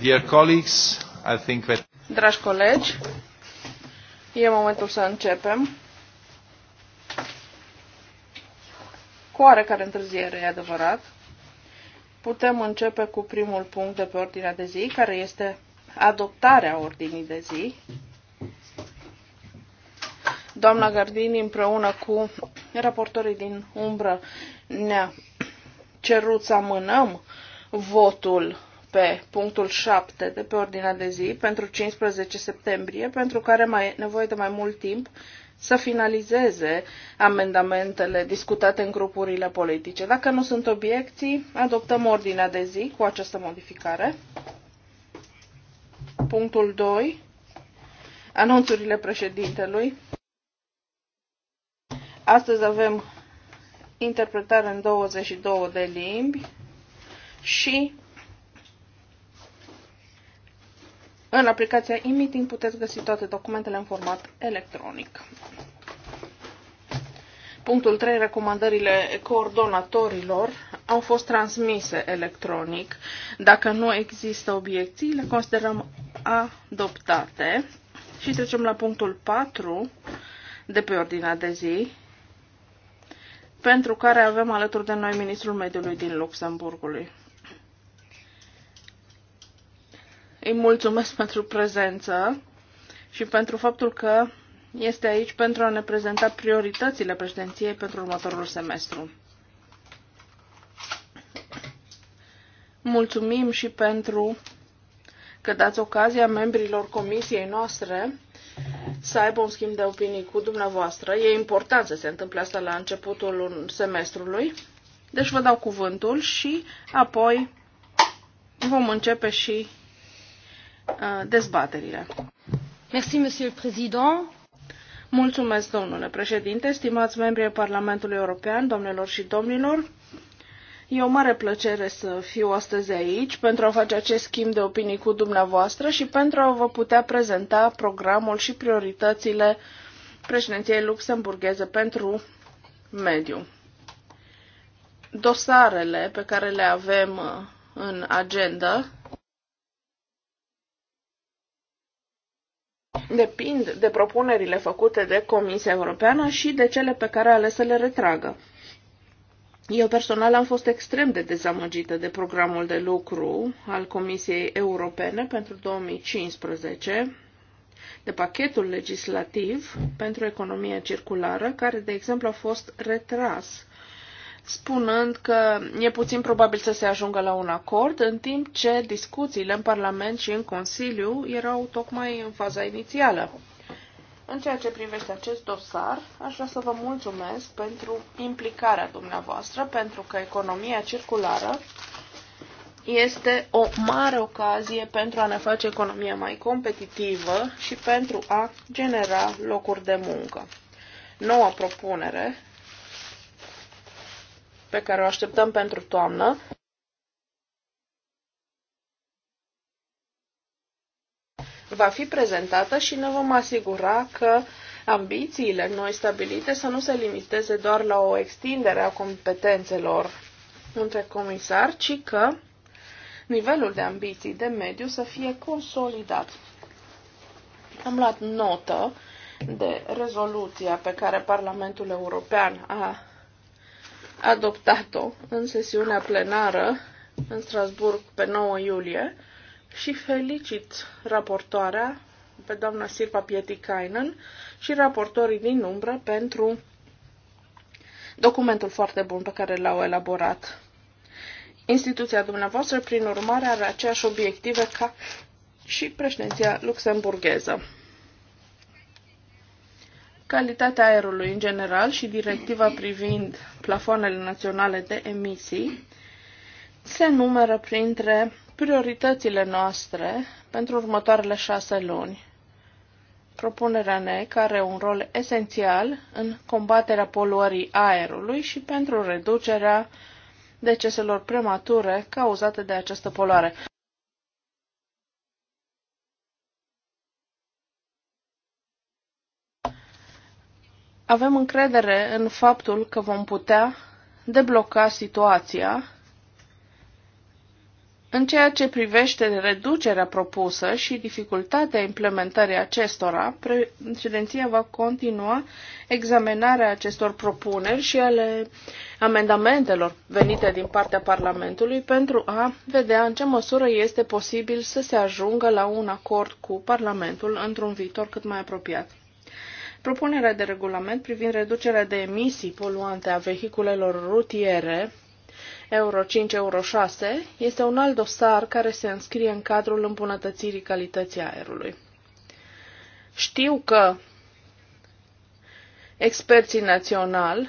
Dear colleagues, I think that... Dragi colegi, e momentul să începem. Cu oarecare întârziere, e adevărat. Putem începe cu primul punct de pe ordinea de zi, care este adoptarea ordinii de zi. Doamna Gardini împreună cu raportorii din umbră ne-a cerut să amânăm votul pe punctul 7 de pe ordinea de zi pentru 15 septembrie, pentru care mai e nevoie de mai mult timp să finalizeze amendamentele discutate în grupurile politice. Dacă nu sunt obiecții, adoptăm ordinea de zi cu această modificare. Punctul 2. Anunțurile președintelui. Astăzi avem interpretare în 22 de limbi și în aplicația e-meeting puteți găsi toate documentele în format electronic. Punctul 3. Recomandările coordonatorilor au fost transmise electronic. Dacă nu există obiecții, le considerăm adoptate. Și trecem la punctul 4 de pe ordinea de zi, pentru care avem alături de noi ministrul mediului din Luxemburgului. Îi mulțumesc pentru prezență și pentru faptul că este aici pentru a ne prezenta prioritățile președinției pentru următorul semestru. Mulțumim și pentru că dați ocazia membrilor comisiei noastre să aibă un schimb de opinii cu dumneavoastră. E important să se întâmple asta la începutul semestrului. Deci vă dau cuvântul și apoi vom începe și uh, dezbaterile. Merci, Monsieur le Président. Mulțumesc, domnule președinte, stimați membri ai Parlamentului European, domnilor și domnilor. E o mare plăcere să fiu astăzi aici pentru a face acest schimb de opinii cu dumneavoastră și pentru a vă putea prezenta programul și prioritățile președinției luxemburgheze pentru mediu. Dosarele pe care le avem uh, în agenda depind de propunerile făcute de Comisia Europeană și de cele pe care ales să le retragă. Eu personal am fost extrem de dezamăgită de programul de lucru al Comisiei Europene pentru 2015, de pachetul legislativ pentru economia circulară, care, de exemplu, a fost retras, spunând că e puțin probabil să se ajungă la un acord, în timp ce discuțiile în Parlament și în Consiliu erau tocmai în faza inițială. În ceea ce privește acest dosar, aș vrea să vă mulțumesc pentru implicarea dumneavoastră, pentru că economia circulară este o mare ocazie pentru a ne face economia mai competitivă și pentru a genera locuri de muncă. Noua propunere pe care o așteptăm pentru toamnă va fi prezentată și ne vom asigura că ambițiile noi stabilite să nu se limiteze doar la o extindere a competențelor între comisar, ci că nivelul de ambiții de mediu să fie consolidat. Am luat notă de rezoluția pe care Parlamentul European a adoptat-o în sesiunea plenară în Strasburg pe 9 iulie și felicit raportoarea pe doamna Sirpa Pietikainen și raportorii din umbră pentru documentul foarte bun pe care l-au elaborat. Instituția dumneavoastră, prin urmare, are aceeași obiective ca și președinția luxemburgheză. Calitatea aerului în general și directiva privind plafoanele naționale de emisii se numără printre prioritățile noastre pentru următoarele șase luni. Propunerea ne care un rol esențial în combaterea poluării aerului și pentru reducerea deceselor premature cauzate de această poluare. Avem încredere în faptul că vom putea debloca situația în ceea ce privește reducerea propusă și dificultatea implementării acestora, președinția va continua examinarea acestor propuneri și ale amendamentelor venite din partea Parlamentului pentru a vedea în ce măsură este posibil să se ajungă la un acord cu Parlamentul într-un viitor cât mai apropiat. Propunerea de regulament privind reducerea de emisii poluante a vehiculelor rutiere Euro 5, Euro 6, este un alt dosar care se înscrie în cadrul îmbunătățirii calității aerului. Știu că experții naționali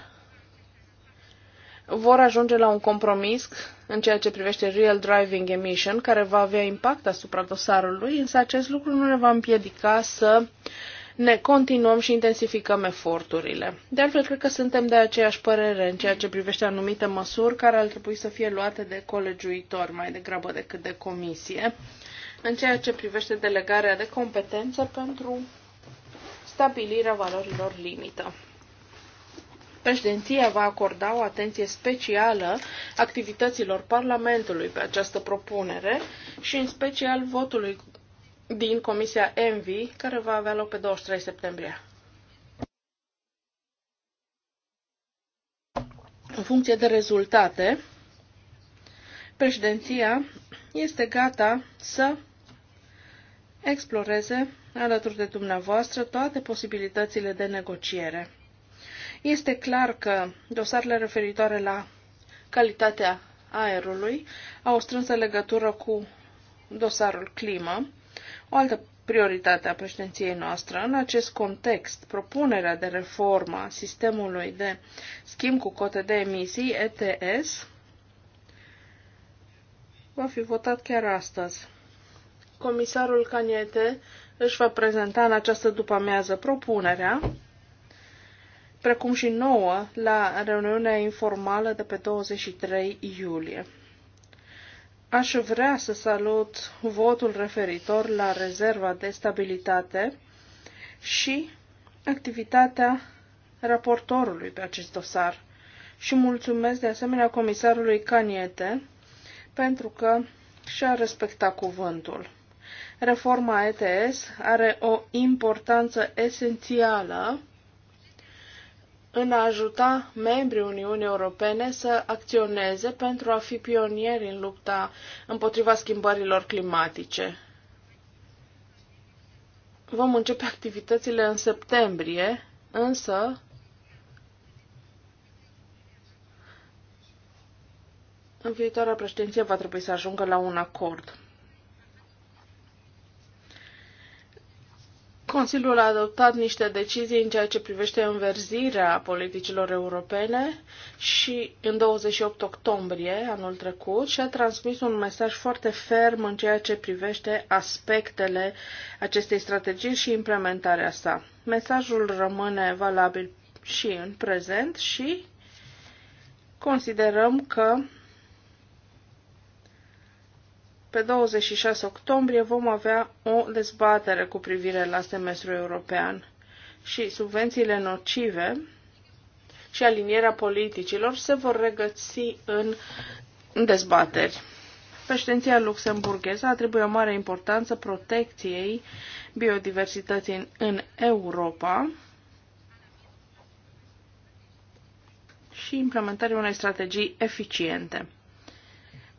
vor ajunge la un compromis în ceea ce privește Real Driving Emission, care va avea impact asupra dosarului, însă acest lucru nu ne va împiedica să uh, ne continuăm și intensificăm eforturile. De altfel, cred că suntem de aceeași părere în ceea ce privește anumite măsuri care ar trebui să fie luate de colegiuitor mai degrabă decât de comisie, în ceea ce privește delegarea de competență pentru stabilirea valorilor limită. Președinția va acorda o atenție specială activităților Parlamentului pe această propunere și în special votului din Comisia ENVI, care va avea loc pe 23 septembrie. În funcție de rezultate, președinția este gata să exploreze alături de dumneavoastră toate posibilitățile de negociere. Este clar că dosarele referitoare la calitatea aerului au o strânsă legătură cu dosarul climă o altă prioritate a președinției noastre. În acest context, propunerea de reformă a sistemului de schimb cu cote de emisii, ETS, va fi votat chiar astăzi. Comisarul Caniete își va prezenta în această după-amiază propunerea, precum și nouă la reuniunea informală de pe 23 iulie. Aș vrea să salut votul referitor la rezerva de stabilitate și activitatea raportorului pe acest dosar. Și mulțumesc de asemenea comisarului Caniete pentru că și-a respectat cuvântul. Reforma ETS are o importanță esențială în a ajuta membrii Uniunii Europene să acționeze pentru a fi pionieri în lupta împotriva schimbărilor climatice. Vom începe activitățile în septembrie, însă în viitoarea președinție va trebui să ajungă la un acord. Consiliul a adoptat niște decizii în ceea ce privește înverzirea politicilor europene și în 28 octombrie anul trecut și a transmis un mesaj foarte ferm în ceea ce privește aspectele acestei strategii și implementarea sa. Mesajul rămâne valabil și în prezent și considerăm că pe 26 octombrie vom avea o dezbatere cu privire la semestrul european și subvențiile nocive și alinierea politicilor se vor regăsi în dezbateri. Președinția luxemburgheză atribuie o mare importanță protecției biodiversității în, în Europa și implementarea unei strategii eficiente.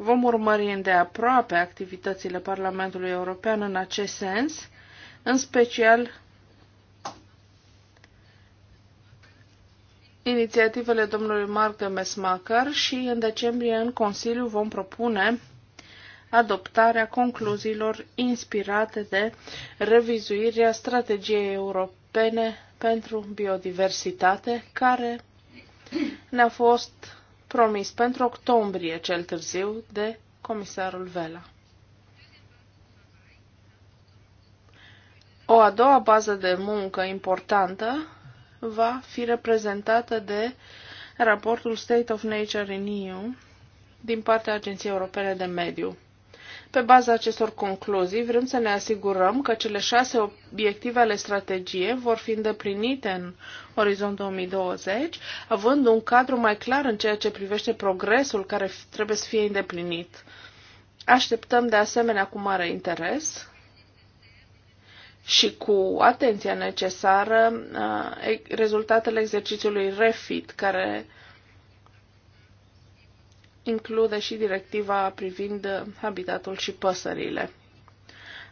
Vom urmări îndeaproape activitățile Parlamentului European în acest sens, în special inițiativele domnului Mark de Mesmacher și în decembrie în Consiliu vom propune adoptarea concluziilor inspirate de revizuirea strategiei europene pentru biodiversitate, care ne-a fost promis pentru octombrie cel târziu de comisarul Vela. O a doua bază de muncă importantă va fi reprezentată de raportul State of Nature in EU din partea Agenției Europene de Mediu. Pe baza acestor concluzii, vrem să ne asigurăm că cele șase obiective ale strategiei vor fi îndeplinite în orizont 2020, având un cadru mai clar în ceea ce privește progresul care trebuie să fie îndeplinit. Așteptăm de asemenea cu mare interes și cu atenția necesară uh, rezultatele exercițiului REFIT, care include și directiva privind habitatul și păsările.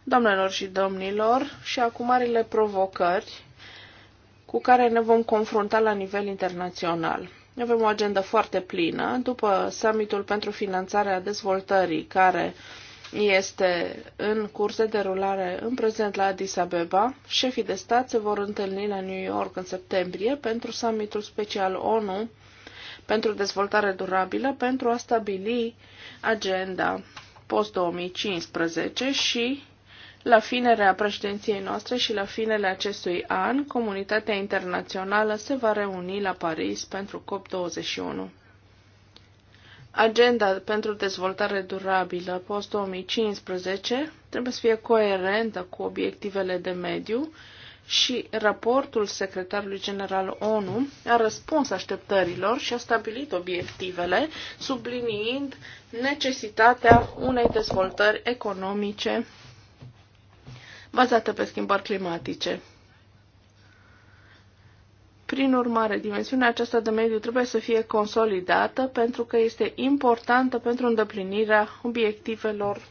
Doamnelor și domnilor, și acum marile provocări cu care ne vom confrunta la nivel internațional. Avem o agendă foarte plină. După summitul pentru finanțarea dezvoltării, care este în curs de derulare în prezent la Addis Abeba, șefii de stat se vor întâlni la New York în septembrie pentru summitul special ONU pentru dezvoltare durabilă pentru a stabili agenda post-2015 și la finerea președinției noastre și la finele acestui an, comunitatea internațională se va reuni la Paris pentru COP21. Agenda pentru dezvoltare durabilă post-2015 trebuie să fie coerentă cu obiectivele de mediu și raportul secretarului general ONU a răspuns așteptărilor și a stabilit obiectivele, subliniind necesitatea unei dezvoltări economice bazată pe schimbări climatice. Prin urmare, dimensiunea aceasta de mediu trebuie să fie consolidată pentru că este importantă pentru îndeplinirea obiectivelor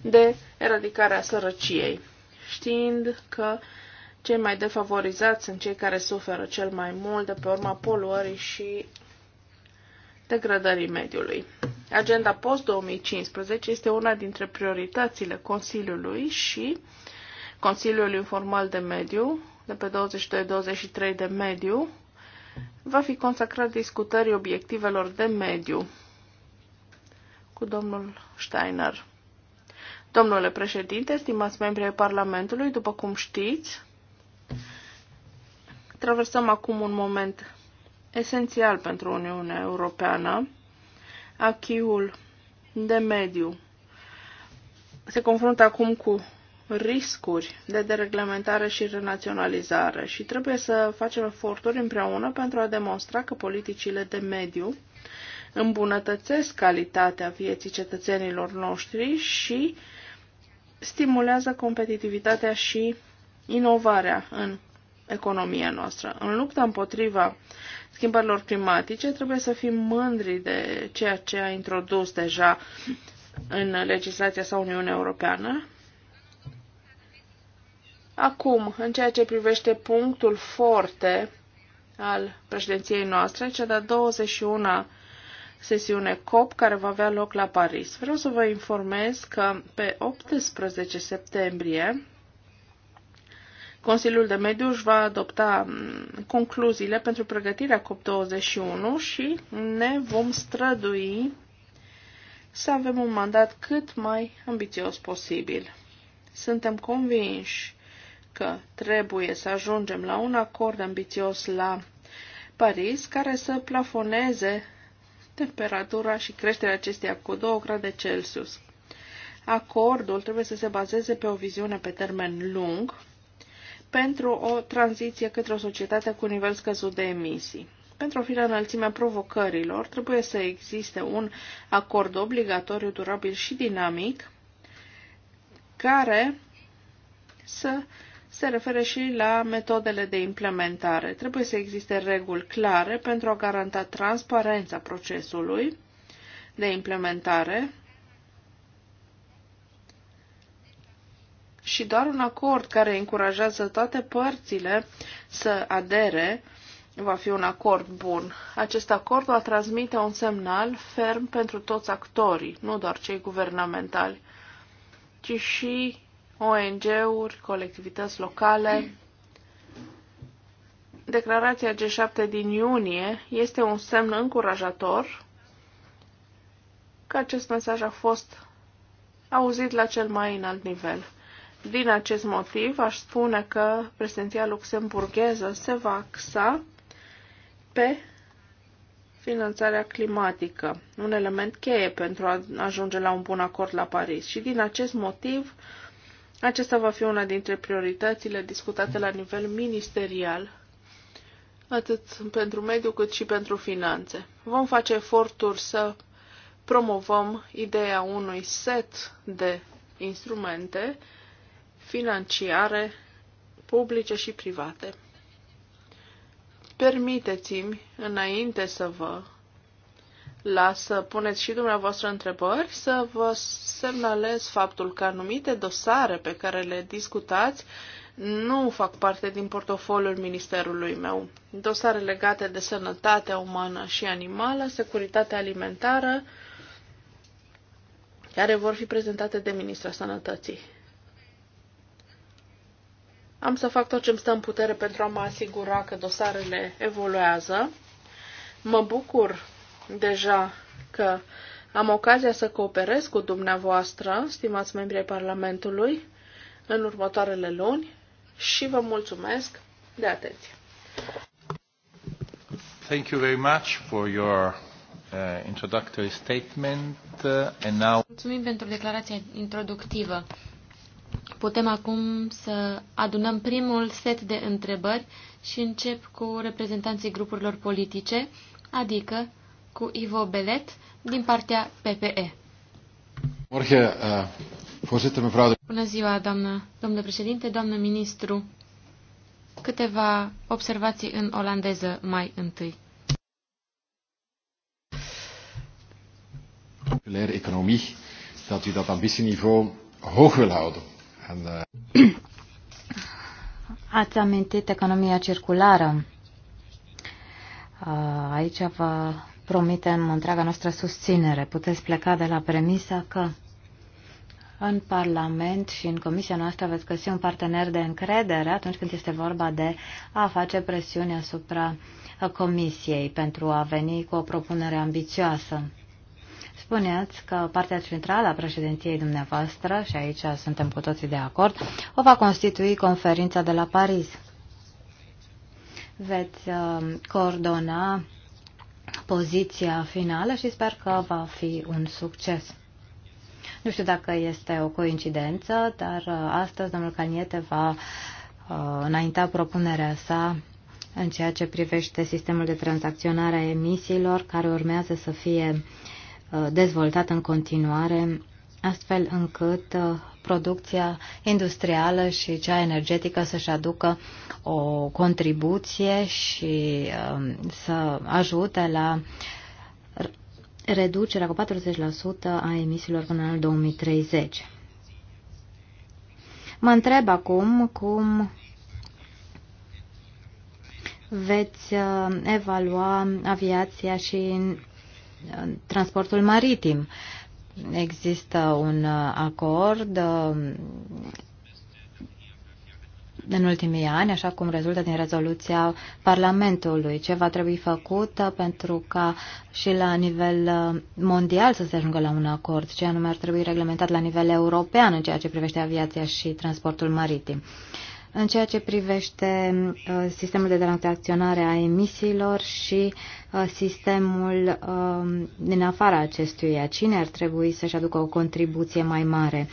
de eradicare a sărăciei, știind că cei mai defavorizați sunt cei care suferă cel mai mult de pe urma poluării și degradării mediului. Agenda post-2015 este una dintre prioritățile Consiliului și Consiliul Informal de Mediu, de pe 22-23 de mediu, va fi consacrat discutării obiectivelor de mediu cu domnul Steiner. Domnule președinte, stimați membri ai Parlamentului, după cum știți, Traversăm acum un moment esențial pentru Uniunea Europeană. Achiul de mediu se confruntă acum cu riscuri de dereglementare și renaționalizare și trebuie să facem eforturi împreună pentru a demonstra că politicile de mediu îmbunătățesc calitatea vieții cetățenilor noștri și stimulează competitivitatea și inovarea în economia noastră. În lupta împotriva schimbărilor climatice trebuie să fim mândri de ceea ce a introdus deja în legislația sa Uniunea Europeană. Acum, în ceea ce privește punctul forte al președinției noastre, cea de-a 21-a sesiune COP care va avea loc la Paris. Vreau să vă informez că pe 18 septembrie Consiliul de Mediu își va adopta mm, concluziile pentru pregătirea COP21 și ne vom strădui să avem un mandat cât mai ambițios posibil. Suntem convinși că trebuie să ajungem la un acord ambițios la Paris care să plafoneze temperatura și creșterea acesteia cu 2 grade Celsius. Acordul trebuie să se bazeze pe o viziune pe termen lung, pentru o tranziție către o societate cu nivel scăzut de emisii. Pentru a fi la înălțimea provocărilor, trebuie să existe un acord obligatoriu, durabil și dinamic, care să se referă și la metodele de implementare. Trebuie să existe reguli clare pentru a garanta transparența procesului de implementare, și doar un acord care încurajează toate părțile să adere va fi un acord bun. Acest acord va transmite un semnal ferm pentru toți actorii, nu doar cei guvernamentali, ci și ONG-uri, colectivități locale. Declarația G7 din iunie este un semn încurajator că acest mesaj a fost auzit la cel mai înalt nivel. Din acest motiv, aș spune că președinția luxemburgheză se va axa pe finanțarea climatică, un element cheie pentru a ajunge la un bun acord la Paris. Și din acest motiv, acesta va fi una dintre prioritățile discutate la nivel ministerial, atât pentru mediu cât și pentru finanțe. Vom face eforturi să promovăm ideea unui set de instrumente financiare publice și private. Permiteți-mi, înainte să vă las să puneți și dumneavoastră întrebări, să vă semnalez faptul că anumite dosare pe care le discutați nu fac parte din portofoliul ministerului meu. Dosare legate de sănătatea umană și animală, securitatea alimentară, care vor fi prezentate de Ministra Sănătății. Am să fac tot ce îmi stă în putere pentru a mă asigura că dosarele evoluează. Mă bucur deja că am ocazia să cooperez cu dumneavoastră, stimați membrii Parlamentului, în următoarele luni și vă mulțumesc de atenție. Thank you very much for your uh, introductory statement uh, and now Mulțumim pentru declarația introductivă. Putem acum să adunăm primul set de întrebări și încep cu reprezentanții grupurilor politice, adică cu Ivo Belet din partea PPE. Eh, Bună ziua, doamnă, domnule președinte, doamnă ministru. Câteva observații în olandeză mai întâi. Economie, dat u dat ambitieniveau hoog wil houden and uh, the... Ați amintit economia circulară. Uh, aici vă promitem întreaga noastră susținere. Puteți pleca de la premisa că în Parlament și în Comisia noastră veți găsi un partener de încredere atunci când este vorba de a face presiune asupra Comisiei pentru a veni cu o propunere ambițioasă. Spuneați că partea centrală a președinției dumneavoastră, și aici suntem cu toții de acord, o va constitui conferința de la Paris. Veți uh, coordona poziția finală și sper că va fi un succes. Nu știu dacă este o coincidență, dar uh, astăzi domnul Caniete va uh, înainta propunerea sa în ceea ce privește sistemul de tranzacționare a emisiilor, care urmează să fie uh, Uh, dezvoltat în continuare, astfel încât uh, producția industrială și cea energetică să-și aducă o contribuție și um, să ajute la reducerea cu 40% a emisiilor până în 2030. Mă întreb acum cum veți uh, evalua aviația și transportul maritim. Există un acord um, în ultimii ani, așa cum rezultă din rezoluția Parlamentului. Ce va trebui făcut uh, pentru ca și la nivel uh, mondial să se ajungă la un acord? Ce anume ar trebui reglementat la nivel european în ceea ce privește aviația și transportul maritim? Uh, în ceea ce privește uh, sistemul de tranzacționare a emisiilor și uh, sistemul um, din afara acestuia, cine ar trebui să-și aducă o contribuție mai mare?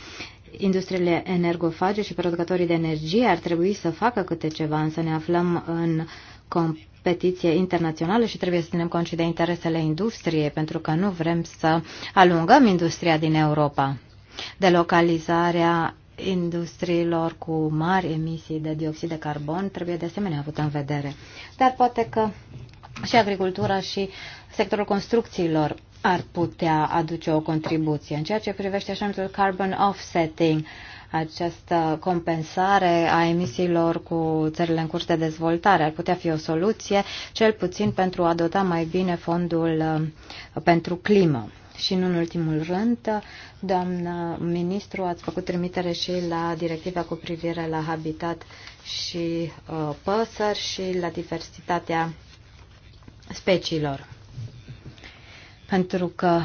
Industriile energofage și producătorii de energie ar trebui să facă câte ceva, însă ne aflăm în competiție internațională și trebuie să ținem cont și de interesele industriei, pentru că nu vrem să alungăm industria din Europa. Delocalizarea industriilor cu mari emisii de dioxid de carbon trebuie de asemenea avut în vedere. Dar poate că și agricultura și sectorul construcțiilor ar putea aduce o contribuție. În ceea ce privește așa numitul carbon offsetting, această compensare a emisiilor cu țările în curs de dezvoltare ar putea fi o soluție, cel puțin pentru a dota mai bine fondul uh, pentru climă. Și în ultimul rând, doamnă ministru, ați făcut trimitere și la directiva cu privire la habitat și uh, păsări și la diversitatea speciilor. Pentru că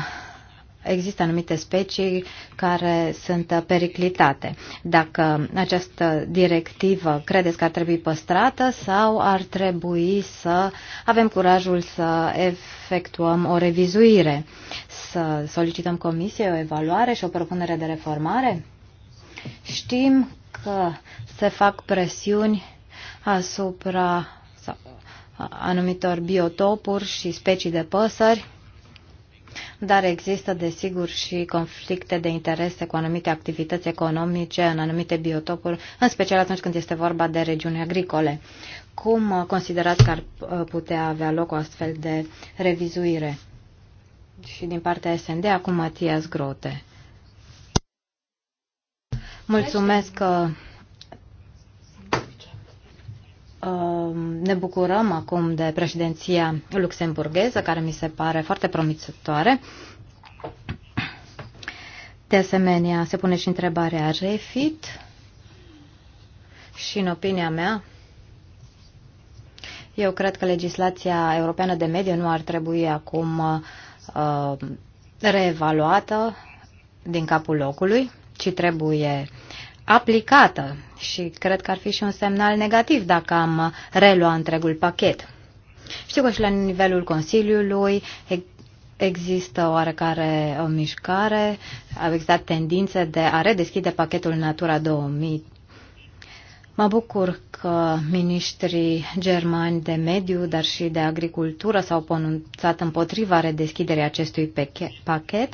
există anumite specii care sunt periclitate. Dacă această directivă credeți că ar trebui păstrată sau ar trebui să avem curajul să efectuăm o revizuire, să solicităm comisie o evaluare și o propunere de reformare? Știm că se fac presiuni asupra anumitor biotopuri și specii de păsări dar există, desigur, și conflicte de interese cu anumite activități economice în anumite biotopuri, în special atunci când este vorba de regiuni agricole. Cum considerați că ar uh, putea avea loc o astfel de revizuire? Și din partea SND, acum Matias Grote. Mulțumesc. Că uh, Um, ne bucurăm acum de președinția luxemburgheză, care mi se pare foarte promițătoare. De asemenea, se pune și întrebarea refit și, în opinia mea, eu cred că legislația europeană de mediu nu ar trebui acum uh, reevaluată din capul locului, ci trebuie uh, aplicată și cred că ar fi și un semnal negativ dacă am relua întregul pachet. Știu că și la nivelul Consiliului există oarecare o mișcare, au existat tendințe de a redeschide pachetul Natura 2000. Mă bucur că ministrii germani de mediu, dar și de agricultură s-au pronunțat împotriva redeschiderii acestui pachet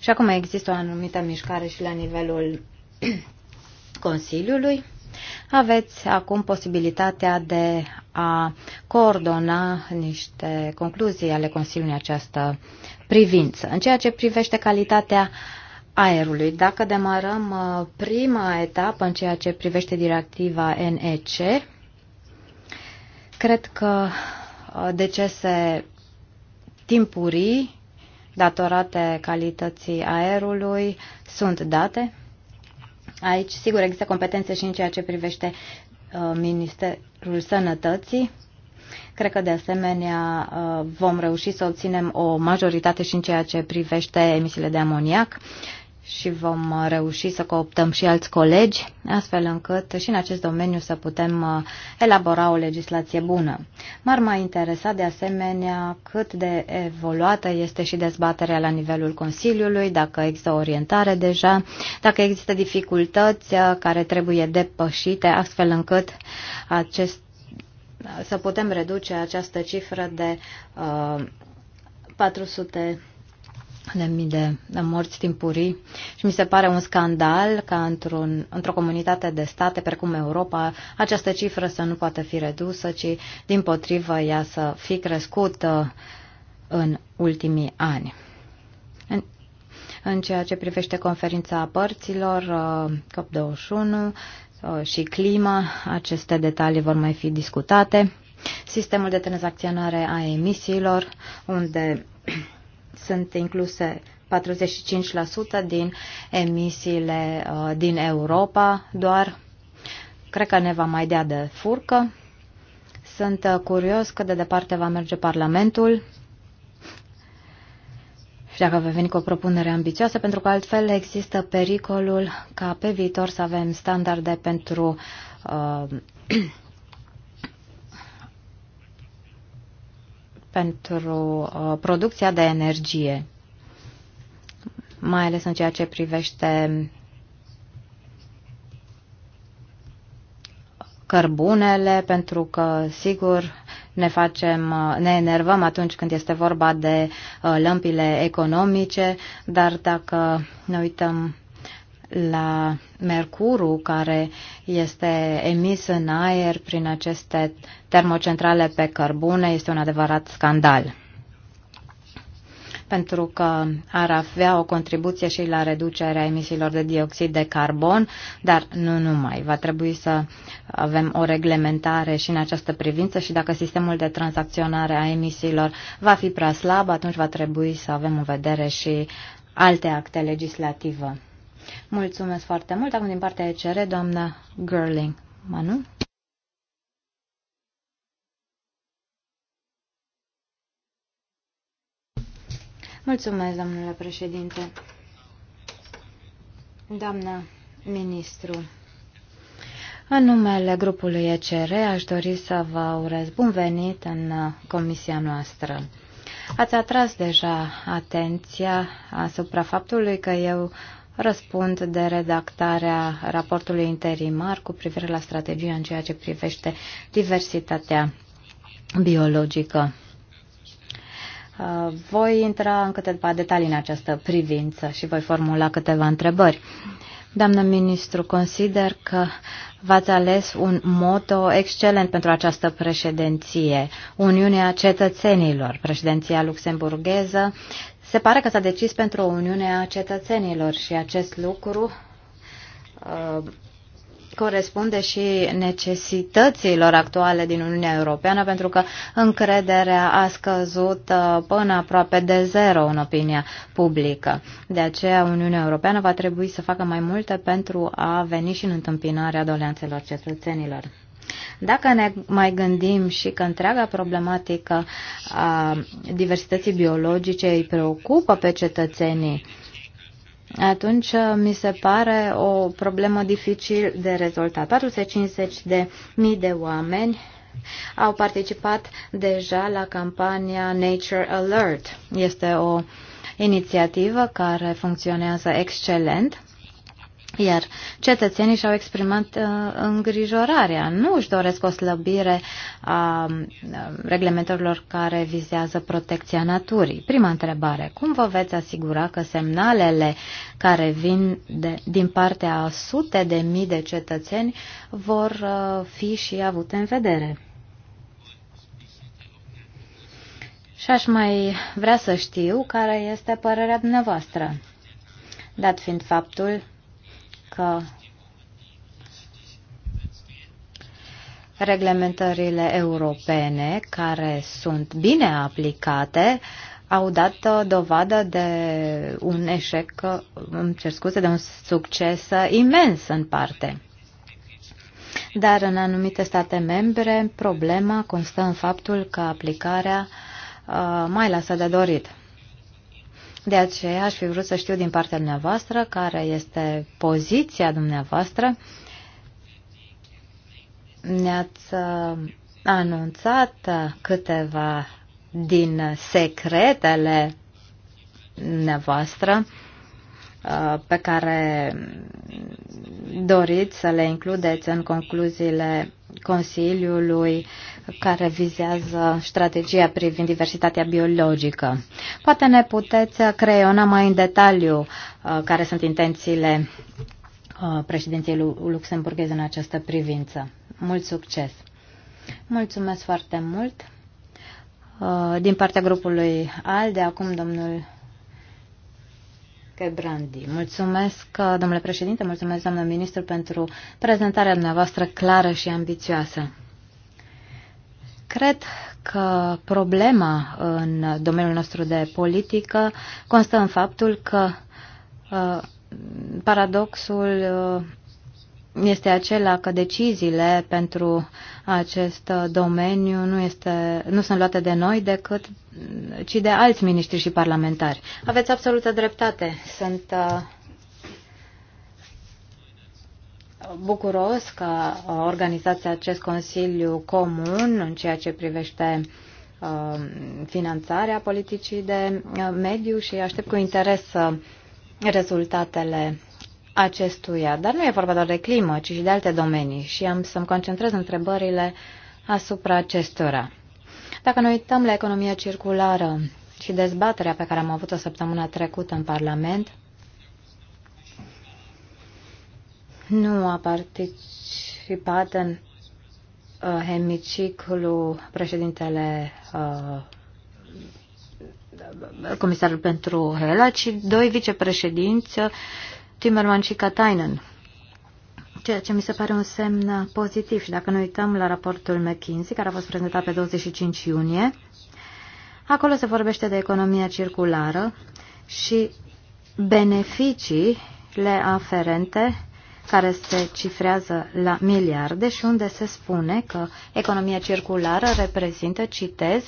și acum există o anumită mișcare și la nivelul Consiliului. Aveți acum posibilitatea de a coordona niște concluzii ale Consiliului în această privință. În ceea ce privește calitatea aerului, dacă demarăm uh, prima etapă în ceea ce privește directiva NEC, cred că uh, decese timpurii datorate calității aerului sunt date Aici, sigur, există competențe și în ceea ce privește uh, Ministerul Sănătății. Cred că, de asemenea, uh, vom reuși să obținem o majoritate și în ceea ce privește emisiile de amoniac și vom uh, reuși să cooptăm și alți colegi, astfel încât și în acest domeniu să putem uh, elabora o legislație bună. M-ar mai interesa de asemenea cât de evoluată este și dezbaterea la nivelul Consiliului, dacă există orientare deja, dacă există dificultăți uh, care trebuie depășite, astfel încât acest, să putem reduce această cifră de uh, 400 de mii de, de morți timpurii și mi se pare un scandal ca într-un, într-o comunitate de state precum Europa această cifră să nu poată fi redusă, ci din potrivă ea să fi crescută în ultimii ani. În, în ceea ce privește conferința părților, uh, COP21 uh, și clima, aceste detalii vor mai fi discutate. Sistemul de tranzacționare a emisiilor, unde sunt incluse 45% din emisiile uh, din Europa doar. Cred că ne va mai dea de furcă. Sunt uh, curios cât de departe va merge Parlamentul și dacă va veni cu o propunere ambițioasă, pentru că altfel există pericolul ca pe viitor să avem standarde pentru uh, pentru uh, producția de energie, mai ales în ceea ce privește cărbunele, pentru că, sigur, ne, facem, uh, ne enervăm atunci când este vorba de uh, lămpile economice, dar dacă ne uităm la mercurul care este emis în aer prin aceste termocentrale pe cărbune este un adevărat scandal pentru că ar avea o contribuție și la reducerea emisiilor de dioxid de carbon, dar nu numai. Va trebui să avem o reglementare și în această privință și dacă sistemul de tranzacționare a emisiilor va fi prea slab, atunci va trebui să avem în vedere și alte acte legislative. Mulțumesc foarte mult. Acum din partea ECR, doamna Gerling. Manu? Mulțumesc, domnule președinte. Doamna ministru, în numele grupului ECR aș dori să vă urez bun venit în comisia noastră. Ați atras deja atenția asupra faptului că eu răspund de redactarea raportului interimar cu privire la strategia în ceea ce privește diversitatea biologică. Uh, voi intra în câteva detalii în această privință și voi formula câteva întrebări. Doamnă ministru, consider că v-ați ales un moto excelent pentru această președinție, Uniunea Cetățenilor. Președinția luxemburgheză se pare că s-a decis pentru o Uniune a cetățenilor și acest lucru uh, corespunde și necesităților actuale din Uniunea Europeană, pentru că încrederea a scăzut uh, până aproape de zero în opinia publică. De aceea Uniunea Europeană va trebui să facă mai multe pentru a veni și în întâmpinarea doleanțelor cetățenilor. Dacă ne mai gândim și că întreaga problematică a diversității biologice îi preocupă pe cetățenii, atunci uh, mi se pare o problemă dificil de rezolvat. 450 de mii de oameni au participat deja la campania Nature Alert. Este o inițiativă care funcționează excelent iar cetățenii și-au exprimat uh, îngrijorarea. Nu își doresc o slăbire a um, reglementărilor care vizează protecția naturii. Prima întrebare. Cum vă veți asigura că semnalele care vin de, din partea a sute de mii de cetățeni vor uh, fi și avute în vedere? Și aș mai vrea să știu care este părerea dumneavoastră dat fiind faptul că reglementările europene, care sunt bine aplicate, au dat dovadă de un eșec, îmi cer scuze, de un succes imens în parte. Dar în anumite state membre, problema constă în faptul că aplicarea uh, mai lasă de dorit. De aceea aș fi vrut să știu din partea dumneavoastră care este poziția dumneavoastră. Ne-ați uh, anunțat câteva din secretele dumneavoastră Uh, pe care doriți să le includeți în concluziile Consiliului care vizează strategia privind diversitatea biologică. Poate ne puteți creiona mai în detaliu uh, care sunt intențiile uh, președinției luxemburgheze în această privință. Mult succes! Mulțumesc foarte mult! Din partea grupului ALDE, acum domnul Brandi. Mulțumesc, domnule președinte, mulțumesc, doamnă ministru, pentru prezentarea dumneavoastră clară și ambițioasă. Cred că problema în domeniul nostru de politică constă în faptul că uh, paradoxul uh, este acela că deciziile pentru acest domeniu nu, este, nu sunt luate de noi decât ci de alți miniștri și parlamentari. Aveți absolută dreptate. Sunt uh, bucuros că organizați acest Consiliu Comun în ceea ce privește uh, finanțarea politicii de uh, mediu și aștept cu interes rezultatele acestuia. Dar nu e vorba doar de climă, ci și de alte domenii și am să-mi concentrez întrebările asupra acestora. Dacă ne uităm la economia circulară și dezbaterea pe care am avut-o săptămâna trecută în Parlament, nu a participat în uh, hemiciclu președintele uh, comisarul pentru relații, doi vicepreședinți Timmerman și Katainen, ceea ce mi se pare un semn pozitiv. Și dacă ne uităm la raportul McKinsey, care a fost prezentat pe 25 iunie, acolo se vorbește de economia circulară și beneficiile aferente care se cifrează la miliarde și unde se spune că economia circulară reprezintă, citez,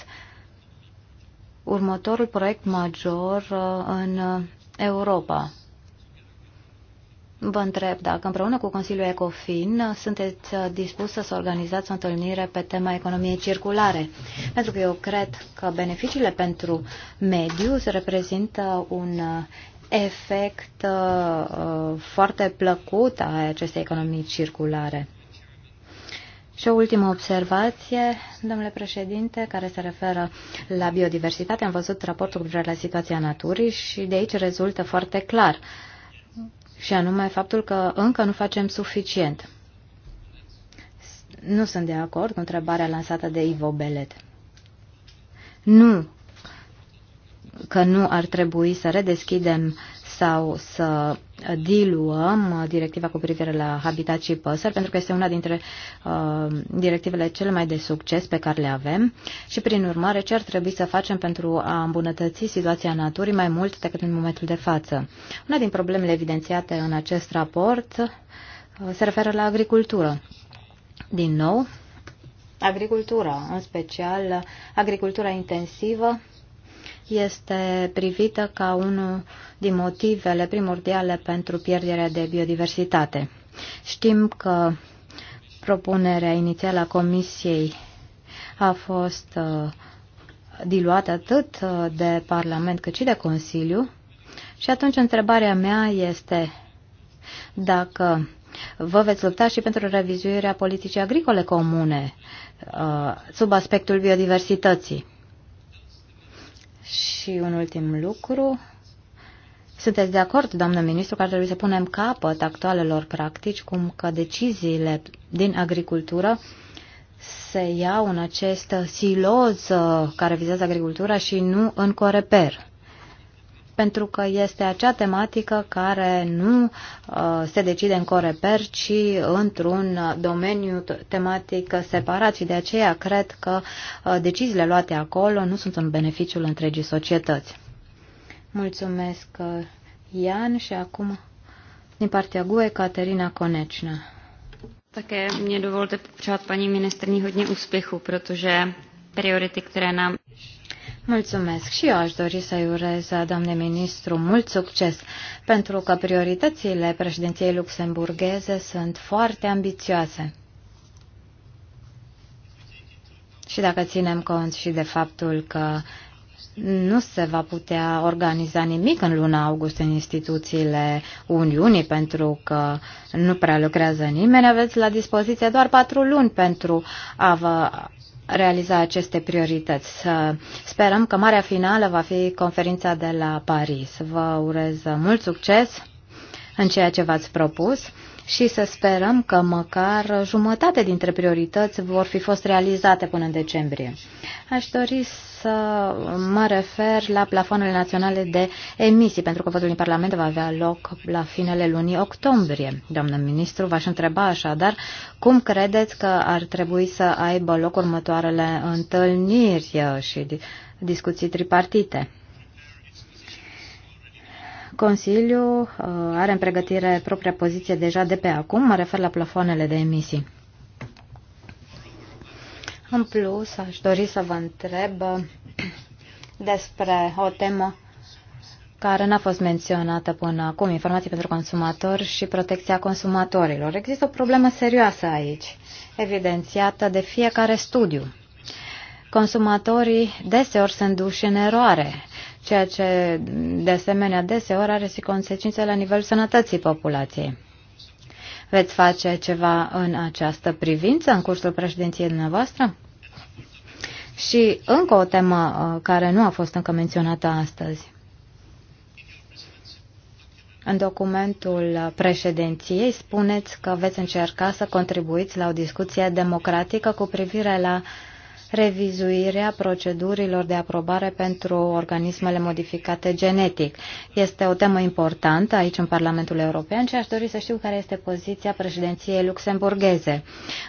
următorul proiect major uh, în Europa. Vă întreb dacă împreună cu Consiliul ECOFIN sunteți dispusă să organizați o întâlnire pe tema economiei circulare. Pentru că eu cred că beneficiile pentru mediu se reprezintă un efect uh, foarte plăcut a acestei economii circulare. Și o ultimă observație, domnule președinte, care se referă la biodiversitate. Am văzut raportul cu privire la situația naturii și de aici rezultă foarte clar uh, și anume faptul că încă nu facem suficient. Nu sunt de acord cu întrebarea lansată de Ivo Belet. Nu că nu ar trebui să redeschidem sau să diluăm directiva cu privire la habitat și păsări, pentru că este una dintre uh, directivele cele mai de succes pe care le avem și, prin urmare, ce ar trebui să facem pentru a îmbunătăți situația naturii mai mult decât în momentul de față. Una din problemele evidențiate în acest raport uh, se referă la agricultură. Din nou, agricultura, în special agricultura intensivă, este privită ca unul din motivele primordiale pentru pierderea de biodiversitate. Știm că propunerea inițială a Comisiei a fost uh, diluată atât uh, de Parlament cât și de Consiliu și atunci întrebarea mea este dacă vă veți lupta și pentru revizuirea politicii agricole comune uh, sub aspectul biodiversității. Și un ultim lucru. Sunteți de acord, doamnă ministru, că ar trebui să punem capăt actualelor practici, cum că deciziile din agricultură se iau în acest siloz uh, care vizează agricultura și nu în coreper? pentru că este acea tematică care nu uh, se decide în coreper, ci într-un domeniu tematic separat și de aceea cred că uh, deciziile luate acolo nu sunt în beneficiul întregii societăți. Mulțumesc, uh, Ian, și acum din partea GUE, Caterina Conecina. Také mě dovolte popřát paní ministrní hodně úspěchu, protože priority, které nám... Mulțumesc și eu aș dori să-i urez, doamne ministru, mult succes, pentru că prioritățile președinției luxemburgheze sunt foarte ambițioase. Și dacă ținem cont și de faptul că nu se va putea organiza nimic în luna august în instituțiile Uniunii pentru că nu prea lucrează nimeni. Aveți la dispoziție doar patru luni pentru a vă realiza aceste priorități. Sperăm că marea finală va fi conferința de la Paris. Vă urez mult succes în ceea ce v-ați propus și să sperăm că măcar jumătate dintre priorități vor fi fost realizate până în decembrie. Aș dori să mă refer la plafonele naționale de emisii, pentru că votul din Parlament va avea loc la finele lunii octombrie. Doamnă ministru, v-aș întreba așadar cum credeți că ar trebui să aibă loc următoarele întâlniri și discuții tripartite? Consiliul uh, are în pregătire propria poziție deja de pe acum, mă refer la plafoanele de emisii. În plus, aș dori să vă întreb uh, despre o temă care n-a fost menționată până acum, informații pentru consumatori și protecția consumatorilor. Există o problemă serioasă aici, evidențiată de fiecare studiu. Consumatorii deseori sunt duși în eroare ceea ce de asemenea deseori are și consecințe la nivelul sănătății populației. Veți face ceva în această privință în cursul președinției dumneavoastră? Și încă o temă uh, care nu a fost încă menționată astăzi. În documentul președinției spuneți că veți încerca să contribuiți la o discuție democratică cu privire la revizuirea procedurilor de aprobare pentru organismele modificate genetic. Este o temă importantă aici în Parlamentul European și aș dori să știu care este poziția președinției luxemburgheze.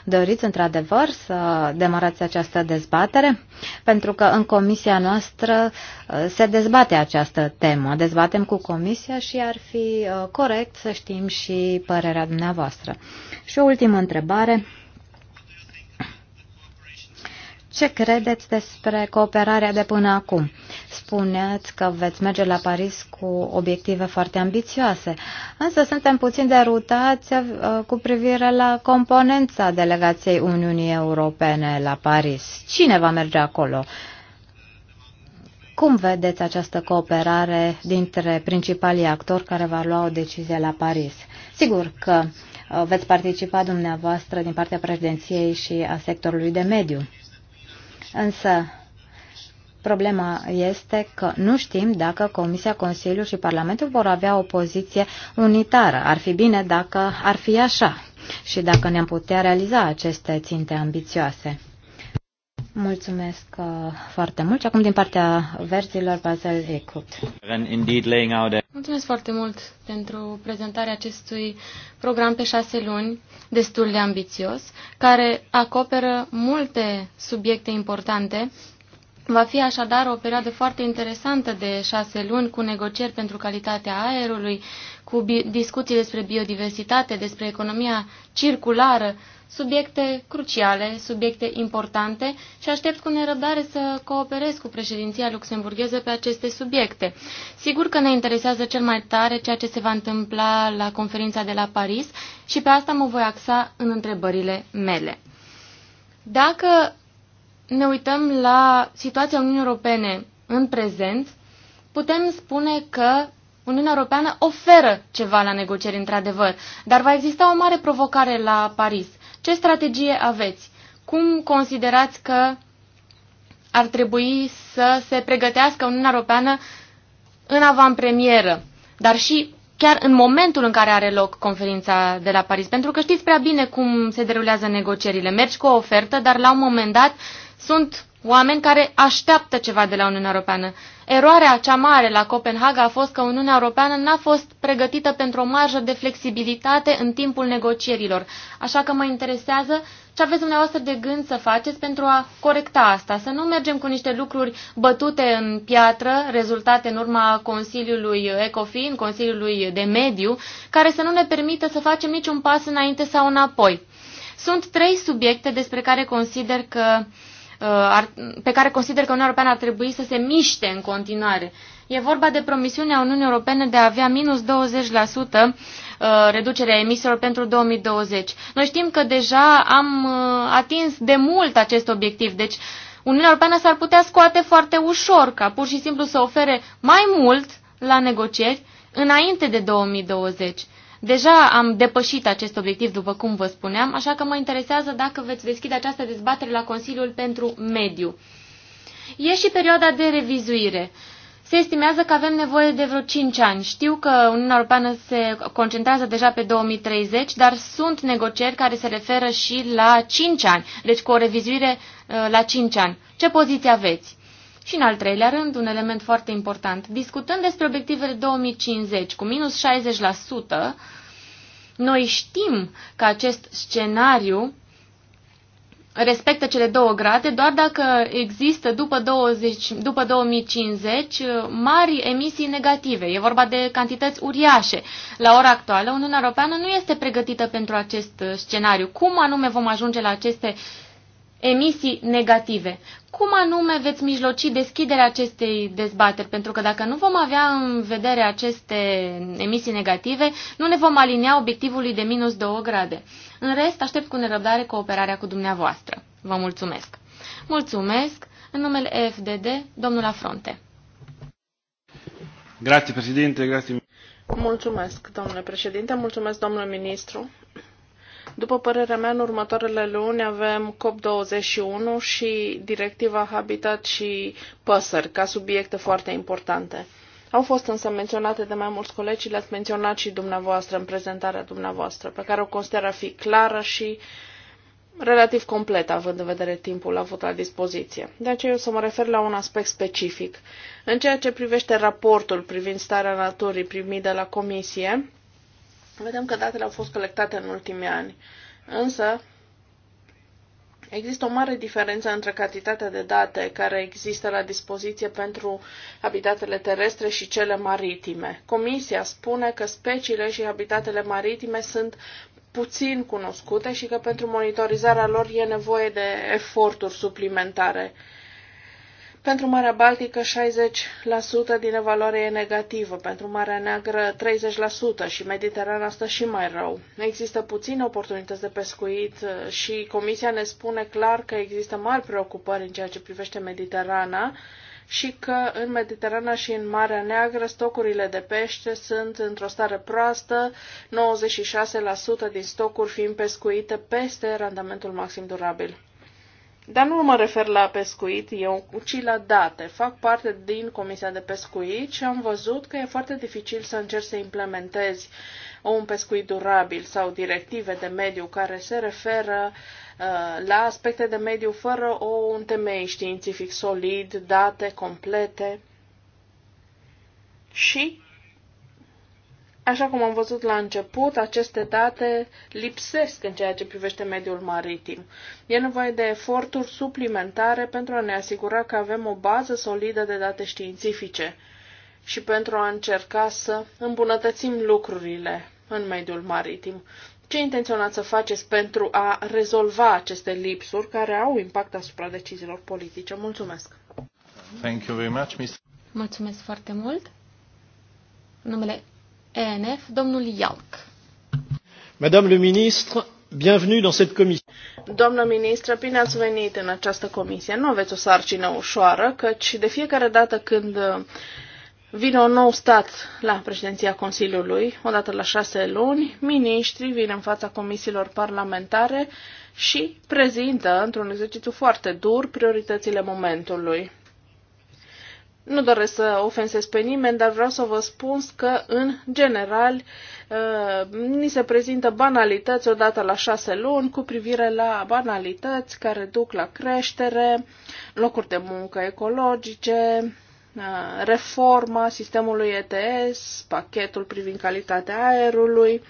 Doriți într-adevăr să demarați această dezbatere? Pentru că în comisia noastră uh, se dezbate această temă. Dezbatem cu comisia și ar fi uh, corect să știm și părerea dumneavoastră. Și o ultimă întrebare. Ce credeți despre cooperarea de până acum? Spuneți că veți merge la Paris cu obiective foarte ambițioase, însă suntem puțin derutați uh, cu privire la componența delegației Uniunii Europene la Paris. Cine va merge acolo? Cum vedeți această cooperare dintre principalii actori care va lua o decizie la Paris? Sigur că uh, veți participa dumneavoastră din partea președinției și a sectorului de mediu. Însă, Problema este că nu știm dacă Comisia, Consiliul și Parlamentul vor avea o poziție unitară. Ar fi bine dacă ar fi așa și dacă ne-am putea realiza aceste ținte ambițioase. Mulțumesc uh, foarte mult. acum din partea verzilor, Basel Ecut. Mulțumesc foarte mult pentru prezentarea acestui program pe șase luni, destul de ambițios, care acoperă multe subiecte importante. Va fi așadar o perioadă foarte interesantă de șase luni cu negocieri pentru calitatea aerului, cu discuții despre biodiversitate, despre economia circulară, subiecte cruciale, subiecte importante și aștept cu nerăbdare să cooperez cu președinția luxemburgheză pe aceste subiecte. Sigur că ne interesează cel mai tare ceea ce se va întâmpla la conferința de la Paris și pe asta mă voi axa în întrebările mele. Dacă ne uităm la situația Uniunii Europene în prezent, putem spune că Uniunea Europeană oferă ceva la negocieri, într-adevăr, dar va exista o mare provocare la Paris. Ce strategie aveți? Cum considerați că ar trebui să se pregătească Uniunea Europeană în avantpremieră, dar și chiar în momentul în care are loc conferința de la Paris. Pentru că știți prea bine cum se derulează negocierile. Mergi cu o ofertă, dar la un moment dat sunt oameni care așteaptă ceva de la Uniunea Europeană. Eroarea cea mare la Copenhaga a fost că Uniunea Europeană n-a fost pregătită pentru o marjă de flexibilitate în timpul negocierilor, așa că mă interesează ce aveți dumneavoastră de gând să faceți pentru a corecta asta, să nu mergem cu niște lucruri bătute în piatră, rezultate în urma Consiliului Ecofin, Consiliului de Mediu, care să nu ne permită să facem niciun pas înainte sau înapoi. Sunt trei subiecte despre care consider că uh, Uh, pe care consider că Uniunea Europeană ar trebui să se miște în continuare. E vorba de promisiunea Uniunii Europene de a avea minus 20% uh, reducerea emisiilor pentru 2020. Noi știm că deja am uh, atins de mult acest obiectiv, deci Uniunea Europeană s-ar putea scoate foarte ușor ca pur și simplu să ofere mai mult la negocieri înainte de 2020. Deja am depășit acest obiectiv, după cum vă spuneam, așa că mă interesează dacă veți deschide această dezbatere la Consiliul pentru Mediu. E și perioada de revizuire. Se estimează că avem nevoie de vreo 5 ani. Știu că Uniunea Europeană se concentrează deja pe 2030, dar sunt negocieri care se referă și la 5 ani, deci cu o revizuire uh, la 5 ani. Ce poziție aveți? Și în al treilea rând, un element foarte important. Discutând despre obiectivele 2050 cu minus 60%, noi știm că acest scenariu respectă cele două grade doar dacă există după, 20, după 2050 uh, mari emisii negative. E vorba de cantități uriașe. La ora actuală, Uniunea Europeană nu este pregătită pentru acest uh, scenariu. Cum anume vom ajunge la aceste emisii negative. Cum anume veți mijloci deschiderea acestei dezbateri? Pentru că dacă nu vom avea în vedere aceste emisii negative, nu ne vom alinia obiectivului de minus 2 grade. În rest, aștept cu nerăbdare cooperarea cu dumneavoastră. Vă mulțumesc! Mulțumesc! În numele EFDD, domnul Afronte. Grazie, președinte, grazie. Mulțumesc, domnule președinte, mulțumesc, domnule ministru. După părerea mea, în următoarele luni avem COP21 și directiva Habitat și păsări ca subiecte foarte importante. Au fost însă menționate de mai mulți colegi le-ați menționat și dumneavoastră în prezentarea dumneavoastră, pe care o consider a fi clară și relativ complet, având în vedere timpul avut la dispoziție. De aceea eu să mă refer la un aspect specific. În ceea ce privește raportul privind starea naturii primit de la Comisie, Vedem că datele au fost colectate în ultimii ani, însă există o mare diferență între cantitatea de date care există la dispoziție pentru habitatele terestre și cele maritime. Comisia spune că speciile și habitatele maritime sunt puțin cunoscute și că pentru monitorizarea lor e nevoie de eforturi suplimentare. Pentru Marea Baltică 60% din evaluare e negativă, pentru Marea Neagră 30% și Mediterana stă și mai rău. Există puține oportunități de pescuit uh, și Comisia ne spune clar că există mari preocupări în ceea ce privește Mediterana și că în Mediterana și în Marea Neagră stocurile de pește sunt într-o stare proastă, 96% din stocuri fiind pescuite peste randamentul maxim durabil. Dar nu mă refer la pescuit eu, ci la date. Fac parte din Comisia de Pescuit și am văzut că e foarte dificil să încerci să implementezi un pescuit durabil sau directive de mediu care se referă uh, la aspecte de mediu fără o, un temei științific solid, date complete. Și Așa cum am văzut la început, aceste date lipsesc în ceea ce privește mediul maritim. E nevoie de eforturi suplimentare pentru a ne asigura că avem o bază solidă de date științifice și pentru a încerca să îmbunătățim lucrurile în mediul maritim. Ce intenționați să faceți pentru a rezolva aceste lipsuri care au impact asupra deciziilor politice? Mulțumesc! Thank you very much, Mulțumesc foarte mult! Numele ENF, domnul Ialc. Madame le ministre, bienvenue dans cette comisie. Doamnă ministră, bine ați venit în această comisie. Nu aveți o sarcină ușoară, căci de fiecare dată când vine un nou stat la președinția Consiliului, odată la șase luni, miniștrii vin în fața comisiilor parlamentare și prezintă, într-un exercițiu foarte dur, prioritățile momentului. Nu doresc să ofensez pe nimeni, dar vreau să vă spun că, în general, uh, ni se prezintă banalități odată la șase luni cu privire la banalități care duc la creștere, locuri de muncă ecologice, uh, reforma sistemului ETS, pachetul privind calitatea aerului,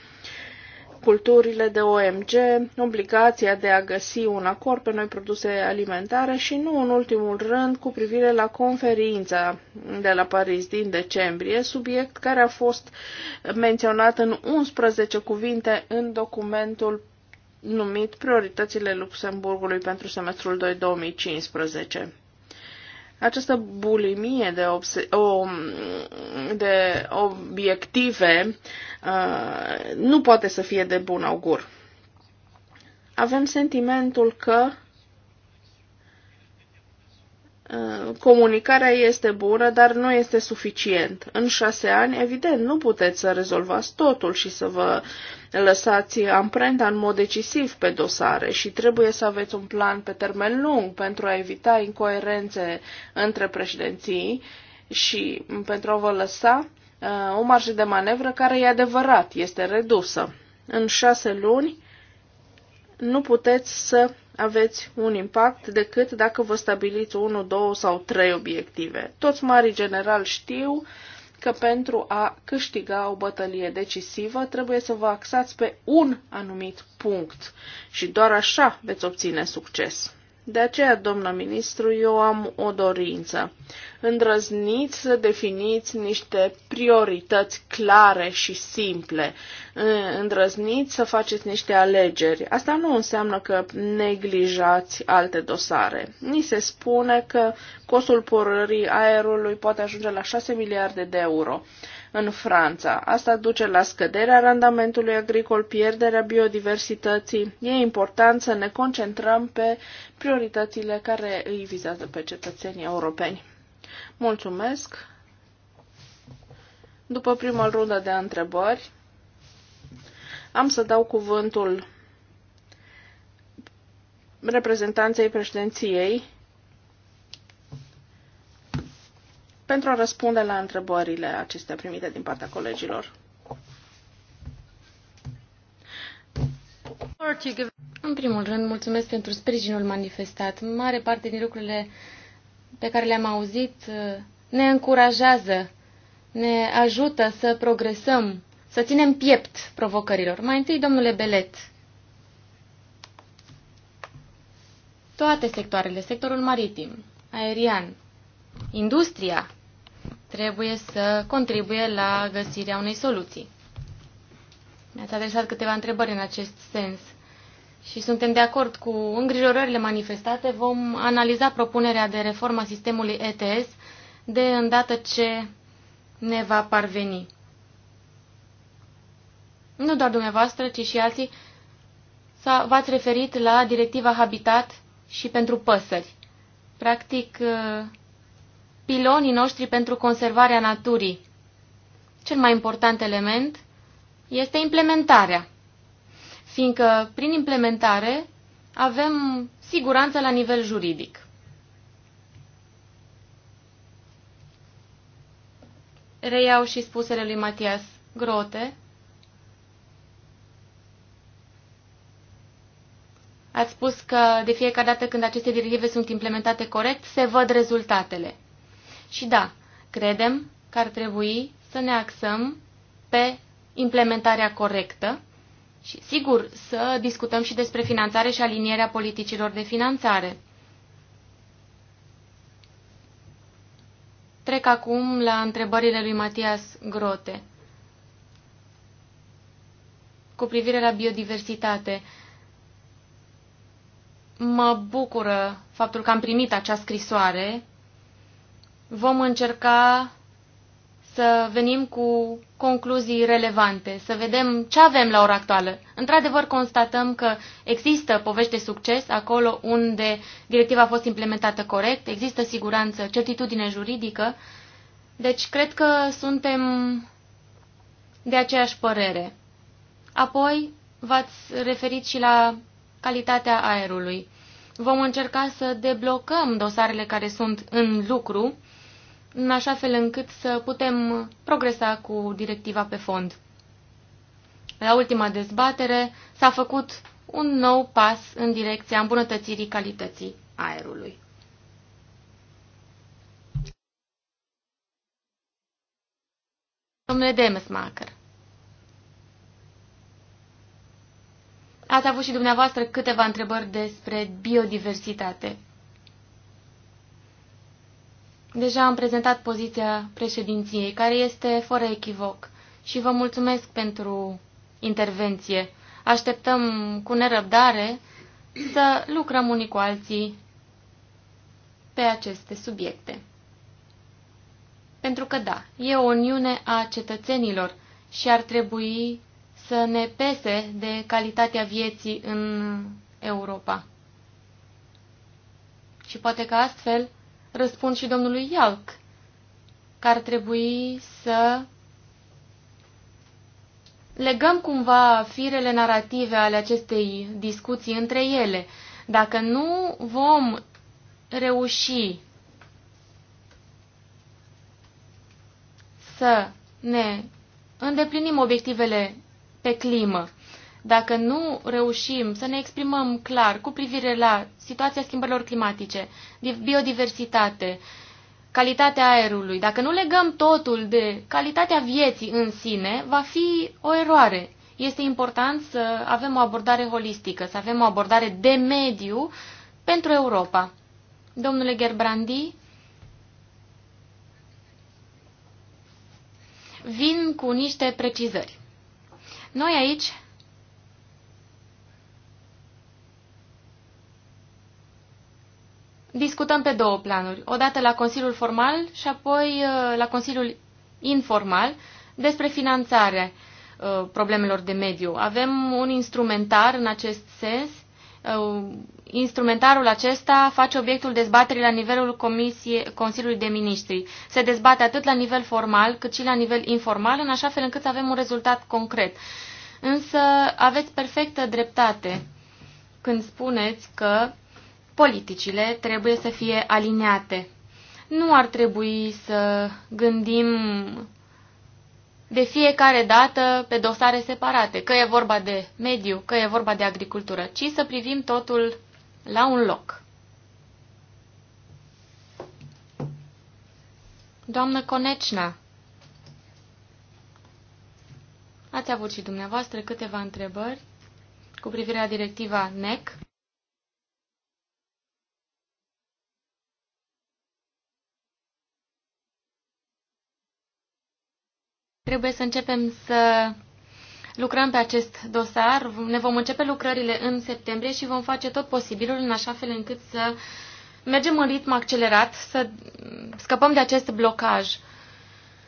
culturile de OMG, obligația de a găsi un acord pe noi produse alimentare și nu în ultimul rând cu privire la conferința de la Paris din decembrie, subiect care a fost menționat în 11 cuvinte în documentul numit Prioritățile Luxemburgului pentru semestrul 2 2015 această bulimie de, o, de obiective uh, nu poate să fie de bun augur. Avem sentimentul că Uh, comunicarea este bună, dar nu este suficient. În șase ani, evident, nu puteți să rezolvați totul și să vă lăsați amprenta în mod decisiv pe dosare și trebuie să aveți un plan pe termen lung pentru a evita incoerențe între președinții și pentru a vă lăsa uh, o marjă de manevră care e adevărat, este redusă. În șase luni nu puteți să aveți un impact decât dacă vă stabiliți unu, două sau trei obiective. Toți mari general știu că pentru a câștiga o bătălie decisivă trebuie să vă axați pe un anumit punct și doar așa veți obține succes. De aceea, domnă ministru, eu am o dorință. Îndrăzniți să definiți niște priorități clare și simple. Îndrăzniți să faceți niște alegeri. Asta nu înseamnă că neglijați alte dosare. Ni se spune că costul porării aerului poate ajunge la 6 miliarde de euro în Franța. Asta duce la scăderea randamentului agricol, pierderea biodiversității. E important să ne concentrăm pe prioritățile care îi vizează pe cetățenii europeni. Mulțumesc! După prima rundă de întrebări, am să dau cuvântul reprezentanței președinției pentru a răspunde la întrebările acestea primite din partea colegilor. În primul rând, mulțumesc pentru sprijinul manifestat. Mare parte din lucrurile pe care le-am auzit uh, ne încurajează, ne ajută să progresăm, să ținem piept provocărilor. Mai întâi, domnule Belet, toate sectoarele, sectorul maritim, aerian, industria trebuie să contribuie la găsirea unei soluții. Mi-ați adresat câteva întrebări în acest sens și suntem de acord cu îngrijorările manifestate. Vom analiza propunerea de reformă a sistemului ETS de îndată ce ne va parveni. Nu doar dumneavoastră, ci și alții v-ați referit la directiva Habitat și pentru păsări. Practic, pilonii noștri pentru conservarea naturii. Cel mai important element este implementarea, fiindcă prin implementare avem siguranță la nivel juridic. Reiau și spusele lui Matias Grote. Ați spus că de fiecare dată când aceste directive sunt implementate corect, se văd rezultatele. Și da, credem că ar trebui să ne axăm pe implementarea corectă și, sigur, să discutăm și despre finanțare și alinierea politicilor de finanțare. Trec acum la întrebările lui Matias Grote. Cu privire la biodiversitate, mă bucură faptul că am primit acea scrisoare vom încerca să venim cu concluzii relevante, să vedem ce avem la ora actuală. Într-adevăr, constatăm că există povești de succes acolo unde directiva a fost implementată corect, există siguranță, certitudine juridică, deci cred că suntem de aceeași părere. Apoi, v-ați referit și la calitatea aerului. Vom încerca să deblocăm dosarele care sunt în lucru, în așa fel încât să putem progresa cu directiva pe fond. La ultima dezbatere s-a făcut un nou pas în direcția îmbunătățirii calității aerului. Domnule Demesmacher, ați avut și dumneavoastră câteva întrebări despre biodiversitate. Deja am prezentat poziția președinției, care este fără echivoc, și vă mulțumesc pentru intervenție. Așteptăm cu nerăbdare să lucrăm unii cu alții pe aceste subiecte. Pentru că, da, e o uniune a cetățenilor și ar trebui să ne pese de calitatea vieții în Europa. Și poate că astfel răspund și domnului Ialc, că ar trebui să legăm cumva firele narrative ale acestei discuții între ele. Dacă nu vom reuși să ne îndeplinim obiectivele pe climă dacă nu reușim să ne exprimăm clar cu privire la situația schimbărilor climatice, biodiversitate, calitatea aerului, dacă nu legăm totul de calitatea vieții în sine, va fi o eroare. Este important să avem o abordare holistică, să avem o abordare de mediu pentru Europa. Domnule Gerbrandi, vin cu niște precizări. Noi aici discutăm pe două planuri. Odată la Consiliul Formal și apoi uh, la Consiliul Informal despre finanțarea uh, problemelor de mediu. Avem un instrumentar în acest sens. Uh, instrumentarul acesta face obiectul dezbaterii la nivelul comisie, Consiliului de Ministri. Se dezbate atât la nivel formal cât și la nivel informal, în așa fel încât să avem un rezultat concret. Însă aveți perfectă dreptate când spuneți că politicile trebuie să fie alineate. Nu ar trebui să gândim de fiecare dată pe dosare separate, că e vorba de mediu, că e vorba de agricultură, ci să privim totul la un loc. Doamnă Conecna, ați avut și dumneavoastră câteva întrebări cu privire la directiva NEC. Trebuie să începem să lucrăm pe acest dosar. Ne vom începe lucrările în septembrie și vom face tot posibilul în așa fel încât să mergem în ritm accelerat, să scăpăm de acest blocaj.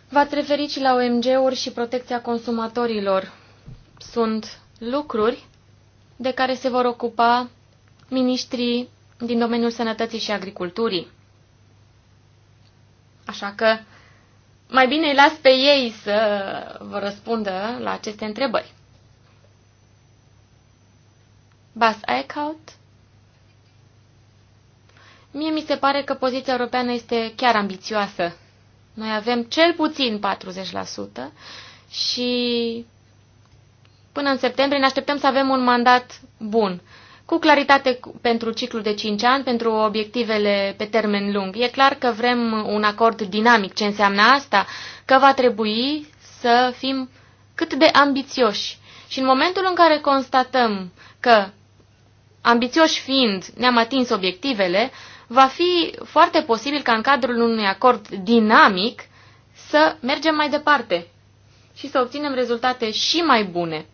V-ați referit și la OMG-uri și protecția consumatorilor. Sunt lucruri de care se vor ocupa ministrii din domeniul sănătății și agriculturii. Așa că mai bine îi las pe ei să vă răspundă la aceste întrebări. Bas Eichhout? Mie mi se pare că poziția europeană este chiar ambițioasă. Noi avem cel puțin 40% și până în septembrie ne așteptăm să avem un mandat bun cu claritate pentru ciclul de 5 ani, pentru obiectivele pe termen lung. E clar că vrem un acord dinamic. Ce înseamnă asta? Că va trebui să fim cât de ambițioși. Și în momentul în care constatăm că, ambițioși fiind, ne-am atins obiectivele, va fi foarte posibil ca în cadrul unui acord dinamic să mergem mai departe și să obținem rezultate și mai bune.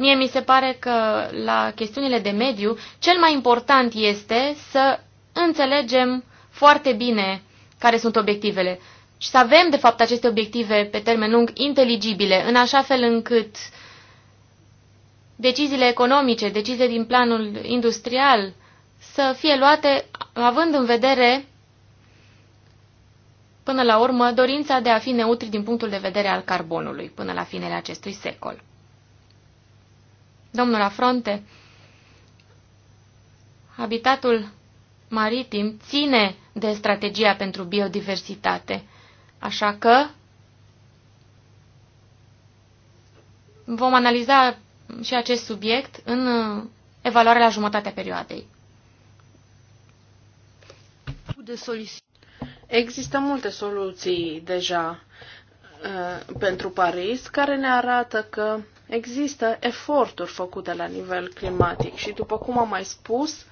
Mie mi se pare că la chestiunile de mediu, cel mai important este să înțelegem foarte bine care sunt obiectivele și să avem, de fapt, aceste obiective pe termen lung inteligibile, în așa fel încât deciziile economice, deciziile din planul industrial să fie luate având în vedere, până la urmă, dorința de a fi neutri din punctul de vedere al carbonului, până la finele acestui secol. Domnul Afronte, habitatul maritim ține de strategia pentru biodiversitate, așa că vom analiza și acest subiect în uh, evaluarea la jumătatea perioadei. Există multe soluții deja uh, pentru Paris care ne arată că Există eforturi făcute la nivel climatic și, după cum am mai spus,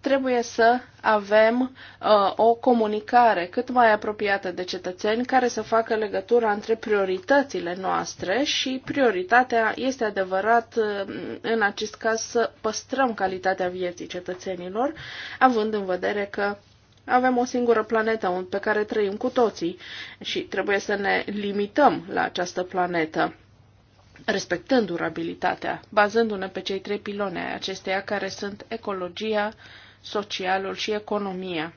trebuie să avem uh, o comunicare cât mai apropiată de cetățeni care să facă legătura între prioritățile noastre și prioritatea este adevărat uh, în acest caz să păstrăm calitatea vieții cetățenilor, având în vedere că avem o singură planetă pe care trăim cu toții și trebuie să ne limităm la această planetă respectând durabilitatea, bazându-ne pe cei trei pilone ai acesteia care sunt ecologia, socialul și economia.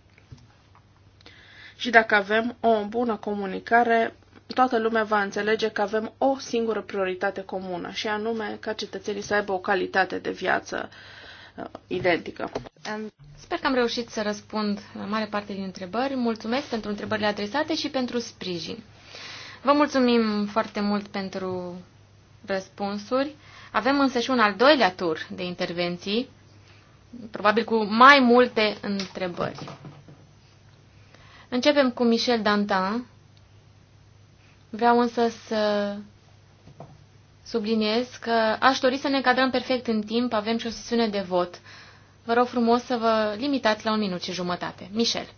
Și dacă avem o bună comunicare, toată lumea va înțelege că avem o singură prioritate comună, și anume ca cetățenii să aibă o calitate de viață uh, identică. Sper că am reușit să răspund la mare parte din întrebări. Mulțumesc pentru întrebările adresate și pentru sprijin. Vă mulțumim foarte mult pentru răspunsuri. Avem însă și un al doilea tur de intervenții, probabil cu mai multe întrebări. Începem cu Michel Dantin. Vreau însă să subliniez că aș dori să ne cadrăm perfect în timp, avem și o sesiune de vot. Vă rog frumos să vă limitați la un minut și jumătate. Michel.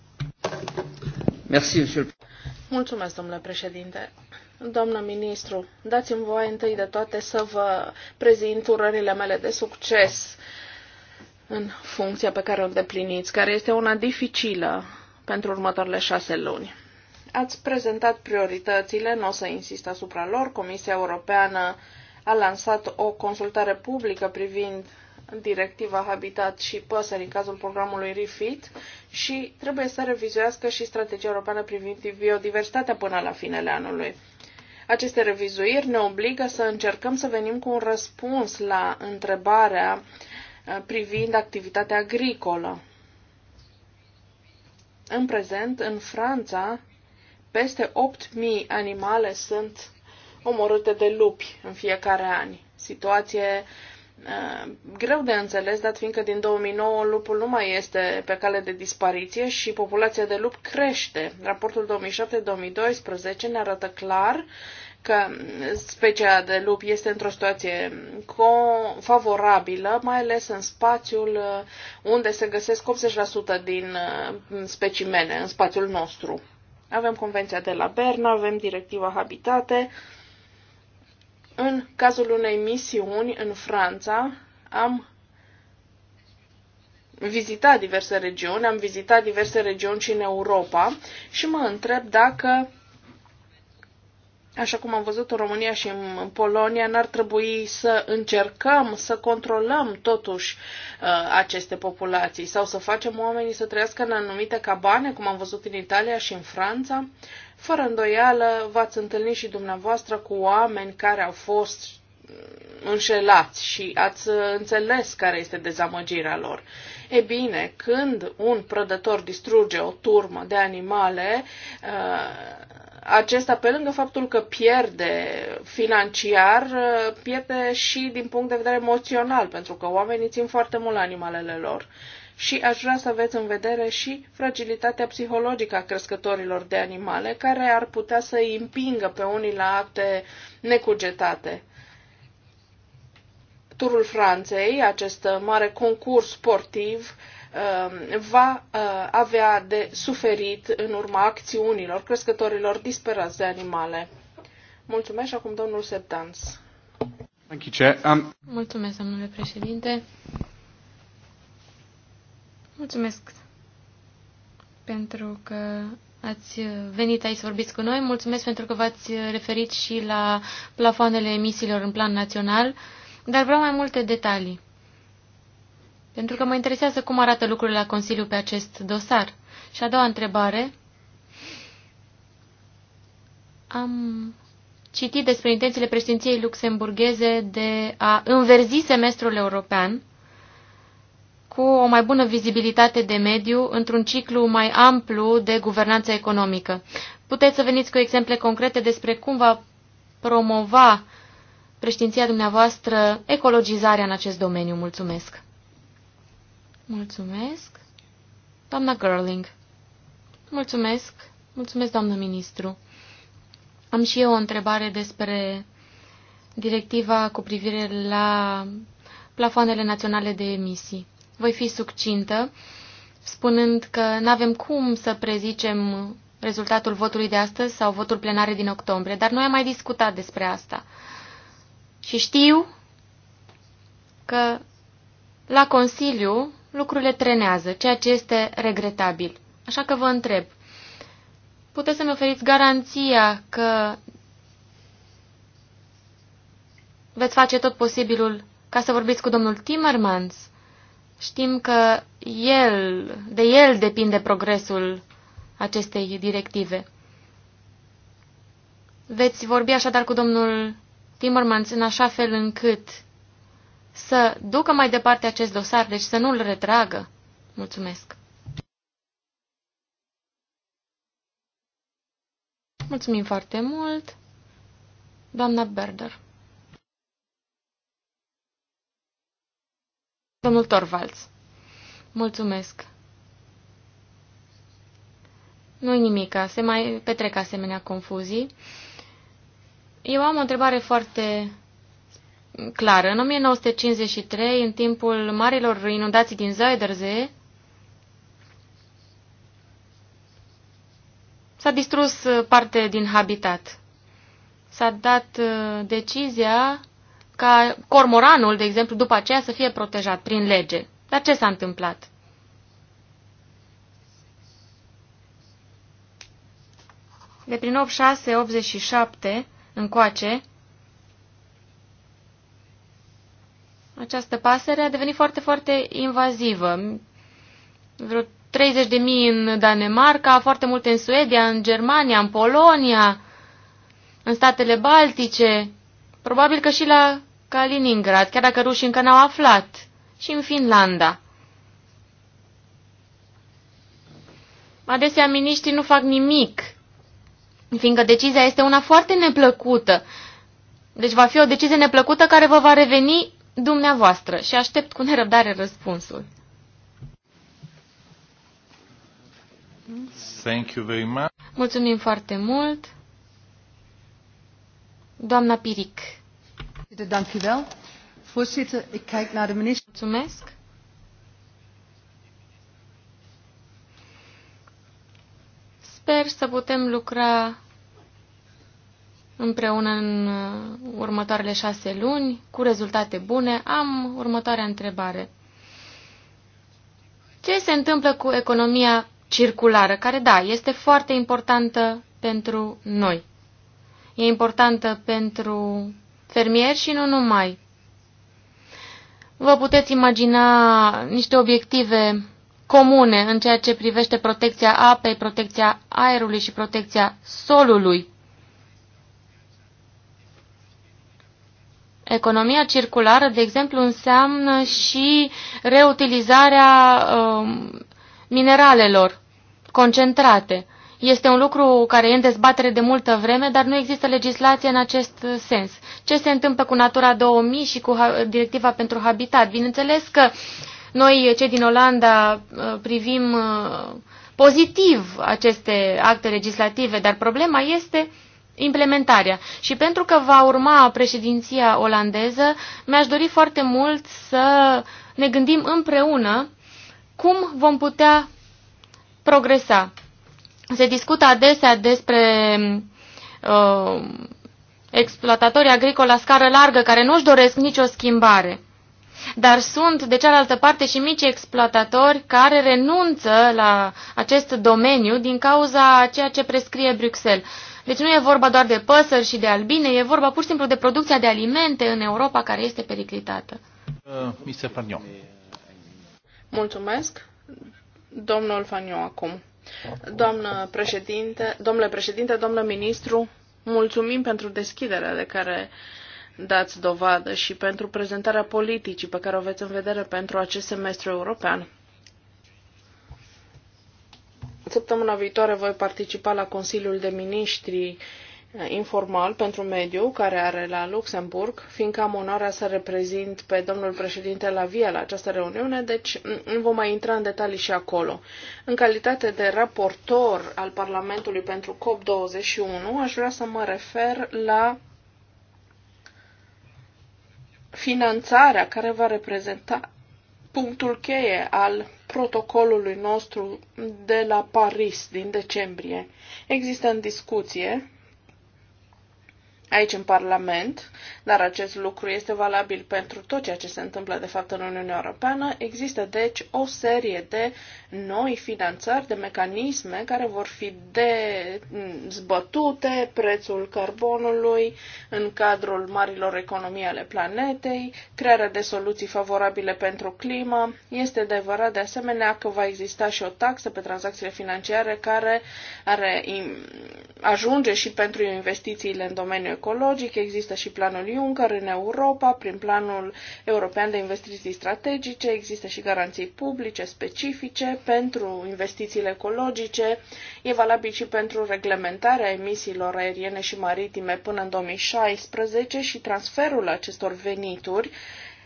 Mulțumesc, domnule președinte. Doamnă ministru, dați-mi voie întâi de toate să vă prezint urările mele de succes în funcția pe care o îndepliniți, care este una dificilă pentru următoarele șase luni. Ați prezentat prioritățile, nu o să insist asupra lor. Comisia Europeană a lansat o consultare publică privind directiva Habitat și păsări în cazul programului REFIT și trebuie să revizuiască și strategia europeană privind biodiversitatea până la finele anului. Aceste revizuiri ne obligă să încercăm să venim cu un răspuns la întrebarea uh, privind activitatea agricolă. În prezent, în Franța, peste 8.000 animale sunt omorâte de lupi în fiecare an. Situație Eh, greu de înțeles, dat fiindcă din 2009 lupul nu mai este pe cale de dispariție și populația de lup crește. Raportul 2007-2012 ne arată clar că specia de lup este într-o situație favorabilă, mai ales în spațiul eh, unde se găsesc 80% din eh, specimene, în spațiul nostru. Avem Convenția de la Berna, avem Directiva Habitate, în cazul unei misiuni în Franța, am vizitat diverse regiuni, am vizitat diverse regiuni și în Europa și mă întreb dacă așa cum am văzut în România și în Polonia, n-ar trebui să încercăm să controlăm totuși uh, aceste populații sau să facem oamenii să trăiască în anumite cabane, cum am văzut în Italia și în Franța. Fără îndoială, v-ați întâlnit și dumneavoastră cu oameni care au fost uh, înșelați și ați uh, înțeles care este dezamăgirea lor. E bine, când un prădător distruge o turmă de animale, uh, acesta, pe lângă faptul că pierde financiar, pierde și din punct de vedere emoțional, pentru că oamenii țin foarte mult la animalele lor. Și aș vrea să aveți în vedere și fragilitatea psihologică a crescătorilor de animale, care ar putea să îi împingă pe unii la acte necugetate. Turul Franței, acest mare concurs sportiv, uh, Um, va uh, avea de suferit în urma acțiunilor crescătorilor disperați de animale. Mulțumesc și acum domnul Septans. Um, Mulțumesc, domnule președinte. Mulțumesc pentru că ați venit aici să vorbiți cu noi. Mulțumesc pentru că v-ați referit și la plafoanele emisiilor în plan național, dar vreau mai multe detalii. Pentru că mă interesează cum arată lucrurile la Consiliu pe acest dosar. Și a doua întrebare. Am citit despre intențiile președinției luxemburgheze de a înverzi semestrul european cu o mai bună vizibilitate de mediu într-un ciclu mai amplu de guvernanță economică. Puteți să veniți cu exemple concrete despre cum va promova președinția dumneavoastră ecologizarea în acest domeniu. Mulțumesc! Mulțumesc. Doamna Gerling. Mulțumesc. Mulțumesc, doamnă ministru. Am și eu o întrebare despre directiva cu privire la plafoanele naționale de emisii. Voi fi succintă, spunând că nu avem cum să prezicem rezultatul votului de astăzi sau votul plenare din octombrie, dar noi am mai discutat despre asta. Și știu că la Consiliu lucrurile trenează, ceea ce este regretabil. Așa că vă întreb, puteți să-mi oferiți garanția că veți face tot posibilul ca să vorbiți cu domnul Timmermans? Știm că el, de el depinde progresul acestei directive. Veți vorbi așadar cu domnul Timmermans în așa fel încât să ducă mai departe acest dosar, deci să nu-l retragă. Mulțumesc! Mulțumim foarte mult, doamna Berder. Domnul Torvalds. Mulțumesc. Nu-i nimic, se mai petrec asemenea confuzii. Eu am o întrebare foarte clară. În 1953, în timpul marilor inundații din Zuiderzee, s-a distrus uh, parte din habitat. S-a dat uh, decizia ca cormoranul, de exemplu, după aceea să fie protejat prin lege. Dar ce s-a întâmplat? De prin 86-87 încoace, Această pasăre a devenit foarte, foarte invazivă. Vreo 30 de mii în Danemarca, foarte multe în Suedia, în Germania, în Polonia, în statele Baltice, probabil că și la Kaliningrad, chiar dacă rușii încă n-au aflat, și în Finlanda. Adesea miniștrii nu fac nimic, fiindcă decizia este una foarte neplăcută. Deci va fi o decizie neplăcută care vă va reveni dumneavoastră și aștept cu nerăbdare răspunsul. Thank you very much. Mulțumim foarte mult. Doamna Piric. Mulțumesc. Sper să putem lucra împreună în uh, următoarele șase luni, cu rezultate bune, am următoarea întrebare. Ce se întâmplă cu economia circulară, care, da, este foarte importantă pentru noi? E importantă pentru fermieri și nu numai. Vă puteți imagina niște obiective comune în ceea ce privește protecția apei, protecția aerului și protecția solului Economia circulară, de exemplu, înseamnă și reutilizarea um, mineralelor concentrate. Este un lucru care e în dezbatere de multă vreme, dar nu există legislație în acest sens. Ce se întâmplă cu Natura 2000 și cu Directiva pentru Habitat? Bineînțeles că noi, cei din Olanda, uh, privim uh, pozitiv aceste acte legislative, dar problema este uh, implementarea. Și pentru că va urma președinția olandeză, mi-aș dori foarte mult să ne gândim împreună cum vom putea progresa. Se discută adesea despre uh, exploatatorii agricoli la scară largă care nu își doresc nicio schimbare. Dar sunt, de cealaltă parte, și mici exploatatori care renunță la acest domeniu din cauza ceea ce prescrie Bruxelles. Deci nu e vorba doar de păsări și de albine, e vorba pur și simplu de producția de alimente în Europa care este periclitată. Uh, Mr. Fagnon. Mulțumesc. Domnul Fagnon acum. Doamnă președinte, domnule președinte, domnule ministru, mulțumim pentru deschiderea de care dați dovadă și pentru prezentarea politicii pe care o veți în vedere pentru acest semestru european. Săptămâna viitoare voi participa la Consiliul de Ministri eh, informal pentru mediu, care are la Luxemburg, fiindcă am onoarea să reprezint pe domnul președinte la via la această reuniune, deci nu mm, mm, vom mai intra în detalii și acolo. În calitate de raportor al Parlamentului pentru COP21, aș vrea să mă refer la finanțarea care va reprezenta punctul cheie al protocolului nostru de la Paris din decembrie. Există în discuție aici în Parlament, dar acest lucru este valabil pentru tot ceea ce se întâmplă de fapt în Uniunea Europeană. Există deci o serie de noi finanțări de mecanisme care vor fi dezbătute prețul carbonului în cadrul marilor economii ale planetei, crearea de soluții favorabile pentru climă. Este adevărat de asemenea că va exista și o taxă pe tranzacțiile financiare care are, ajunge și pentru investițiile în domeniul ecologic. Există și planul Juncker în Europa, prin planul european de investiții strategice, există și garanții publice specifice pentru investițiile ecologice, e valabil și pentru reglementarea emisiilor aeriene și maritime până în 2016 și transferul acestor venituri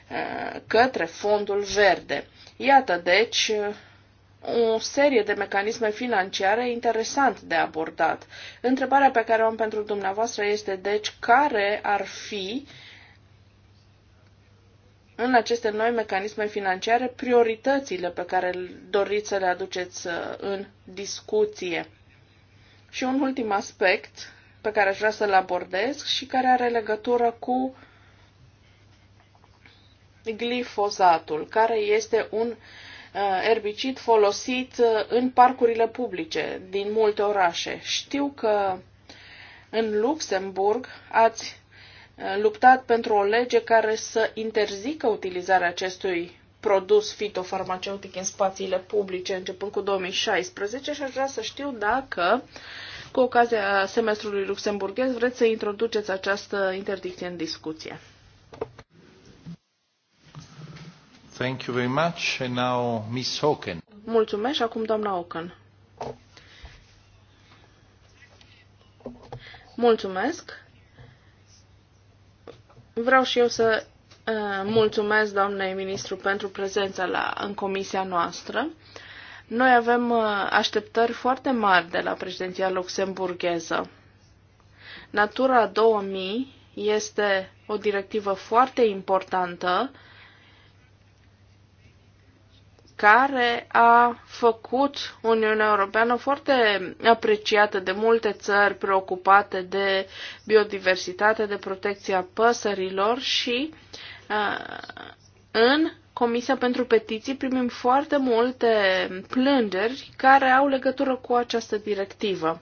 eh, către fondul verde. Iată, deci, o serie de mecanisme financiare interesant de abordat. Întrebarea pe care o am pentru dumneavoastră este, deci, care ar fi uh, în aceste noi mecanisme financiare prioritățile pe care doriți să le aduceți uh, în discuție. Și un ultim aspect pe care aș vrea să-l abordez și care are legătură cu glifosatul, care este un uh, erbicid folosit uh, în parcurile publice din multe orașe. Știu că în Luxemburg ați luptat pentru o lege care să interzică utilizarea acestui produs fitofarmaceutic în spațiile publice începând cu 2016 și aș vrea să știu dacă cu ocazia semestrului luxemburghez vreți să introduceți această interdicție în discuție. Thank you very much. And now Ms. Hocken. Mulțumesc și acum doamna Hocken. Mulțumesc. Vreau și eu să uh, mulțumesc doamnei ministru pentru prezența la, în comisia noastră. Noi avem uh, așteptări foarte mari de la președinția luxemburgheză. Natura 2000 este o directivă foarte importantă care a făcut Uniunea Europeană foarte apreciată de multe țări preocupate de biodiversitate, de protecția păsărilor și uh, în Comisia pentru Petiții primim foarte multe plângeri care au legătură cu această directivă.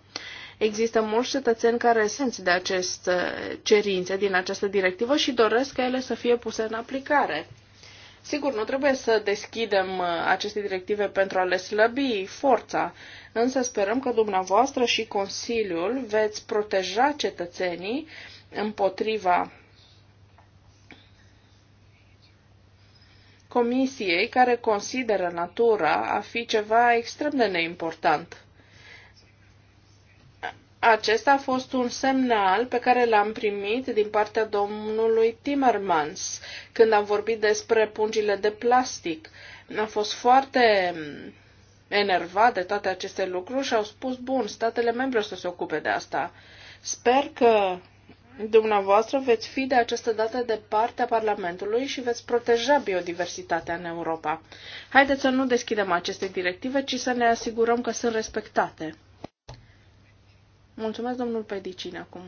Există mulți cetățeni care sunt de aceste uh, cerințe din această directivă și doresc ca ele să fie puse în aplicare. Sigur, nu trebuie să deschidem uh, aceste directive pentru a le slăbi forța, însă sperăm că dumneavoastră și Consiliul veți proteja cetățenii împotriva Comisiei care consideră natura a fi ceva extrem de neimportant acesta a fost un semnal pe care l-am primit din partea domnului Timmermans când am vorbit despre pungile de plastic. A fost foarte enervat de toate aceste lucruri și au spus, bun, statele membre o să se ocupe de asta. Sper că dumneavoastră veți fi de această dată de partea Parlamentului și veți proteja biodiversitatea în Europa. Haideți să nu deschidem aceste directive, ci să ne asigurăm că sunt respectate. Mulțumesc, domnul Pedicin, acum.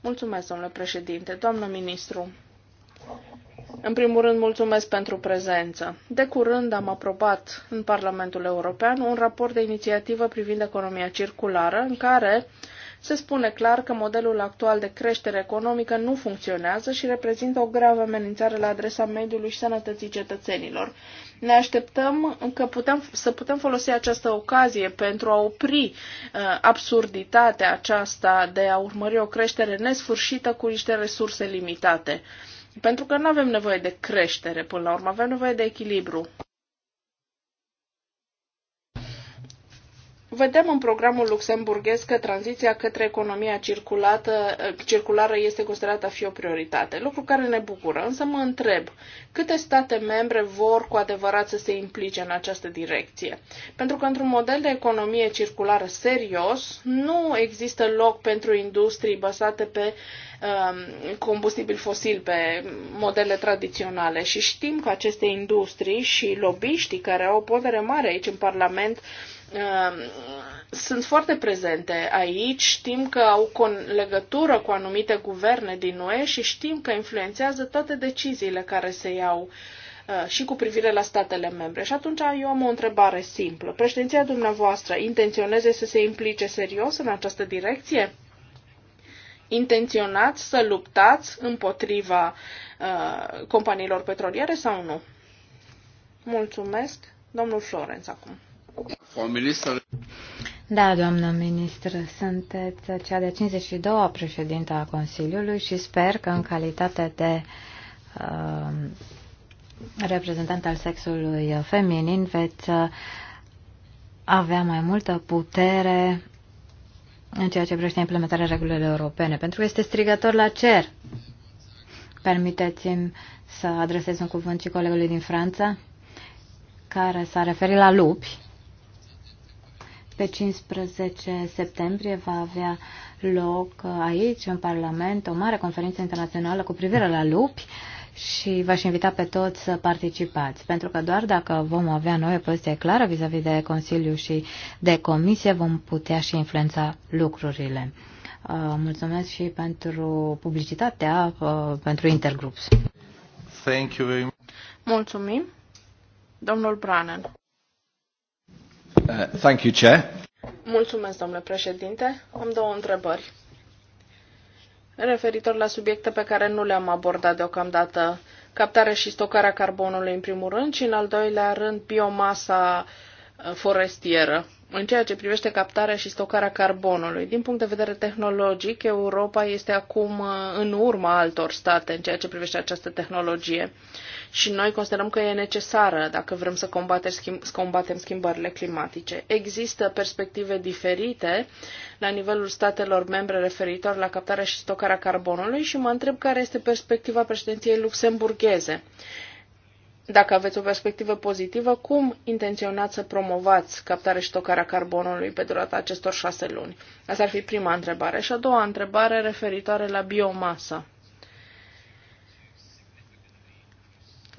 Mulțumesc, domnule președinte, doamnă ministru. În primul rând, mulțumesc pentru prezență. De curând am aprobat în Parlamentul European un raport de inițiativă privind economia circulară, în care se spune clar că modelul actual de creștere economică nu funcționează și reprezintă o gravă amenințare la adresa mediului și sănătății cetățenilor. Ne așteptăm că putem, să putem folosi această ocazie pentru a opri uh, absurditatea aceasta de a urmări o creștere nesfârșită cu niște resurse limitate. Pentru că nu avem nevoie de creștere până la urmă, avem nevoie de echilibru. Vedem în programul luxemburghez că tranziția către economia circulată, circulară este considerată a fi o prioritate, lucru care ne bucură, însă mă întreb câte state membre vor cu adevărat să se implice în această direcție. Pentru că într-un model de economie circulară serios nu există loc pentru industrii bazate pe um, combustibil fosil, pe modele tradiționale și știm că aceste industrii și lobiștii care au o putere mare aici în Parlament Ehm, sunt foarte prezente aici, știm că au legătură cu anumite guverne din UE și știm că influențează toate deciziile care se iau eh, și cu privire la statele membre. Și atunci eu am o întrebare simplă. Președinția dumneavoastră intenționeze să se implice serios în această direcție? Intenționați să luptați împotriva uh, companiilor petroliere sau nu? Mulțumesc, domnul Florenț, acum. Da, doamnă ministră, sunteți cea de 52-a președintă a Consiliului și sper că în calitate de uh, reprezentant al sexului feminin veți avea mai multă putere în ceea ce privește implementarea regulilor europene, pentru că este strigător la cer. Permiteți-mi să adresez un cuvânt și colegului din Franța, care s-a referit la lupi. Pe 15 septembrie va avea loc uh, aici, în Parlament, o mare conferință internațională cu privire la lupi și v-aș invita pe toți să participați, pentru că doar dacă vom avea noi o poziție clară vis-a-vis -vis de Consiliu și de Comisie, vom putea și influența lucrurile. Uh, mulțumesc și pentru publicitatea uh, pentru Intergroups. Thank you very much. Mulțumim. Domnul Branen. Uh, thank you, Chair. Mulțumesc, domnule președinte. Am două întrebări. Referitor la subiecte pe care nu le-am abordat deocamdată, captarea și stocarea carbonului în primul rând și în al doilea rând biomasa uh, forestieră în ceea ce privește captarea și stocarea carbonului. Din punct de vedere tehnologic, Europa este acum uh, în urma altor state în ceea ce privește această tehnologie și noi considerăm că e necesară dacă vrem să combatem, schimbările climatice. Există perspective diferite la nivelul statelor membre referitor la captarea și stocarea carbonului și mă întreb care este perspectiva președinției luxemburgheze dacă aveți o perspectivă pozitivă, cum intenționați să promovați captarea și tocarea carbonului pe durata acestor șase luni? Asta ar fi prima întrebare. Și a doua întrebare referitoare la biomasa.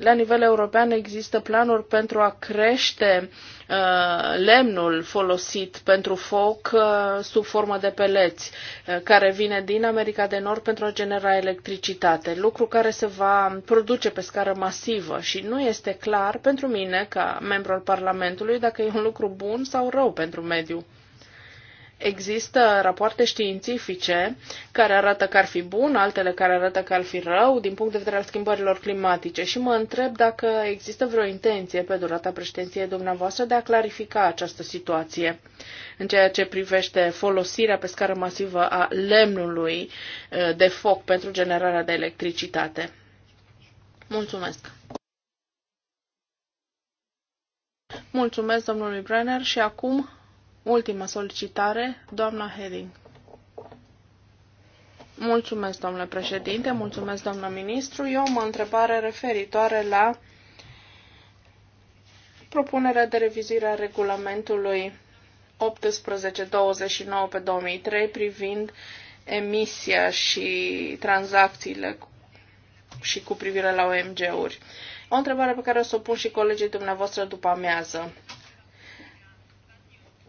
La nivel european există planuri pentru a crește uh, lemnul folosit pentru foc uh, sub formă de peleți, uh, care vine din America de Nord pentru a genera electricitate, lucru care se va produce pe scară masivă și nu este clar pentru mine, ca membru al Parlamentului, dacă e un lucru bun sau rău pentru mediu. Există rapoarte științifice care arată că ar fi bun, altele care arată că ar fi rău din punct de vedere al schimbărilor climatice și mă întreb dacă există vreo intenție pe durata președinției dumneavoastră de a clarifica această situație în ceea ce privește folosirea pe scară masivă a lemnului eh, de foc pentru generarea de electricitate. Mulțumesc! Mulțumesc domnului Brenner și acum Ultima solicitare, doamna Heding. Mulțumesc, domnule președinte, mulțumesc, doamnă ministru. Eu am o întrebare referitoare la propunerea de revizuire a regulamentului 1829 pe 2003 privind emisia și tranzacțiile și cu privire la OMG-uri. O întrebare pe care o să o pun și colegii dumneavoastră după amiază.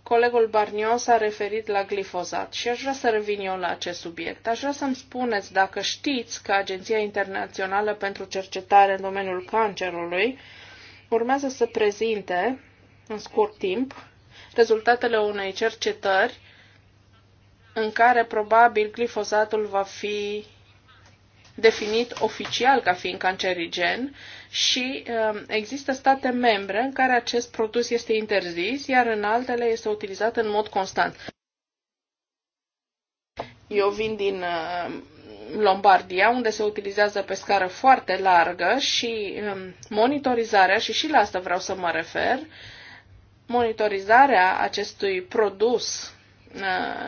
Colegul Barnion s-a referit la glifozat și aș vrea să revin eu la acest subiect. Aș vrea să-mi spuneți dacă știți că Agenția Internațională pentru Cercetare în domeniul cancerului urmează să prezinte în scurt timp rezultatele unei cercetări în care probabil glifozatul va fi definit oficial ca fiind cancerigen și um, există state membre în care acest produs este interzis, iar în altele este utilizat în mod constant. Eu vin din um, Lombardia, unde se utilizează pe scară foarte largă și um, monitorizarea, și și la asta vreau să mă refer, monitorizarea acestui produs Uh,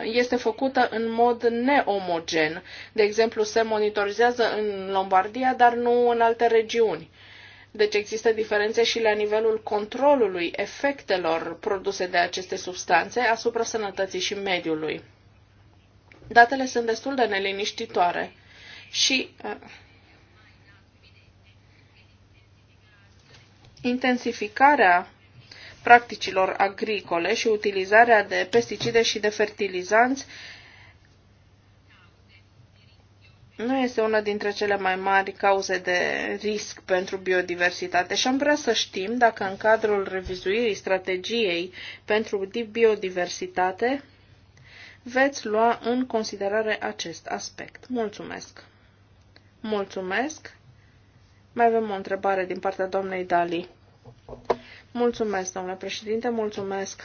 este făcută în mod neomogen. De exemplu, se monitorizează în Lombardia, dar nu în alte regiuni. Deci există diferențe și la nivelul controlului efectelor produse de aceste substanțe asupra sănătății și mediului. Datele sunt destul de neliniștitoare și uh, intensificarea practicilor agricole și utilizarea de pesticide și de fertilizanți nu este una dintre cele mai mari cauze de risc pentru biodiversitate și am vrea să știm dacă în cadrul revizuirii strategiei pentru biodiversitate veți lua în considerare acest aspect. Mulțumesc! Mulțumesc! Mai avem o întrebare din partea doamnei Dali. Mulțumesc, domnule președinte, mulțumesc,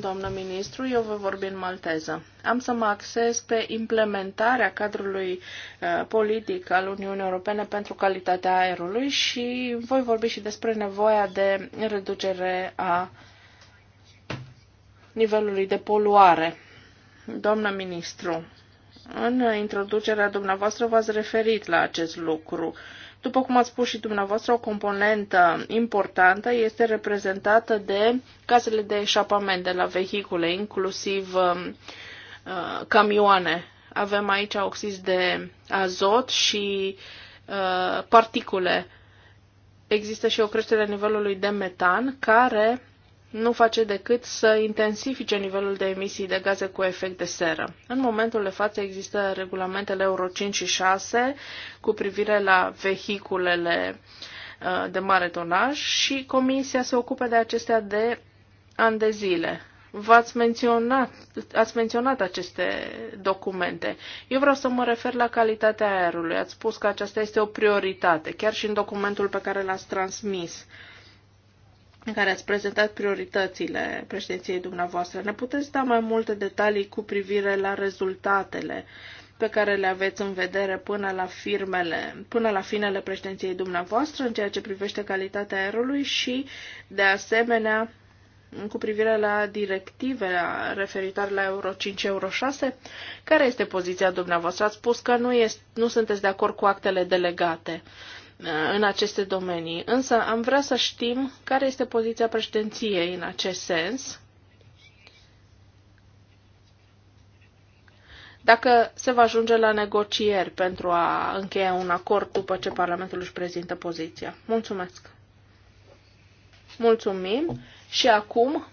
domnule ministru. Eu vă vorbi în malteză. Am să mă axez pe implementarea cadrului uh, politic al Uniunii Europene pentru calitatea aerului și voi vorbi și despre nevoia de reducere a nivelului de poluare. Doamnă ministru, în introducerea dumneavoastră v-ați referit la acest lucru. Uh, după cum ați spus și dumneavoastră, o componentă importantă este reprezentată de casele de eșapament de la vehicule, inclusiv um, uh, camioane. Avem aici oxid de azot și uh, particule. Există și o creștere a nivelului de metan care nu face decât să intensifice nivelul de emisii de gaze cu efect de seră. În momentul de față există regulamentele Euro 5 și 6 cu privire la vehiculele uh, de mare tonaj și Comisia se ocupă de acestea de ani de zile. V-ați menționat, ați menționat aceste documente. Eu vreau să mă refer la calitatea aerului. Ați spus că aceasta este o prioritate, chiar și în documentul pe care l-ați transmis. Uh, în care ați prezentat prioritățile președinției dumneavoastră. Ne puteți da mai multe detalii cu privire la rezultatele pe care le aveți în vedere până la, firmele, până la finele președinției dumneavoastră în ceea ce privește calitatea aerului și, de asemenea, cu privire la directive referitoare la Euro 5, Euro 6, care este poziția dumneavoastră? Ați spus că nu, este, nu sunteți de acord cu actele delegate. Uh, în aceste domenii. Însă am vrea să știm care este poziția președinției în acest sens. Dacă se va ajunge la negocieri pentru a încheia un acord după ce Parlamentul își prezintă poziția. Mulțumesc! Mulțumim și acum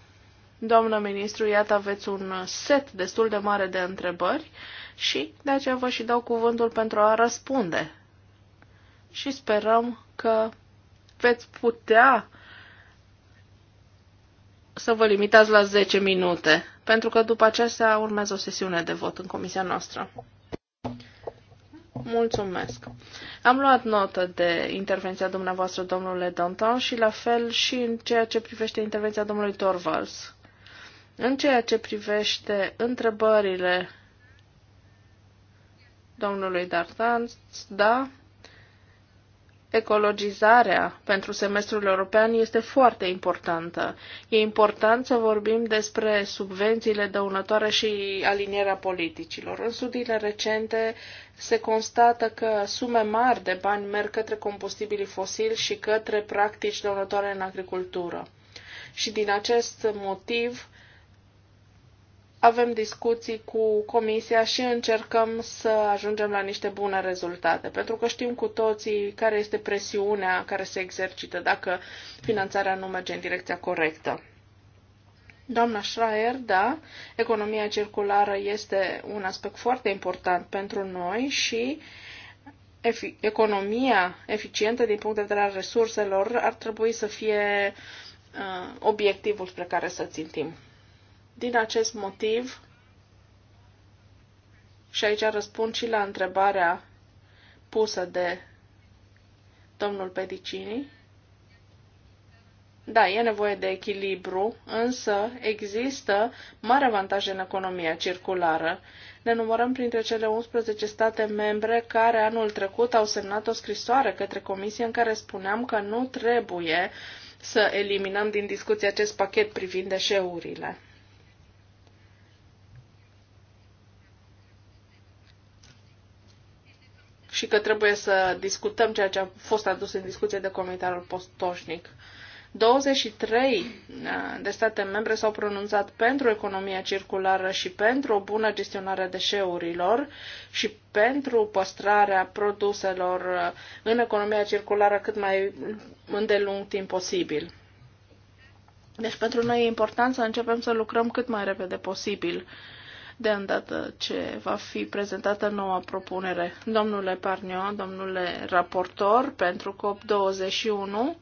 Doamnă ministru, iată aveți un set destul de mare de întrebări și de aceea vă și dau cuvântul pentru a răspunde și sperăm că veți putea să vă limitați la 10 minute, pentru că după aceasta urmează o sesiune de vot în comisia noastră. Mulțumesc. Am luat notă de intervenția dumneavoastră, domnule Danton, și la fel și în ceea ce privește intervenția domnului Torvalds. În ceea ce privește întrebările domnului Dartans, da, ecologizarea pentru semestrul european este foarte importantă. E important să vorbim despre subvențiile dăunătoare și alinierea politicilor. În studiile recente se constată că sume mari de bani merg către combustibilii fosili și către practici dăunătoare în agricultură. Și din acest motiv, avem discuții cu comisia și încercăm să ajungem la niște bune rezultate, pentru că știm cu toții care este presiunea care se exercită dacă finanțarea nu merge în direcția corectă. Doamna Schreier, da, economia circulară este un aspect foarte important pentru noi și efi- economia eficientă din punct de vedere al resurselor ar trebui să fie uh, obiectivul spre care să țintim. Din acest motiv, și aici răspund și la întrebarea pusă de domnul Pedicini, da, e nevoie de echilibru, însă există mare avantaje în economia circulară. Ne numărăm printre cele 11 state membre care anul trecut au semnat o scrisoare către Comisie în care spuneam că nu trebuie să eliminăm din discuție acest pachet privind deșeurile. și că trebuie să discutăm ceea ce a fost adus în discuție de comitarul postoșnic. 23 uh, de state membre s-au pronunțat pentru economia circulară și pentru o bună gestionare a deșeurilor și pentru păstrarea produselor uh, în economia circulară cât mai îndelung timp posibil. Deci pentru noi e important să începem să lucrăm cât mai repede posibil de îndată ce va fi prezentată noua propunere. Domnule Parnio, domnule raportor pentru COP21,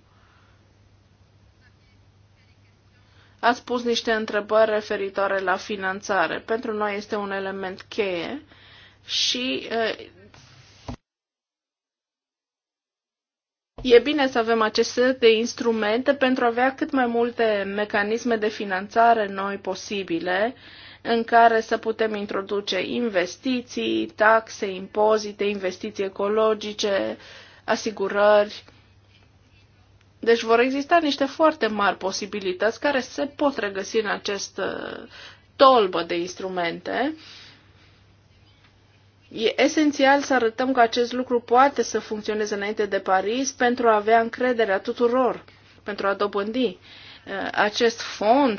ați pus niște întrebări referitoare la finanțare. Pentru noi este un element cheie și E bine să avem acest set de instrumente pentru a avea cât mai multe mecanisme de finanțare noi posibile în care să putem introduce investiții, taxe, impozite, investiții ecologice, asigurări. Deci vor exista niște foarte mari posibilități care se pot regăsi în acest uh, tolbă de instrumente. E esențial să arătăm că acest lucru poate să funcționeze înainte de Paris pentru a avea încrederea tuturor, pentru a dobândi Uh, acest fond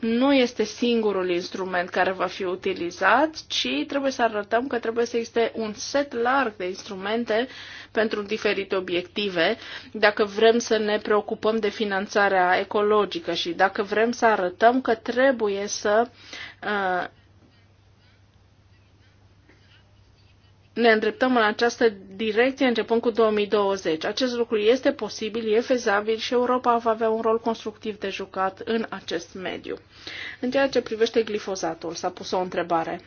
nu este singurul instrument care va fi utilizat, ci trebuie să arătăm că trebuie să existe un set larg de instrumente pentru diferite obiective, dacă vrem să ne preocupăm de finanțarea ecologică și dacă vrem să arătăm că trebuie să uh, ne îndreptăm în această direcție începând cu 2020. Acest lucru este posibil, e fezabil și Europa va avea un rol constructiv de jucat în acest mediu. În ceea ce privește glifozatul, s-a pus o întrebare.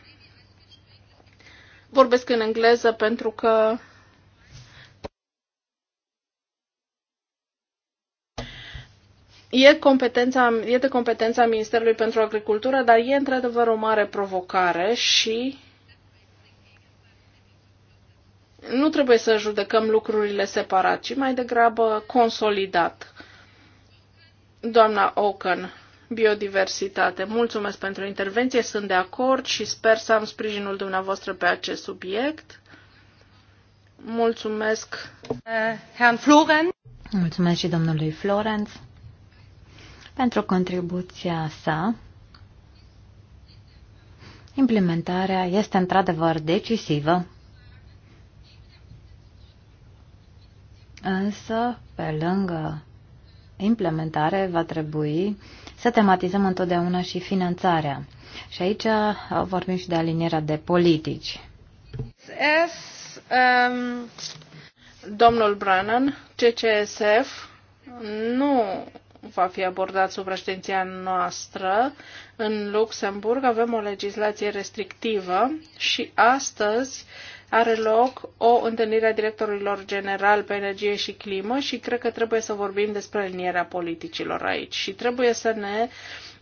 Vorbesc în engleză pentru că E, competența, e de competența Ministerului pentru Agricultură, dar e într-adevăr o mare provocare și nu trebuie să judecăm lucrurile separat, ci mai degrabă consolidat. Doamna Oaken, biodiversitate, mulțumesc pentru intervenție, sunt de acord și sper să am sprijinul dumneavoastră pe acest subiect. Mulțumesc. Eh, Herrn Floren. Mulțumesc și domnului Florenț pentru contribuția sa. Implementarea este într-adevăr decisivă Însă, pe lângă implementare, va trebui să tematizăm întotdeauna și finanțarea. Și aici vorbim și de alinierea de politici. S, um, domnul Brannan, CCSF, nu va fi abordat sub președinția noastră. În Luxemburg avem o legislație restrictivă și astăzi are loc o întâlnire a directorilor general pe energie și climă și cred că trebuie să vorbim despre linierea politicilor aici și trebuie să ne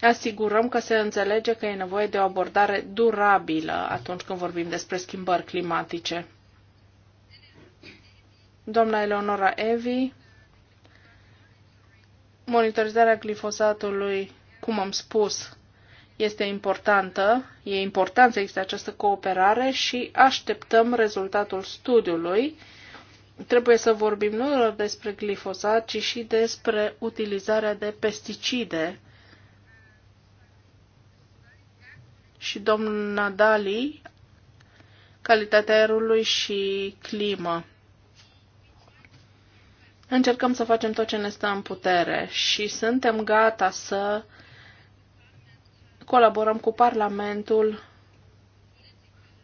asigurăm că se înțelege că e nevoie de o abordare durabilă atunci când vorbim despre schimbări climatice. Doamna Eleonora Evi, monitorizarea glifosatului, cum am spus, este importantă, e important să existe această cooperare și așteptăm rezultatul studiului. Trebuie să vorbim nu doar despre glifosat, ci și despre utilizarea de pesticide. Și domnul Nadali, calitatea aerului și climă. Încercăm să facem tot ce ne stă în putere și suntem gata să colaborăm cu Parlamentul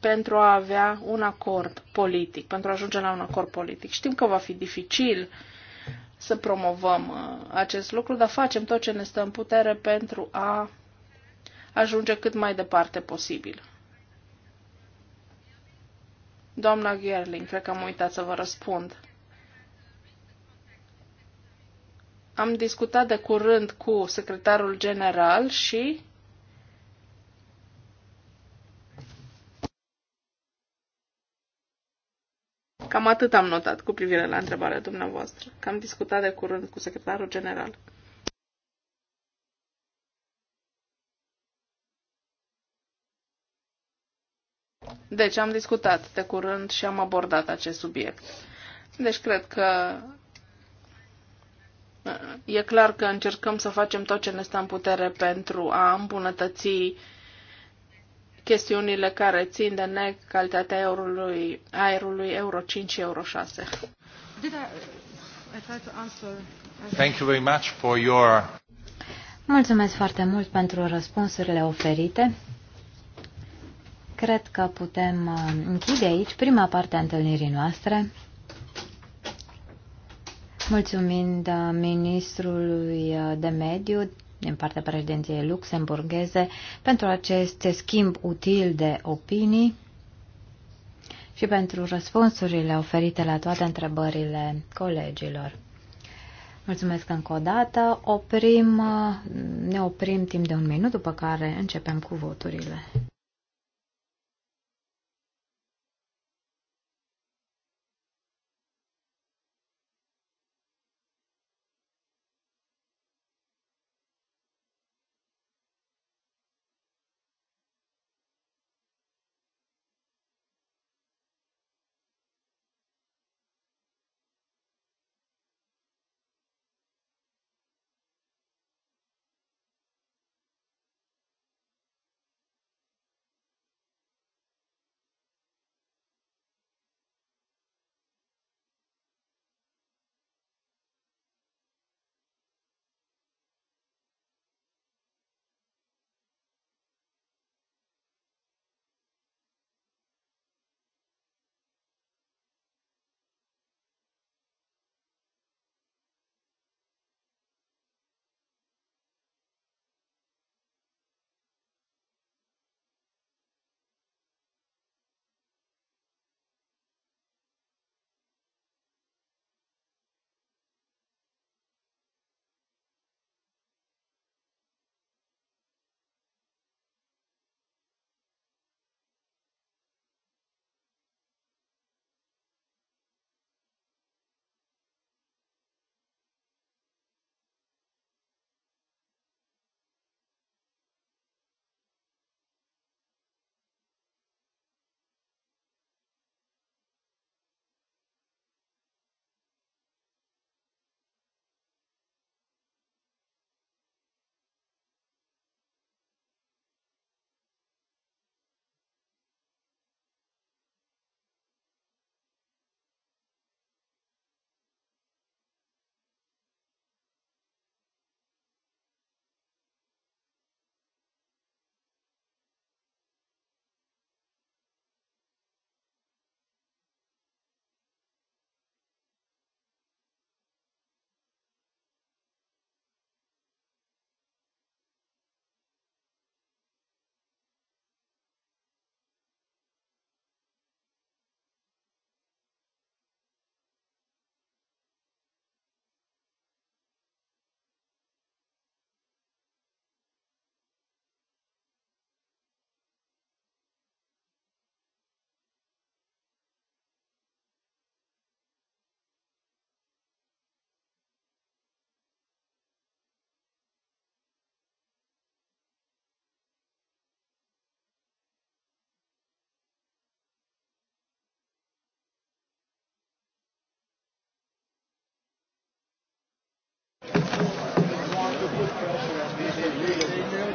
pentru a avea un acord politic, pentru a ajunge la un acord politic. Știm că va fi dificil să promovăm uh, acest lucru, dar facem tot ce ne stă în putere pentru a ajunge cât mai departe posibil. Doamna Gerling, cred că am uitat să vă răspund. Am discutat de curând cu secretarul general și Cam atât am notat cu privire la întrebarea dumneavoastră, că am discutat de curând cu secretarul general. Deci am discutat de curând și am abordat acest subiect. Deci cred că e clar că încercăm să facem tot ce ne stă în putere pentru a îmbunătăți chestiunile care țin de necalitatea aerului, aerului Euro 5 și Euro 6. Thank you very much for your... Mulțumesc foarte mult pentru răspunsurile oferite. Cred că putem uh, închide aici prima parte a întâlnirii noastre. Mulțumind uh, ministrului uh, de mediu din partea președinției luxemburgheze pentru acest schimb util de opinii și pentru răspunsurile oferite la toate întrebările colegilor. Mulțumesc încă o dată. Oprim, ne oprim timp de un minut, după care începem cu voturile.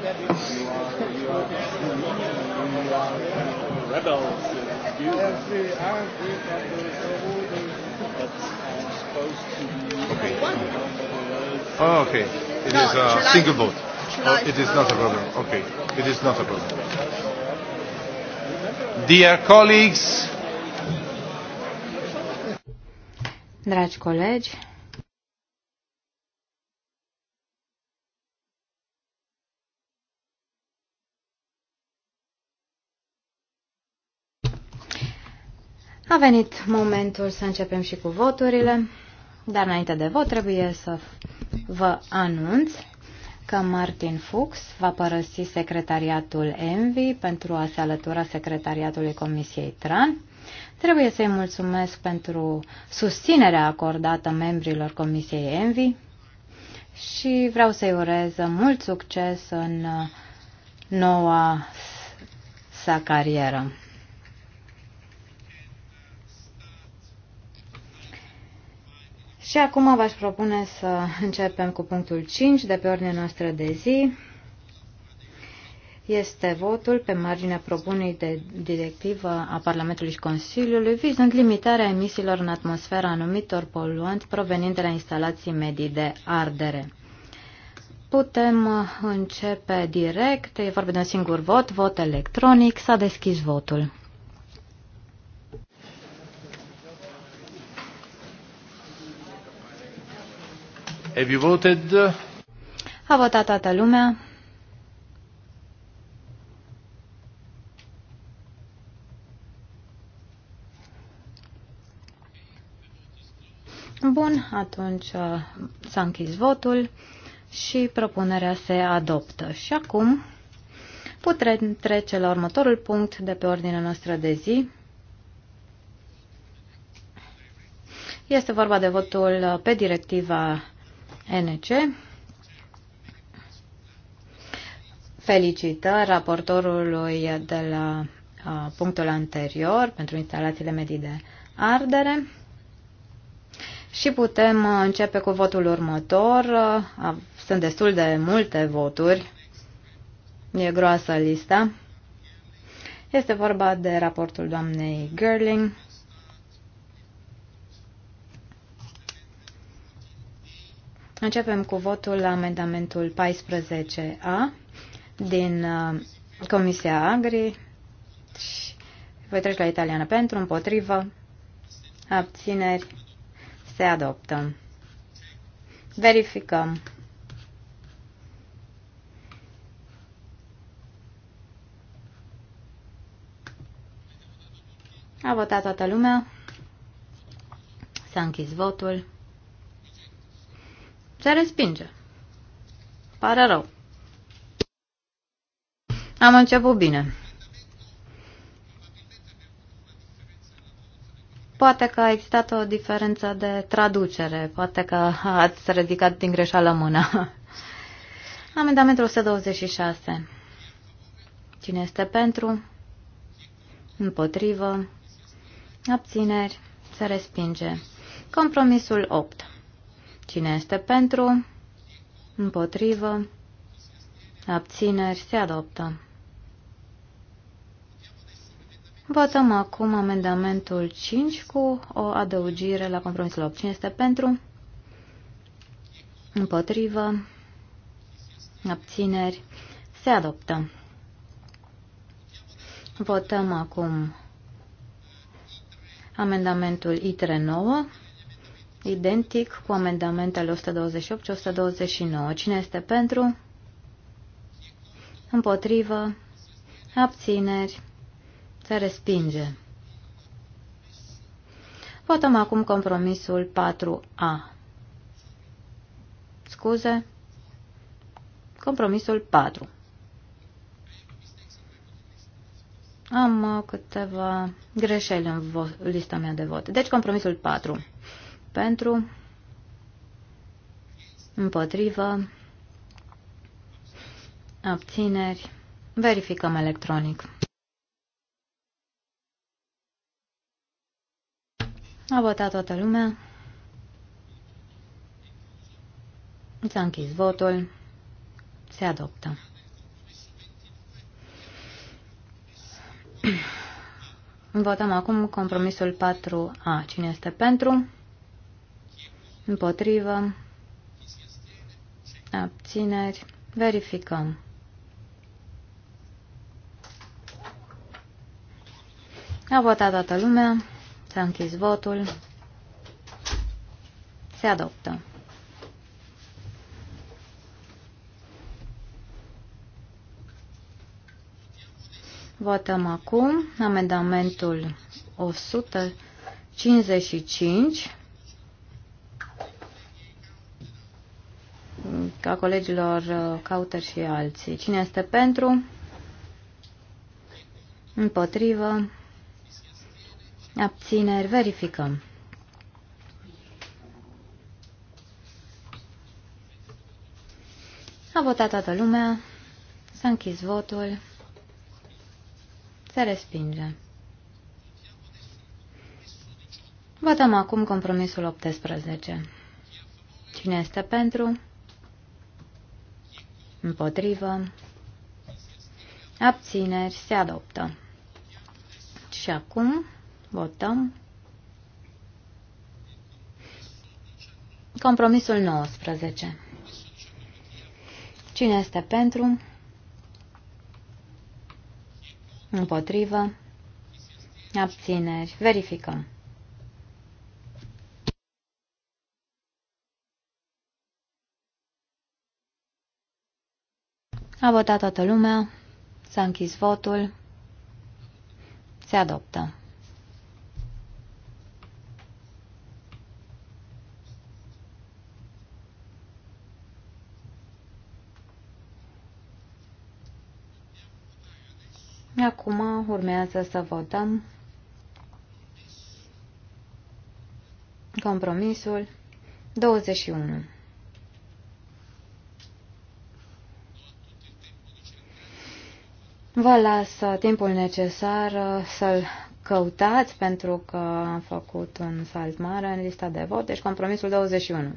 Rebels. supposed to be. Oh, okay. It no, is a July, single vote. oh, it is not a problem. Okay. It is not a problem. Dear colleagues. Dragi colegi, A venit momentul să începem și cu voturile, dar înainte de vot trebuie să vă anunț că Martin Fuchs va părăsi secretariatul ENVI pentru a se alătura secretariatului Comisiei TRAN. Trebuie să-i mulțumesc pentru susținerea acordată membrilor Comisiei ENVI și vreau să-i urez mult succes în noua sa carieră. Și acum v-aș propune să începem cu punctul 5 de pe ordinea noastră de zi. Este votul pe marginea propunerii de directivă a Parlamentului și Consiliului vizând limitarea emisiilor în atmosfera anumitor poluanți provenind de la instalații medii de ardere. Putem uh, începe direct, e vorba de un singur vot, vot electronic, s-a deschis votul. Have you voted? A votat toată lumea. Bun, atunci uh, s-a închis votul și propunerea se adoptă. Și acum putem trece la următorul punct de pe ordinea noastră de zi. Este vorba de votul pe directiva NC. Felicitări raportorului de la punctul anterior pentru instalațiile medii de ardere. Și putem începe cu votul următor. Sunt destul de multe voturi. E groasă lista. Este vorba de raportul doamnei Gerling Începem cu votul la amendamentul 14A din uh, Comisia Agri. Voi trece la italiană pentru, împotrivă, abțineri, se adoptă. Verificăm. A votat toată lumea. S-a închis votul. Se respinge. Pare rău. Am început bine. Poate că a existat o diferență de traducere, poate că ați ridicat din greșeală mâna. Amendamentul 126. Cine este pentru? Împotrivă? Abțineri? Se respinge. Compromisul 8. Cine este pentru? Împotrivă. Abțineri. Se adoptă. Votăm acum amendamentul 5 cu o adăugire la compromisul 8. Cine este pentru? Împotrivă. Abțineri. Se adoptă. Votăm acum amendamentul ITRE 9 Identic cu amendamentele 128 și 129. Cine este pentru? Împotrivă? Abțineri? Se respinge. Votăm acum compromisul 4A. Scuze? Compromisul 4. Am uh, câteva greșeli în lista mea de vot. Deci compromisul 4 pentru, împotrivă, abțineri, verificăm electronic. A votat toată lumea. S-a închis votul. Se adoptă. Votăm acum compromisul 4A. Cine este pentru? împotrivă, abțineri, verificăm. A votat toată lumea, s-a închis votul, se adoptă. Votăm acum amendamentul 155 ca colegilor uh, Cauter și alții. Cine este pentru? Împotrivă? Abțineri? Verificăm. A votat toată lumea. S-a închis votul. Se respinge. Votăm acum compromisul 18. Cine este pentru? Împotrivă. Abțineri. Se adoptă. Și acum votăm compromisul 19. Cine este pentru? Împotrivă. Abțineri. Verificăm. A votat toată lumea. S-a închis votul. Se adoptă. Acum urmează să votăm compromisul 21. Vă las uh, timpul necesar uh, să-l căutați pentru că am făcut un salt mare în lista de vot, deci compromisul 21.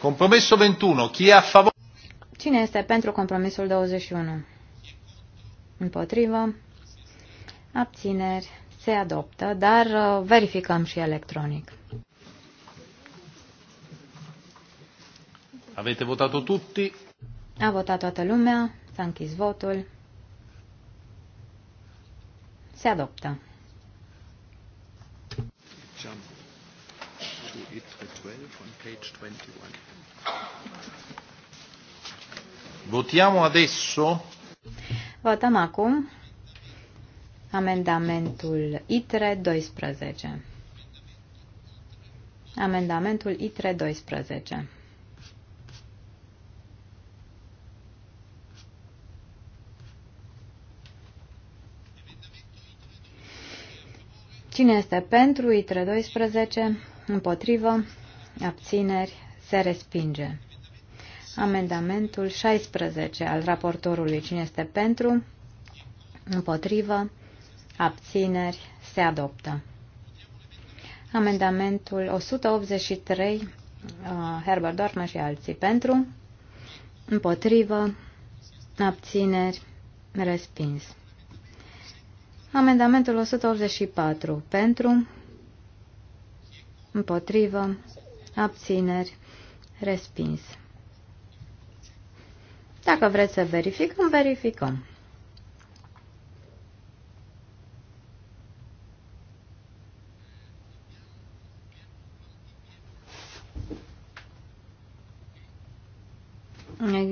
Compromisul 21. Chi e a Cine este pentru compromisul 21? Împotrivă. Abțineri. Se adoptă, dar uh, verificăm și electronic. Avete votat tutti? A votat toată lumea, s-a închis votul. Se adoptă. Jump to ITRE 12 on page 21. Votiamo adesso Votăm acum amendamentul ITRE 12. Amendamentul ITRE 12. Cine este pentru ITRE 12? Împotrivă? Abțineri? Se respinge. Amendamentul 16 al raportorului. Cine este pentru? Împotrivă? Abțineri? Se adoptă. Amendamentul 183, uh, Herbert Dorfman și alții. Pentru? Împotrivă? Abțineri? Respins. Amendamentul 184. Pentru? Împotrivă? Abțineri? Respins. Dacă vreți să verificăm, verificăm.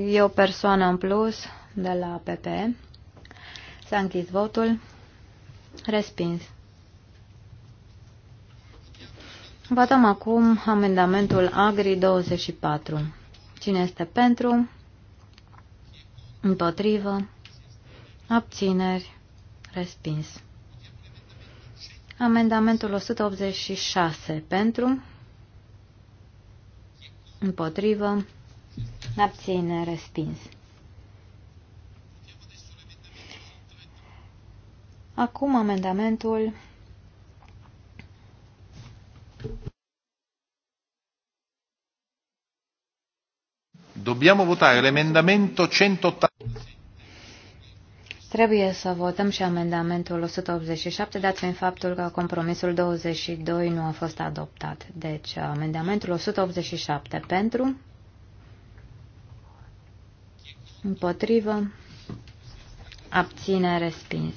E o persoană în plus de la PP. S-a închis votul. Respins. Votăm acum amendamentul Agri 24. Cine este pentru? împotrivă, abțineri, respins. Amendamentul 186 pentru, împotrivă, abține, respins. Acum amendamentul Dobbiamo votare l'emendamento 180. Trebuie să votăm și amendamentul 187, dat fiind faptul că compromisul 22 nu a fost adoptat. Deci, amendamentul 187 pentru, împotrivă, abține, respins.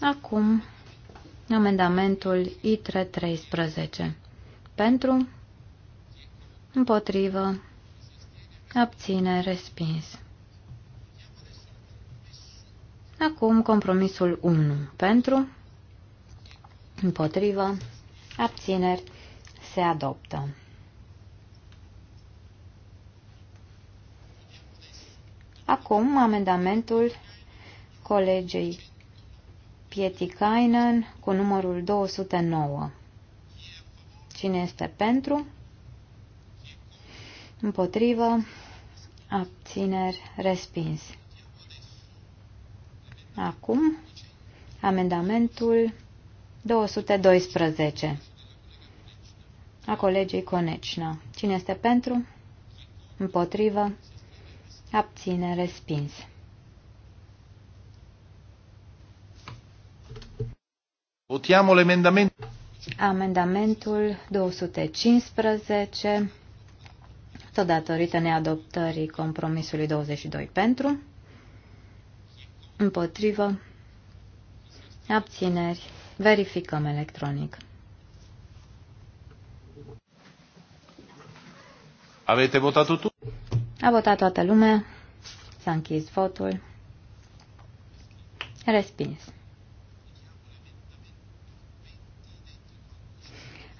Acum, amendamentul ITRE 13. Pentru, împotrivă, abține, respins. Acum compromisul 1 pentru, împotrivă, abțineri, se adoptă. Acum amendamentul colegei Pietikainen cu numărul 209. Cine este pentru? Împotrivă, abțineri, respins. Acum, amendamentul 212 a colegii Conecna. Cine este pentru? Împotrivă? Abține respins. Votiamo l'emendamento. Amendamentul 215, tot datorită neadoptării compromisului 22 pentru, Împotrivă. Abțineri. Verificăm electronic. Aveți votat totul? A votat toată lumea. S-a închis votul. Respins.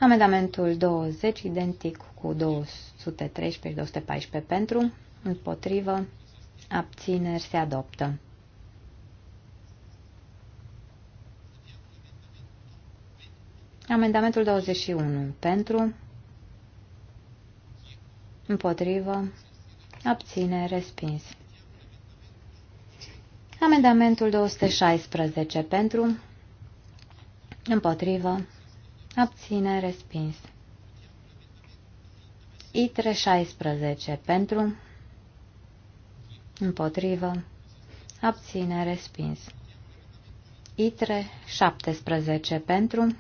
Amendamentul 20, identic cu 213 214 pentru, împotrivă, abțineri se adoptă. Amendamentul 21. Pentru. Împotrivă. Abține. Respins. Amendamentul 216. Pentru. Împotrivă. Abține. Respins. ITRE 16. Pentru. Împotrivă. Abține. Respins. ITRE 17. Pentru.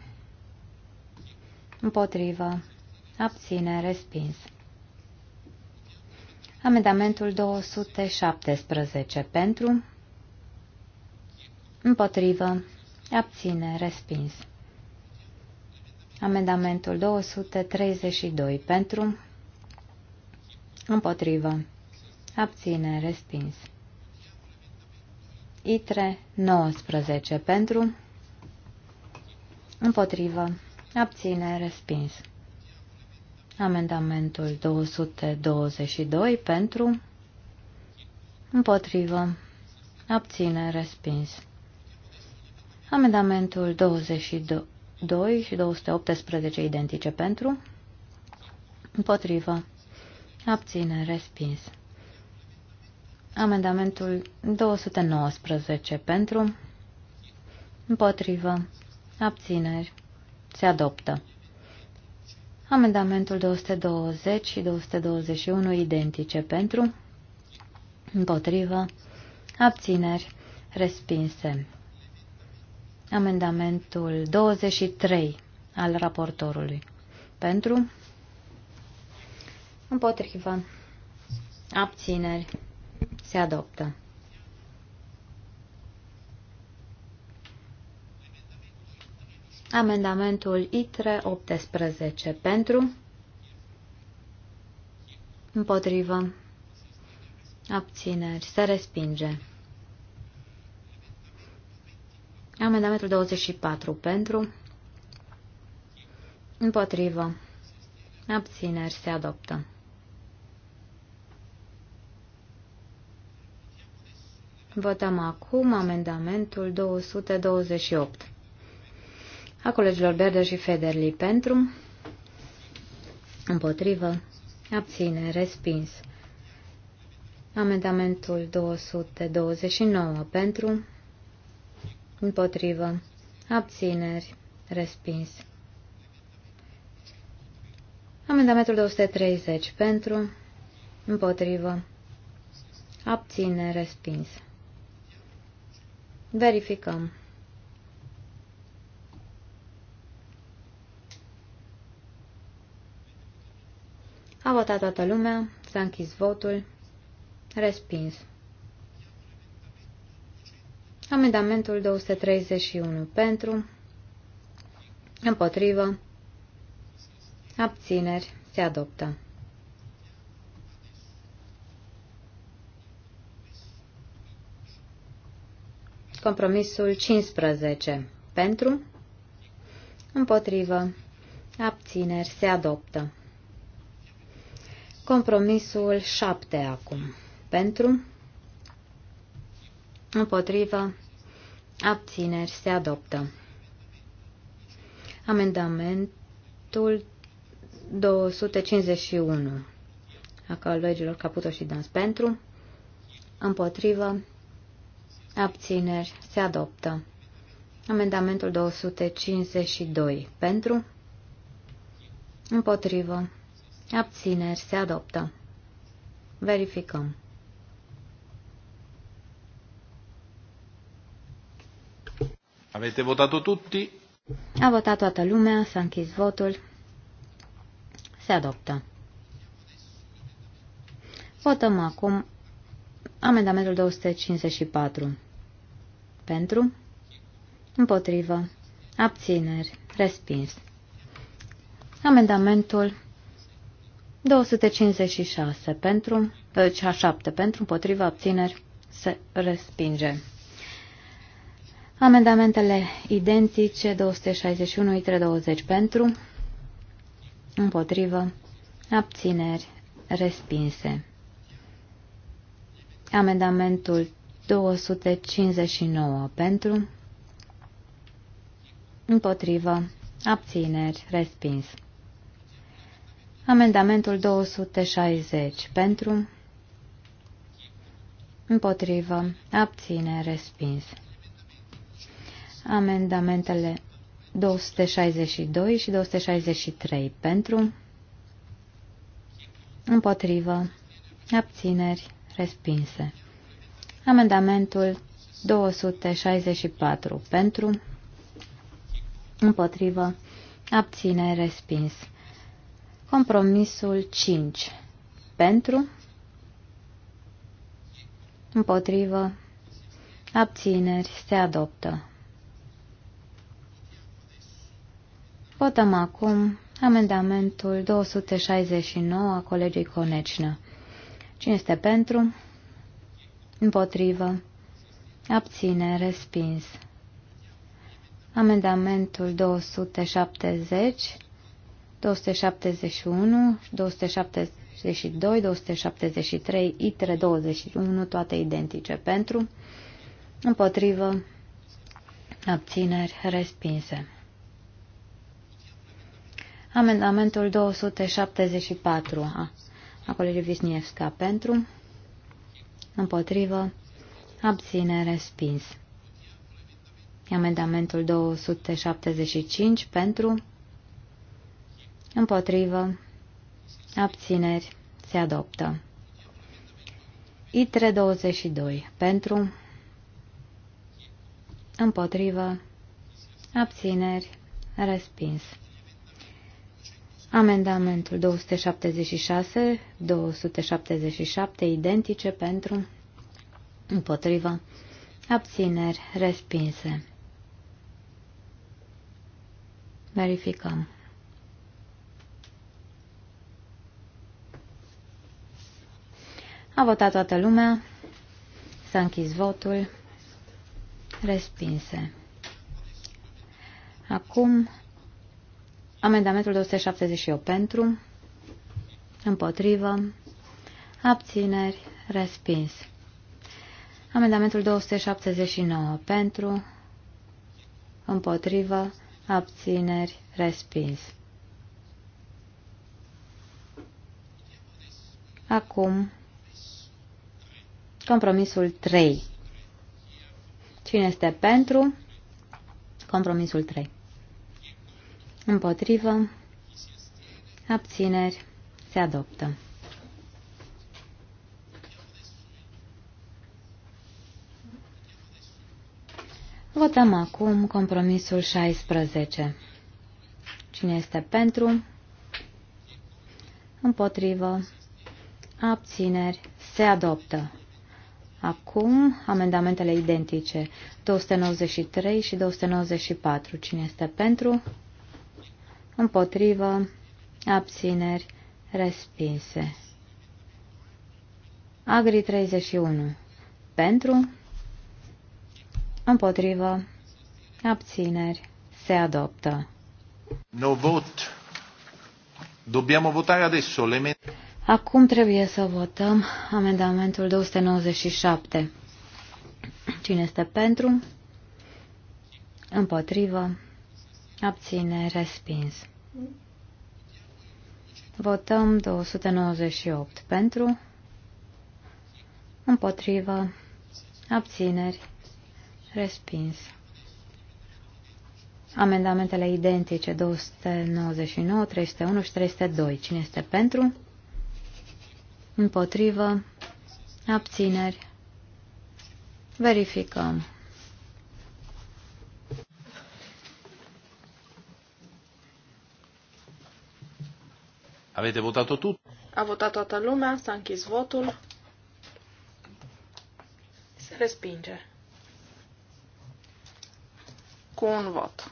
Împotrivă. Abține. Respins. Amendamentul 217. Pentru. Împotrivă. Abține. Respins. Amendamentul 232. Pentru. Împotrivă. Abține. Respins. ITRE 19. Pentru. Împotrivă. Abține respins. Amendamentul 222 pentru. Împotrivă. Abține respins. Amendamentul 22 și 218 identice pentru. Împotrivă. Abține respins. Amendamentul 219 pentru. Împotrivă. Abțineri. Se adoptă. Amendamentul 220 și 221 identice pentru, împotrivă, abțineri, respinse. Amendamentul 23 al raportorului pentru, împotrivă, abțineri, se adoptă. Amendamentul ITRE 18 pentru, împotrivă, abțineri, se respinge. Amendamentul 24 pentru, împotrivă, abțineri, se adoptă. Votăm acum amendamentul 228 a colegilor Berder și Federli pentru, împotrivă, abține, respins. Amendamentul 229 pentru, împotrivă, abțineri, respins. Amendamentul 230 pentru, împotrivă, abține, respins. Verificăm. A votat toată lumea, s-a închis votul, respins. Amendamentul 231 pentru, împotrivă, abțineri, se adoptă. Compromisul 15 pentru, împotrivă, abțineri, se adoptă. Compromisul 7 acum. Pentru, împotrivă, abțineri se adoptă. Amendamentul 251 a colegilor Caputo și Dans pentru, împotrivă, abțineri se adoptă. Amendamentul 252 pentru, împotrivă, Abțineri se adoptă. Verificăm. Avete votat tutti? A votat toată lumea, s-a închis votul. Se adoptă. Votăm acum amendamentul 254. Pentru? Împotrivă. Abțineri. Respins. Amendamentul 256 pentru, ă, cea 7 pentru, împotriva abțineri se respinge. Amendamentele identice 261 20 pentru, împotrivă, abțineri respinse. Amendamentul 259 pentru, împotrivă, abțineri respins. Amendamentul 260 pentru, împotrivă, abține, respins. Amendamentele 262 și 263 pentru, împotrivă, abțineri, respinse. Amendamentul 264 pentru, împotrivă, abține, respins. Compromisul 5. Pentru. Împotrivă. Abțineri. Se adoptă. Votăm acum amendamentul 269 a colegii Conecină. Cine este pentru? Împotrivă. Abține. Respins. Amendamentul 270 271, 272, 273, ITRE 21, toate identice pentru, împotrivă, abțineri, respinse. Amendamentul 274 a, a colegii Visnievska pentru, împotrivă, abține, respins. Amendamentul 275 pentru, împotrivă, abțineri, se adoptă. ITRE 22, pentru, împotrivă, abțineri, respins. Amendamentul 276, 277, identice pentru, împotrivă, abțineri, respinse. Verificăm. A votat toată lumea. S-a închis votul. Respinse. Acum, amendamentul 278 pentru, împotrivă, abțineri, respins. Amendamentul 279 pentru, împotrivă, abțineri, respins. Acum, Compromisul 3. Cine este pentru? Compromisul 3. Împotrivă. Abțineri. Se adoptă. Votăm acum compromisul 16. Cine este pentru? Împotrivă. Abțineri. Se adoptă. Acum, amendamentele identice 293 și 294. Cine este pentru? Împotrivă. Abțineri. Respinse. Agri 31. Pentru. Împotrivă. Abțineri. Se adoptă. No vot. Dobbiamo votare adesso le Acum trebuie să votăm amendamentul 297. Cine este pentru? Împotrivă? Abține? Respins. Votăm 298 pentru, împotrivă, abțineri, respins. Amendamentele identice 299, 301 și 302. Cine este pentru? împotrivă, abțineri. Verificăm. Avete votat tot? A votat toată lumea, s-a închis votul. Se respinge. Cu un vot.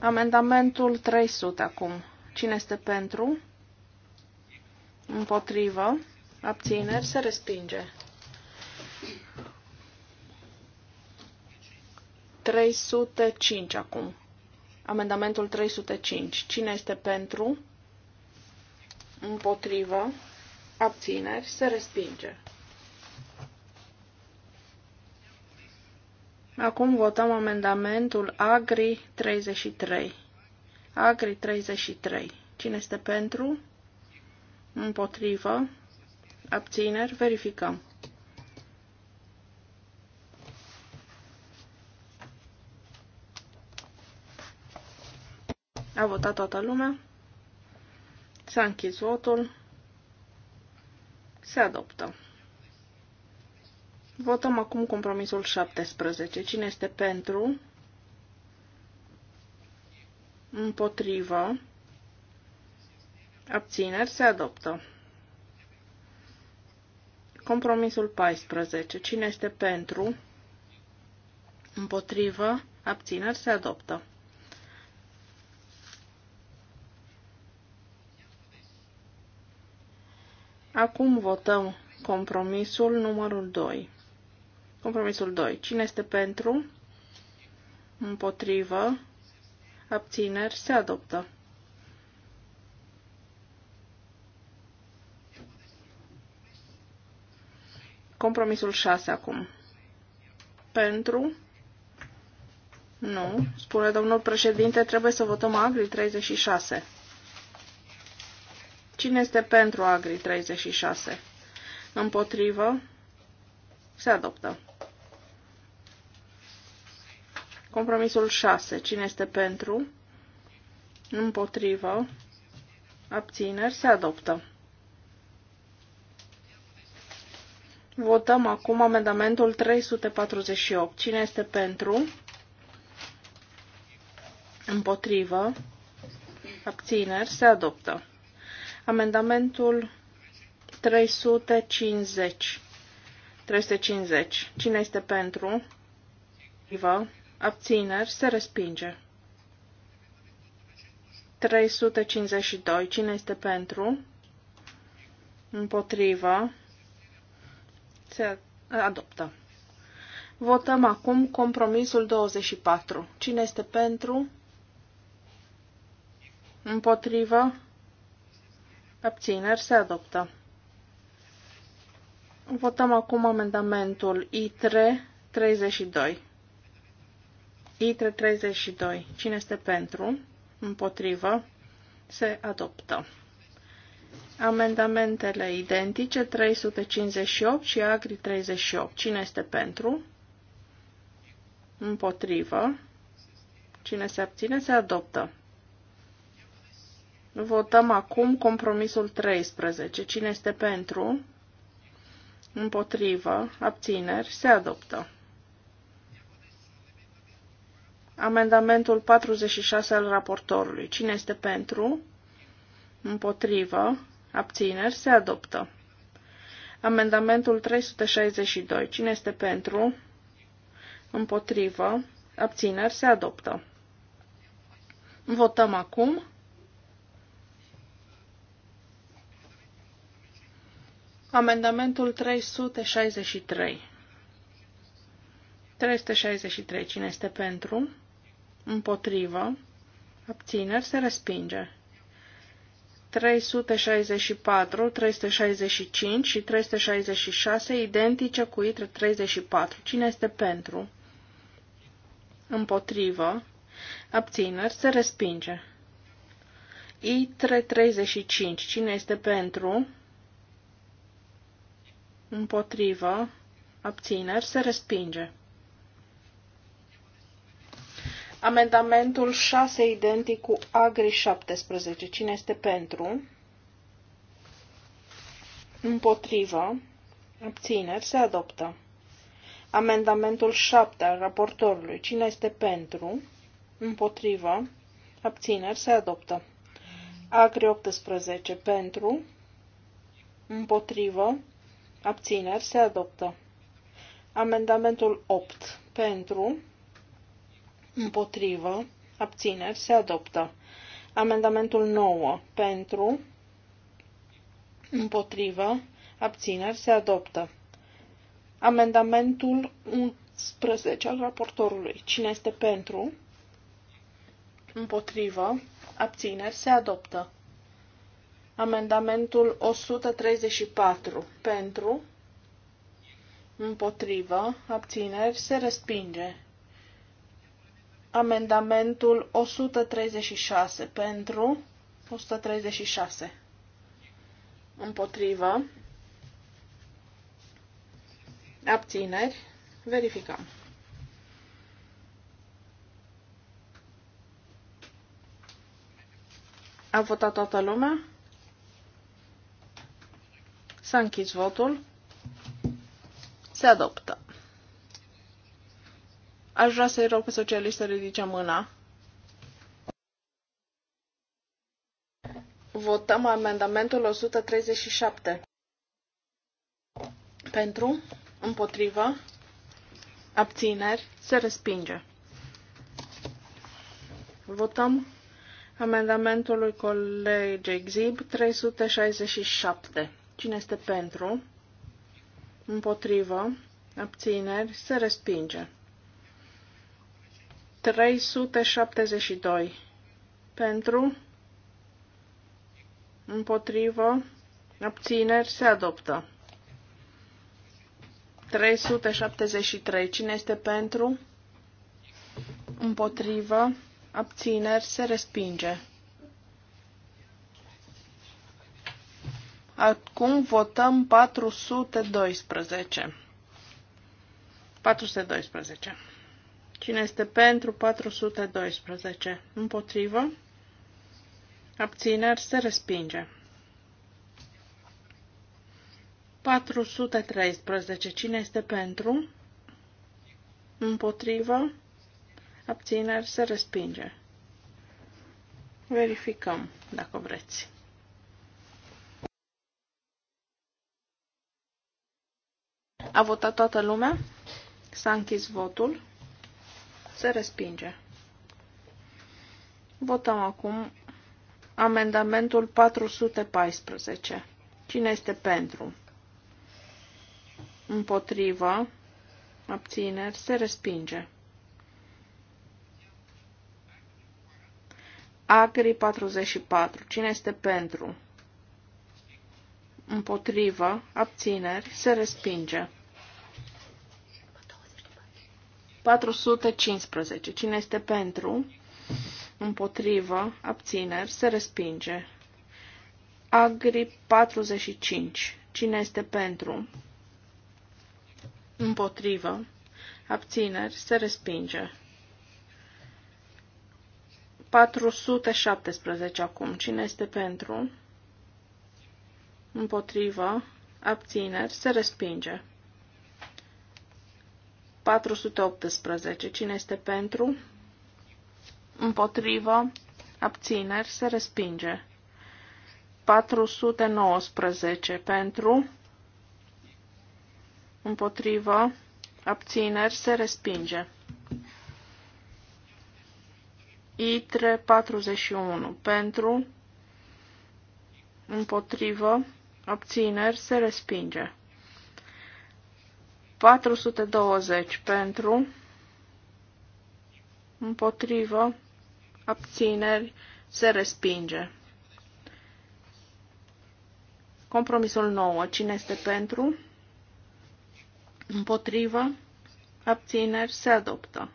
Amendamentul 300 acum. Cine este Pentru împotrivă, abțineri, se respinge. 305 acum. Amendamentul 305. Cine este pentru? Împotrivă. Abțineri. Se respinge. Acum votăm amendamentul Agri 33. Agri 33. Cine este pentru? împotrivă, abțineri, verificăm. A votat toată lumea. S-a închis votul. Se adoptă. Votăm acum compromisul 17. Cine este pentru? Împotrivă. Abțineri se adoptă. Compromisul 14. Cine este pentru? Împotrivă? Abțineri se adoptă. Acum votăm compromisul numărul 2. Compromisul 2. Cine este pentru? Împotrivă? Abțineri se adoptă. Compromisul 6 acum. Pentru? Nu. Spune domnul președinte, trebuie să votăm Agri 36. Cine este pentru Agri 36? Împotrivă? Se adoptă. Compromisul 6. Cine este pentru? Împotrivă? Abțineri? Se adoptă. Votăm acum amendamentul 348. Cine este pentru? Împotrivă. Abțineri. Se adoptă. Amendamentul 350. 350. Cine este pentru? Împotrivă. Abțineri. Se respinge. 352. Cine este pentru? Împotrivă. Se adoptă. Votăm acum compromisul 24. Cine este pentru? Împotrivă? Abțineri? Se adoptă. Votăm acum amendamentul I3 32. I3 32. Cine este pentru? Împotrivă? Se adoptă. Amendamentele identice 358 și Agri 38. Cine este pentru? Împotrivă. Cine se abține se adoptă. Votăm acum compromisul 13. Cine este pentru? Împotrivă. Abțineri. Se adoptă. Amendamentul 46 al raportorului. Cine este pentru? Împotrivă. Abțineri se adoptă. Amendamentul 362. Cine este pentru? Împotrivă. Abțineri se adoptă. Votăm acum. Amendamentul 363. 363. Cine este pentru? Împotrivă. Abțineri se respinge. 364, 365 și 366 identice cu ITRE 34. Cine este pentru? Împotrivă. Abțineri. Se respinge. ITRE 35. Cine este pentru? Împotrivă. Abțineri. Se respinge. Amendamentul 6 identic cu Agri 17. Cine este pentru? Împotrivă. Abțineri. Se adoptă. Amendamentul 7 al raportorului. Cine este pentru? Împotrivă. Abțineri. Se adoptă. Agri 18. Pentru. Împotrivă. Abțineri. Se adoptă. Amendamentul 8. Pentru împotrivă, abțineri, se adoptă. Amendamentul 9 pentru, împotrivă, abțineri, se adoptă. Amendamentul 11 al raportorului. Cine este pentru? Împotrivă. Abțineri. Se adoptă. Amendamentul 134. Pentru. Împotrivă. Abțineri. Se respinge. Amendamentul 136 pentru 136 împotrivă abțineri verificăm. A votat toată lumea? S-a închis votul. Se adoptă. Aș vrea să-i rog pe socialiști să ridice mâna. Votăm amendamentul 137. Pentru, împotrivă, abțineri, se respinge. Votăm amendamentul lui colegii Exib 367. Cine este pentru? Împotrivă, abțineri, se respinge. 372 pentru, împotrivă, abțineri, se adoptă. 373. Cine este pentru? Împotrivă. Abțineri. Se respinge. Acum votăm 412. 412. Cine este pentru 412? Împotrivă. Abțineri se respinge. 413. Cine este pentru? Împotrivă. Abțineri se respinge. Verificăm dacă vreți. A votat toată lumea? S-a închis votul. Se respinge. Votăm acum amendamentul 414. Cine este pentru? Împotrivă. Abțineri. Se respinge. Agri 44. Cine este pentru? Împotrivă. Abțineri. Se respinge. 415. Cine este pentru? Împotrivă. Abțineri. Se respinge. Agri 45. Cine este pentru? Împotrivă. Abțineri. Se respinge. 417 acum. Cine este pentru? Împotrivă. Abțineri. Se respinge. 418. Cine este pentru? Împotrivă. Abțineri. Se respinge. 419. Pentru. Împotrivă. Abțineri. Se respinge. i 341 Pentru. Împotrivă. Abțineri. Se respinge. 420 pentru, împotrivă, abțineri, se respinge. Compromisul 9. Cine este pentru? Împotrivă, abțineri, se adoptă.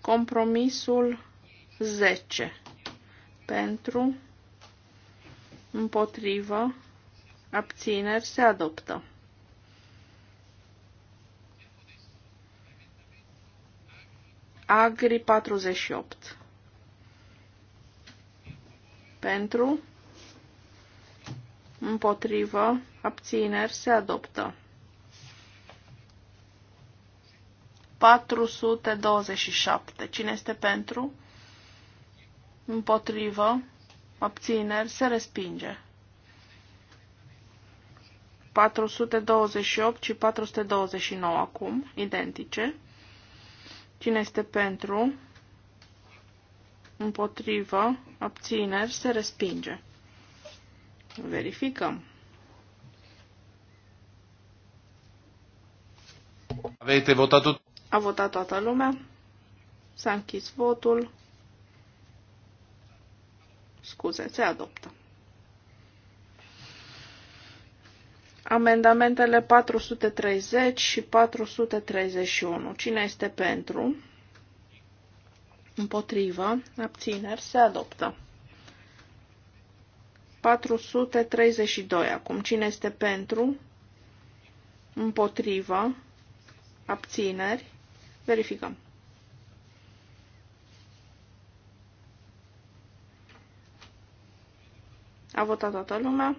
Compromisul 10. Pentru, împotrivă, abțineri, se adoptă. Agri 48. Pentru, împotrivă, abțineri se adoptă. 427. Cine este pentru? Împotrivă, abțineri se respinge. 428 și 429 acum, identice. Cine este pentru? Împotrivă. Abțineri. Se respinge. Verificăm. Aveți votat tot? A votat toată lumea. S-a închis votul. Scuze, se adoptă. Amendamentele 430 și 431. Cine este pentru? Împotrivă. Abțineri. Se adoptă. 432. Acum cine este pentru? Împotrivă. Abțineri. Verificăm. A votat toată lumea.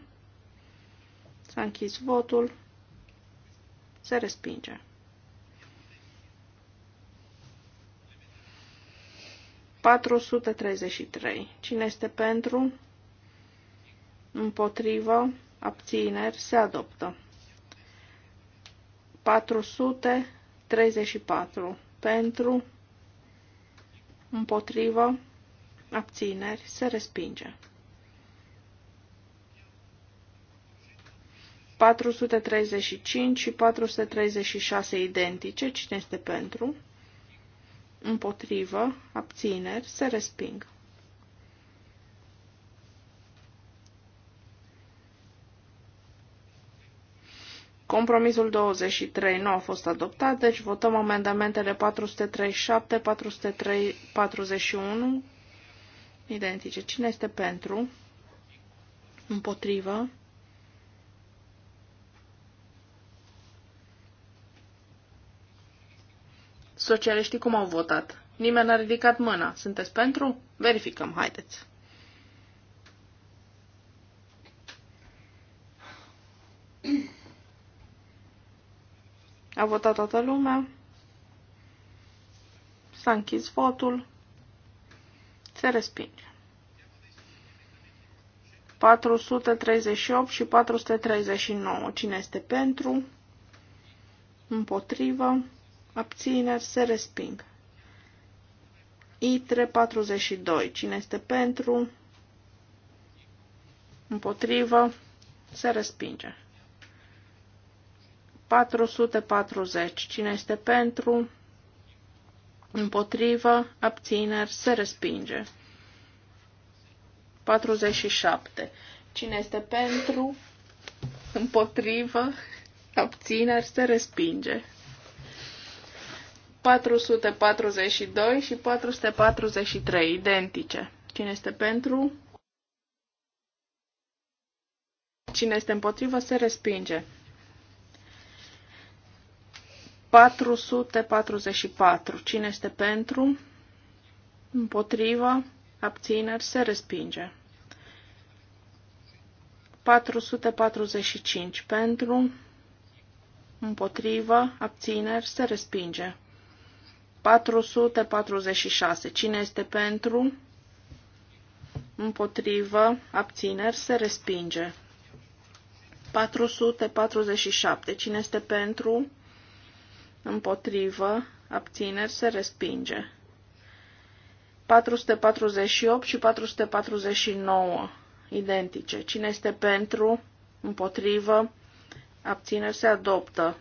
S-a închis votul. Se respinge. 433. Cine este pentru? Împotrivă? Abțineri? Se adoptă. 434. Pentru? Împotrivă? Abțineri? Se respinge. 435 și 436 identice. Cine este pentru? Împotrivă. Abțineri. Se resping. Compromisul 23 nu a fost adoptat, deci votăm amendamentele 437, 403, identice. Cine este pentru? Împotrivă? Socialiștii cum au votat? Nimeni n-a ridicat mâna. Sunteți pentru? Verificăm, haideți. A votat toată lumea. S-a închis votul. Se respinge. 438 și 439. Cine este pentru? Împotrivă abțineri, se resping. I342. Cine este pentru? Împotrivă? Se respinge. 440. Cine este pentru? Împotrivă? Abțineri? Se respinge. 47. Cine este pentru? Împotrivă? Abțineri? Se respinge. 442 și 443, identice. Cine este pentru? Cine este împotrivă se respinge. 444. Cine este pentru? Împotrivă? Abțineri? Se respinge. 445. Pentru? Împotrivă? Abțineri? Se respinge. 446. Cine este pentru? Împotrivă. Abțineri. Se respinge. 447. Cine este pentru? Împotrivă. Abțineri. Se respinge. 448 și 449. Identice. Cine este pentru? Împotrivă. Abțineri. Se adoptă.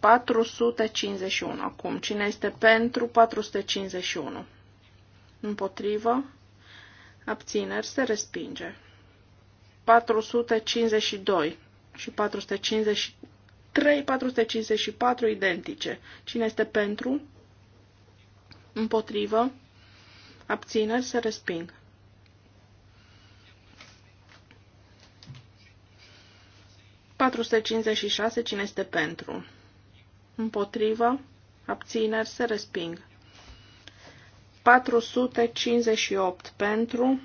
451. Acum, cine este pentru 451? Împotrivă? Abțineri se respinge. 452 și 453, 454 identice. Cine este pentru? Împotrivă? Abțineri se resping. patru cine este pentru? împotrivă, abțineri se resping. 458 pentru,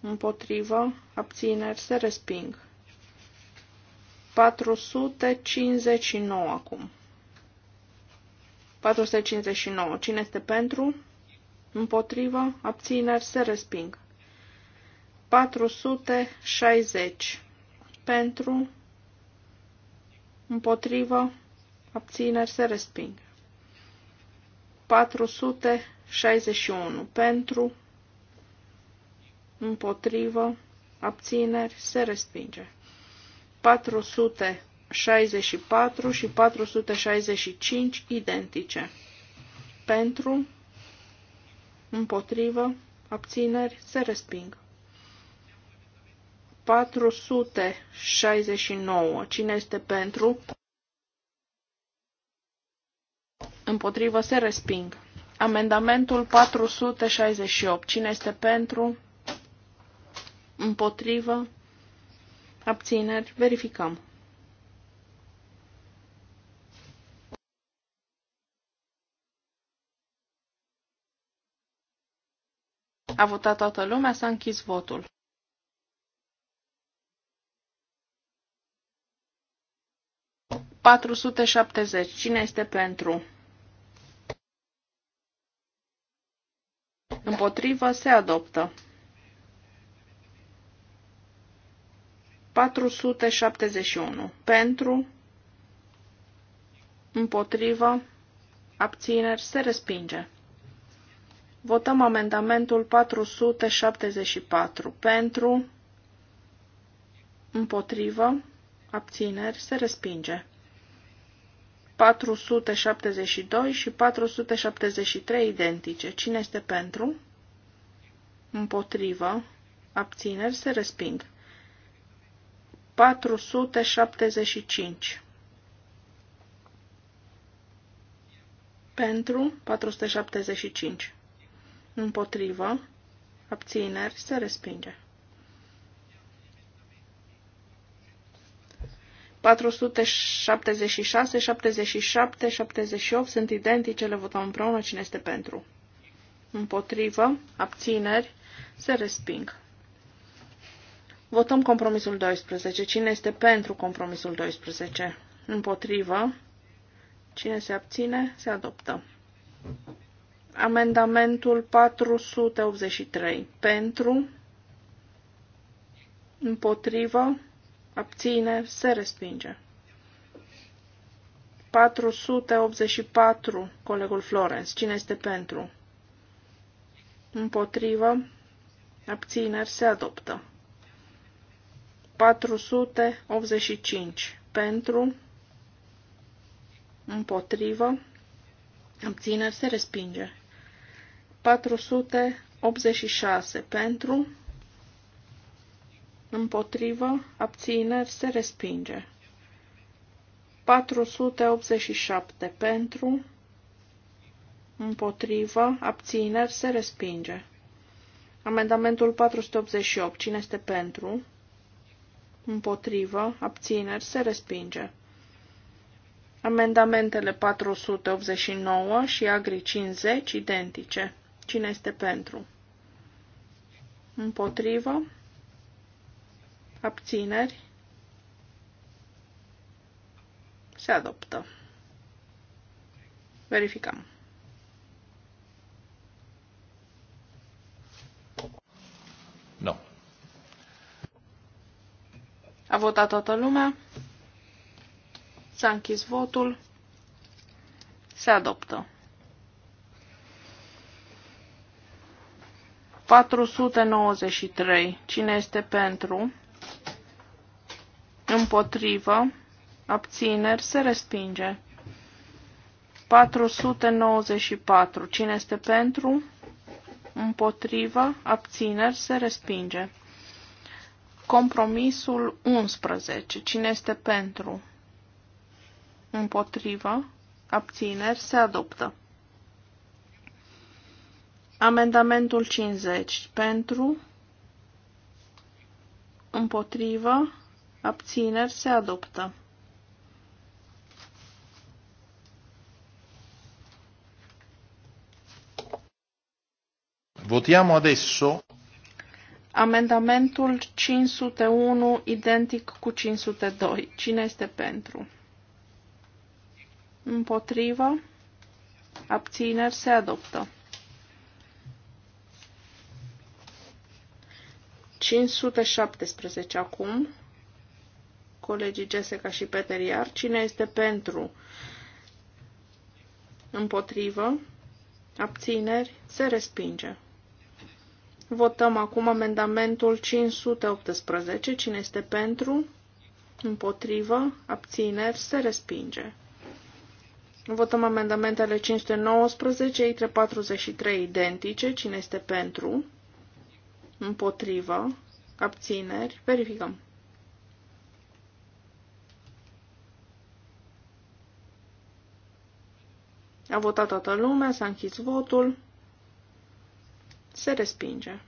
împotrivă, abțineri se resping. 459 acum. 459. Cine este pentru? Împotrivă, abțineri se resping. 460. Pentru, împotrivă, abțineri se resping. 461 pentru, împotrivă, abțineri se respinge. 464 și 465 identice. Pentru, împotrivă, abțineri se resping. 469. Cine este pentru? Împotrivă se resping. Amendamentul 468. Cine este pentru? Împotrivă? Abțineri? Verificăm. A votat toată lumea, s-a închis votul. 470. Cine este pentru? Împotrivă se adoptă. 471. Pentru, împotrivă, abțineri, se respinge. Votăm amendamentul 474. Pentru, împotrivă, abțineri, se respinge. 472 și 473 identice. Cine este pentru? Împotrivă. Abțineri se resping. 475. Pentru 475. Împotrivă. Abțineri se respinge. 476, 77, 78 sunt identice, le votăm împreună cine este pentru. Împotrivă, abțineri, se resping. Votăm compromisul 12. Cine este pentru compromisul 12? Împotrivă. Cine se abține, se adoptă. Amendamentul 483. Pentru. Împotrivă abține, se respinge. 484, colegul Florence. Cine este pentru? Împotrivă. Abțineri se adoptă. 485. Pentru. Împotrivă. Abțineri se respinge. 486. Pentru împotrivă, abțineri, se respinge. 487 pentru, împotrivă, abțineri, se respinge. Amendamentul 488, cine este pentru, împotrivă, abțineri, se respinge. Amendamentele 489 și Agri 50 identice. Cine este pentru? Împotrivă, abțineri, se adoptă. Verificăm. Nu. A votat toată lumea. S-a închis votul. Se adoptă. 493. Cine este pentru? împotrivă, abțineri, se respinge. 494. Cine este pentru, împotrivă, abțineri, se respinge. Compromisul 11. Cine este pentru, împotrivă, abțineri, se adoptă. Amendamentul 50. Pentru, împotrivă, abțineri, se adoptă. Votiamo adesso amendamentul 501 identic cu 502. Cine este pentru? Împotrivă? Abțineri se adoptă. 517 acum colegii Jessica și Peter Iar. Cine este pentru? Împotrivă? Abțineri? Se respinge. Votăm acum amendamentul 518. Cine este pentru? Împotrivă? Abțineri? Se respinge. Votăm amendamentele 519, ITRE 43 identice. Cine este pentru? Împotrivă? Abțineri? Verificăm. A votat toată lumea, s-a închis votul. Se respinge.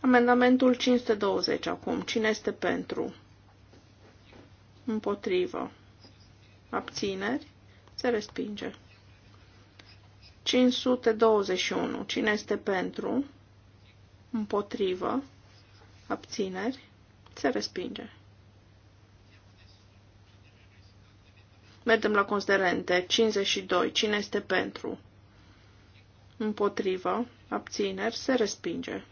Amendamentul 520 acum. Cine este pentru? Împotrivă. Abțineri. Se respinge. 521. Cine este pentru? Împotrivă. Abțineri. Se respinge. Mergem la considerente. 52. Cine este pentru? Împotrivă. Abțineri. Se respinge.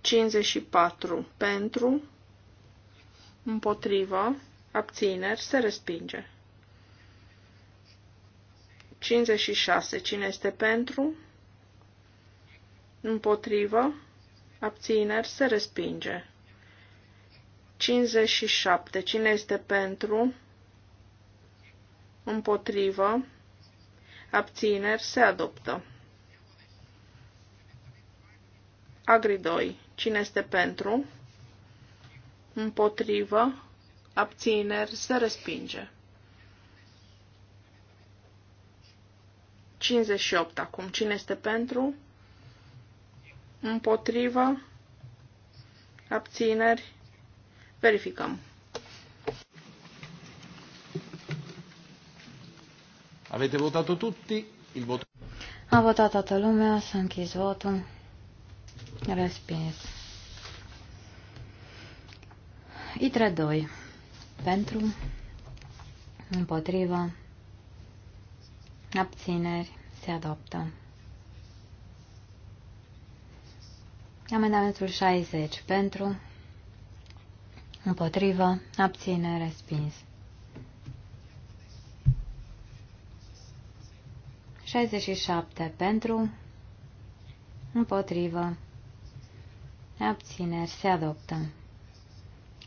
54. Pentru. Împotrivă. Abțineri. Se respinge. 56. Cine este pentru? Împotrivă. Abțineri. Se respinge. 57. Cine este pentru? Împotrivă împotrivă, abțineri, se adoptă. Agri 2. Cine este pentru? Împotrivă, abțineri, se respinge. 58 acum. Cine este pentru? Împotrivă, abțineri, verificăm. Avete votato tutti? Il voto... A votat toată lumea, s-a închis votul. Respins. ITRE 2. Pentru, Împotrivă. abțineri, se adoptă. Amendamentul 60. Pentru, Împotrivă. abține, respins. 67 pentru, împotrivă, abțineri, se adoptă.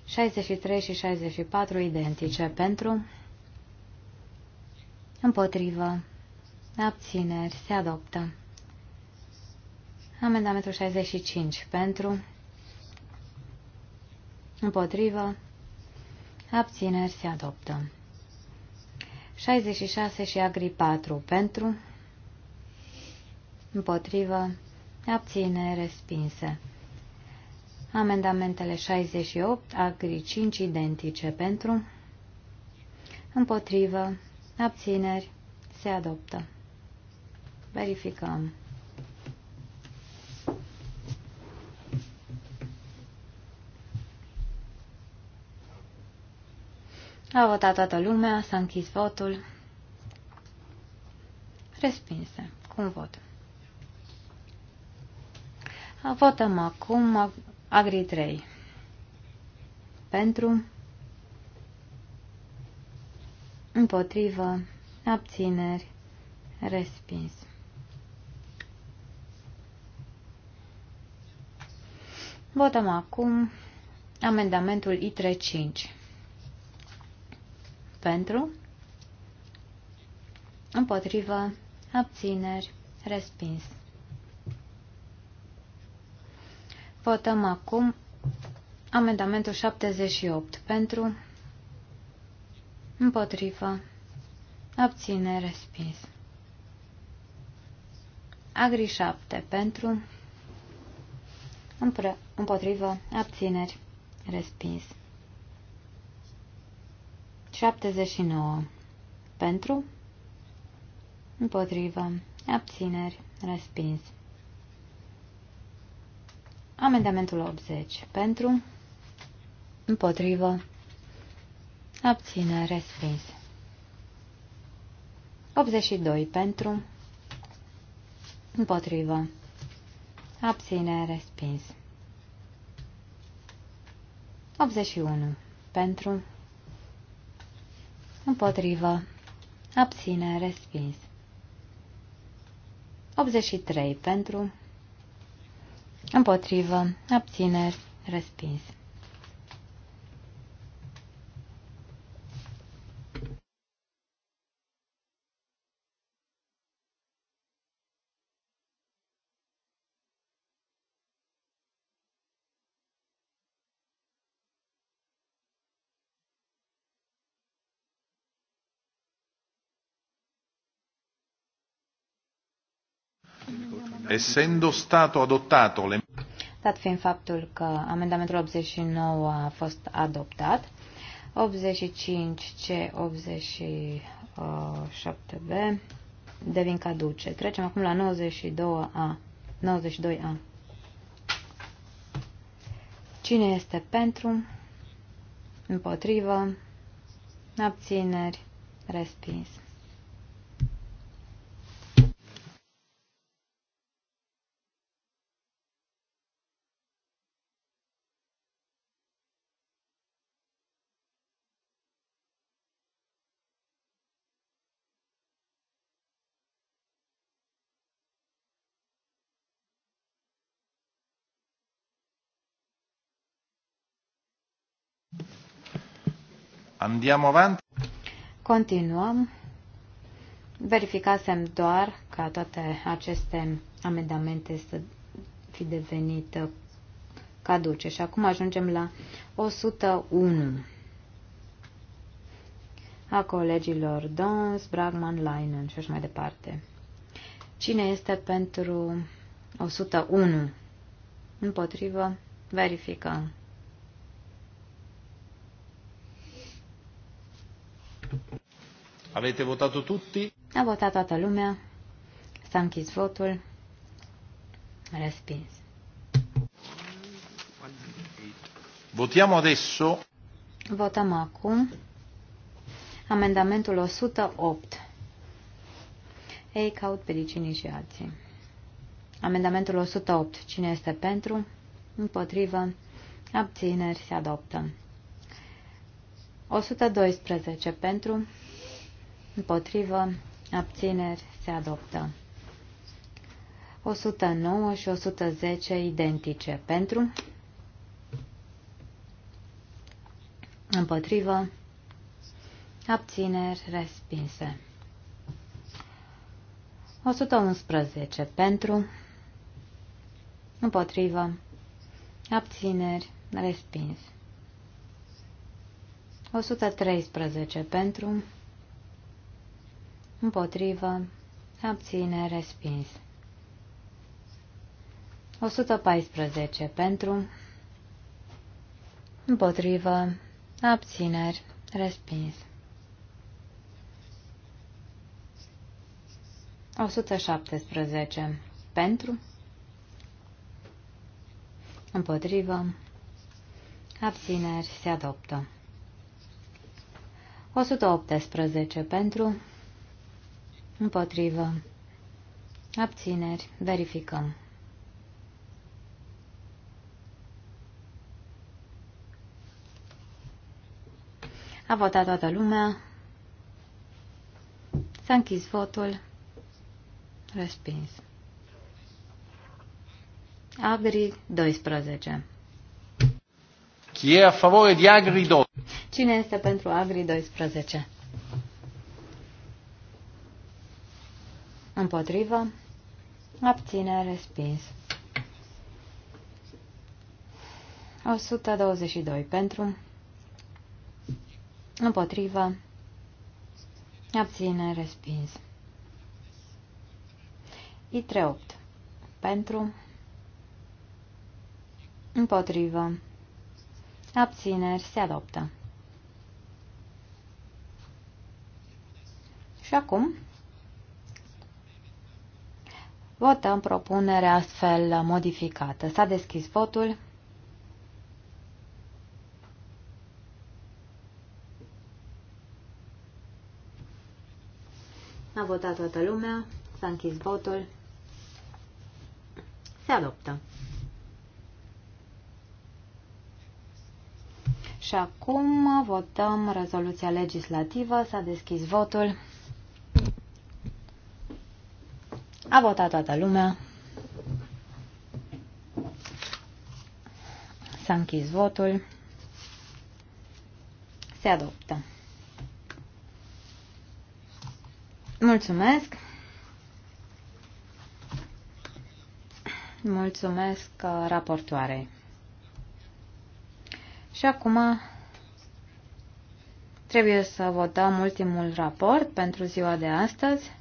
63 și 64 identice pentru, împotrivă, abțineri, se adoptă. Amendamentul 65 pentru, împotrivă, abțineri, se adoptă. 66 și agri 4 pentru, împotrivă, abține, respinse. Amendamentele 68, agri 5 identice pentru, împotrivă, abțineri, se adoptă. Verificăm. A votat toată lumea, s-a închis votul. Respinse, cum un Votăm acum Agri 3. Pentru, împotrivă, abțineri, respins. Votăm acum amendamentul I35. Pentru, împotrivă, abțineri, respins. Votăm acum amendamentul 78 pentru, împotrivă, abține, respins. Agri 7 pentru, împotrivă, abțineri, respins. 79 pentru, împotrivă, abțineri, respins. Amendamentul 80. Pentru. Împotrivă. Abține. Respins. 82. Pentru. Împotrivă. Abține. Respins. 81. Pentru. Împotrivă. Abține. Respins. 83. Pentru. Împotrivă. Abțineri. Respins. essendo stato adottato le... Dat fiind faptul că amendamentul 89 a fost adoptat, 85C, 87B devin caduce. Trecem acum la 92A. 92A. Cine este pentru? Împotrivă? Abțineri? Respins. Andiamo avanti. Continuăm. Verificasem doar ca toate aceste amendamente să fi devenit caduce. Și acum ajungem la 101 a colegilor Dons, Bragman, Leinen și așa mai departe. Cine este pentru 101? Împotrivă? Verificăm. Avete votat tutti? A votat toată lumea. S-a închis votul. Respins. Votiamo adesso. Votăm acum amendamentul 108. Ei caut pedicinii și alții. Amendamentul 108. Cine este pentru? Împotrivă. Abțineri se adoptă. 112 pentru, împotrivă, abțineri, se adoptă. 109 și 110 identice. Pentru, împotrivă, abțineri, respinse. 111 pentru, împotrivă, abțineri, respins. 113 pentru, împotrivă, abține, respins. 114 pentru, împotrivă, abțineri, respins. 117 pentru, împotrivă, abțineri, se adoptă. 118 pentru, Împotrivă. Abțineri. Verificăm. A votat toată lumea. S-a închis votul. Respins. Agri 12. Chi e a favore di Agri 12? Cine este pentru Agri 12? Împotrivă. Abține. Respins. 122 pentru. Împotrivă. Abține. Respins. I38 pentru. Împotrivă. Abțineri se adoptă. Și acum Votăm propunerea astfel modificată. S-a deschis votul. A votat toată lumea. S-a închis votul. Se adoptă. Și acum votăm rezoluția legislativă. S-a deschis votul. A votat toată lumea. S-a închis votul. Se adoptă. Mulțumesc. Mulțumesc uh, raportoarei. Și acum trebuie să votăm ultimul raport pentru ziua de astăzi.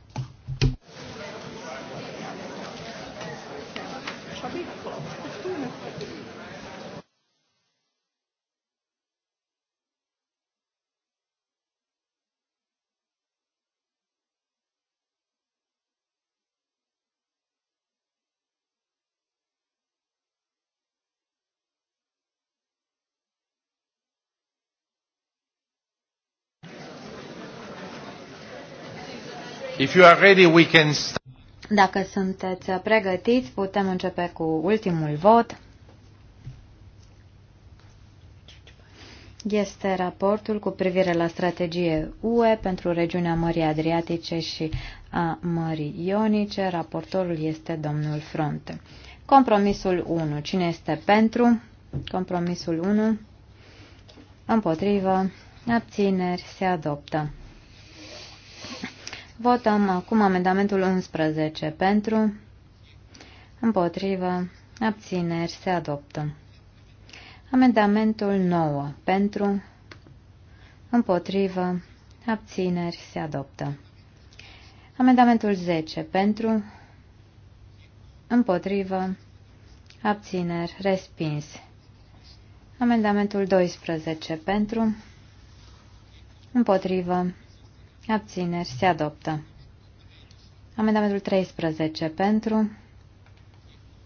If you are ready, we can Dacă sunteți pregătiți, putem începe cu ultimul vot. Este raportul cu privire la strategie UE pentru regiunea Mării Adriatice și a Mării Ionice. Raportorul este domnul Fronte. Compromisul 1. Cine este pentru? Compromisul 1. Împotrivă. Abțineri. Se adoptă. Votăm acum amendamentul 11 pentru, împotrivă, abțineri, se adoptă. Amendamentul 9 pentru, împotrivă, abțineri, se adoptă. Amendamentul 10 pentru, împotrivă, abțineri, respins. Amendamentul 12 pentru, împotrivă, Abțineri. Se adoptă. Amendamentul 13. Pentru.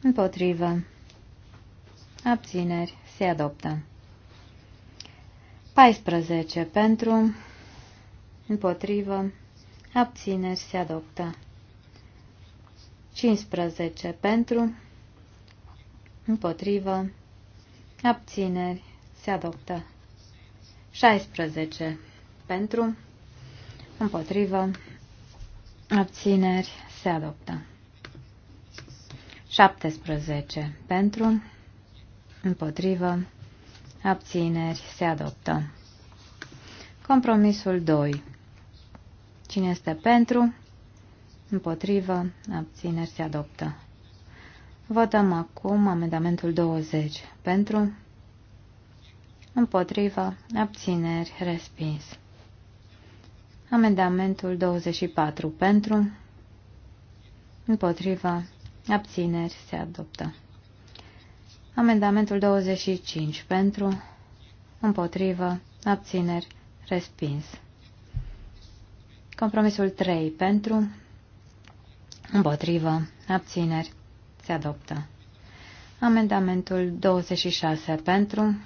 Împotrivă. Abțineri. Se adoptă. 14. Pentru. Împotrivă. Abțineri. Se adoptă. 15. Pentru. Împotrivă. Abțineri. Se adoptă. 16. Pentru împotrivă, abțineri, se adoptă. 17. Pentru, împotrivă, abțineri, se adoptă. Compromisul 2. Cine este pentru, împotrivă, abțineri, se adoptă. Votăm acum amendamentul 20. Pentru, împotrivă, abțineri, respins. Amendamentul 24 pentru, împotriva, abțineri se adoptă. Amendamentul 25 pentru, împotrivă, abțineri, respins. Compromisul 3 pentru, împotrivă, abțineri, se adoptă. Amendamentul 26 pentru,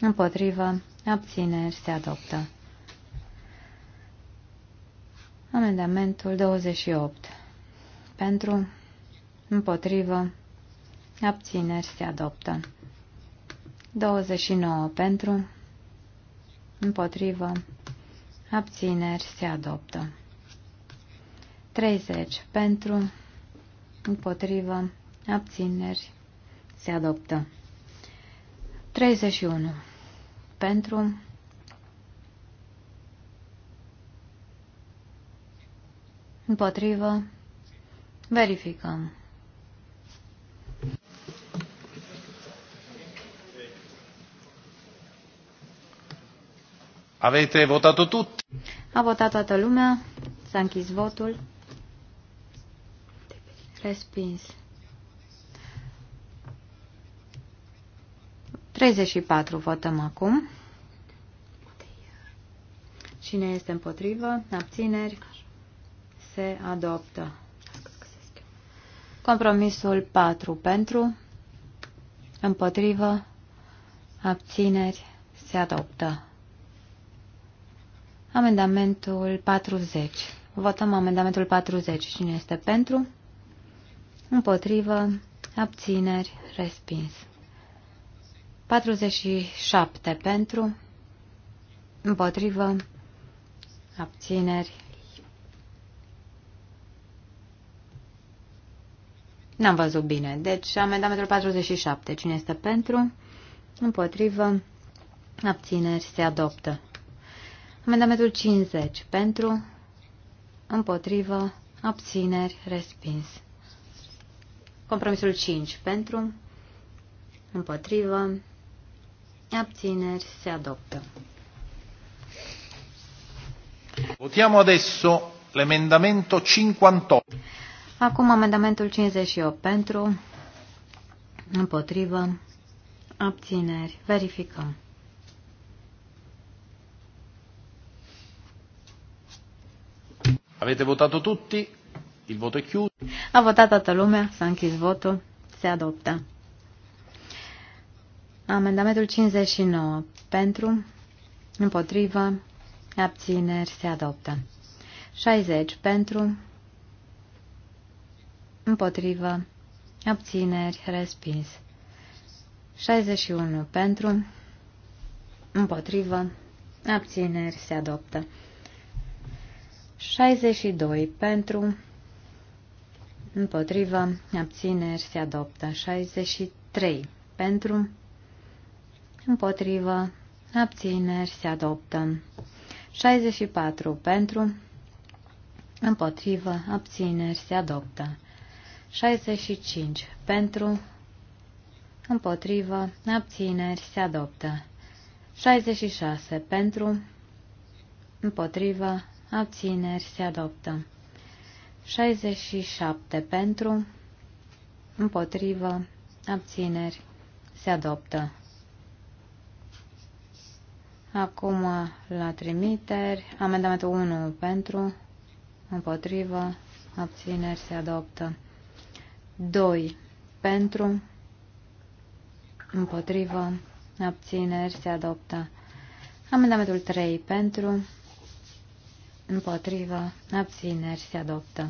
împotrivă, abțineri, se adoptă. Amendamentul 28. Pentru, împotrivă, abțineri se adoptă. 29. Pentru, împotrivă, abțineri se adoptă. 30. Pentru, împotrivă, abțineri se adoptă. 31. Pentru, Împotrivă. Verificăm. Aveți votat tot? A votat toată lumea. S-a închis votul. Respins. 34 votăm acum. Cine este împotrivă? Abțineri se adoptă. Compromisul 4 pentru, împotrivă, abțineri, se adoptă. Amendamentul 40. Votăm amendamentul 40. Cine este pentru? Împotrivă, abțineri, respins. 47 pentru, împotrivă, abțineri, N-am văzut bine. Deci, amendamentul 47. Cine este pentru? Împotrivă. Abțineri se adoptă. Amendamentul 50. Pentru. Împotrivă. Abțineri. Respins. Compromisul 5. Pentru. Împotrivă. Abțineri se adoptă. Votiamo adesso l'emendamento 58. Acum amendamentul 58 pentru, împotrivă, abțineri. Verificăm. Avete votat tutti? Il voto è chiuso. A votat toată lumea, s-a închis votul, se adoptă. Amendamentul 59. Pentru, împotrivă, abțineri, se adoptă. 60. Pentru, împotrivă, abțineri, respins. 61 pentru, împotrivă, abțineri, se adoptă. 62 pentru, împotrivă, abțineri, se adoptă. 63 pentru, împotrivă, abțineri, se adoptă. 64 pentru, împotrivă, abțineri, se adoptă. 65. Pentru, împotrivă, abțineri, se adoptă. 66. Pentru, împotrivă, abțineri, se adoptă. 67. Pentru, împotrivă, abțineri, se adoptă. Acum la trimiteri, amendamentul 1 pentru, împotrivă, abțineri se adoptă. 2 pentru, împotrivă, abțineri se adoptă. Amendamentul 3 pentru, împotrivă, abțineri se adoptă.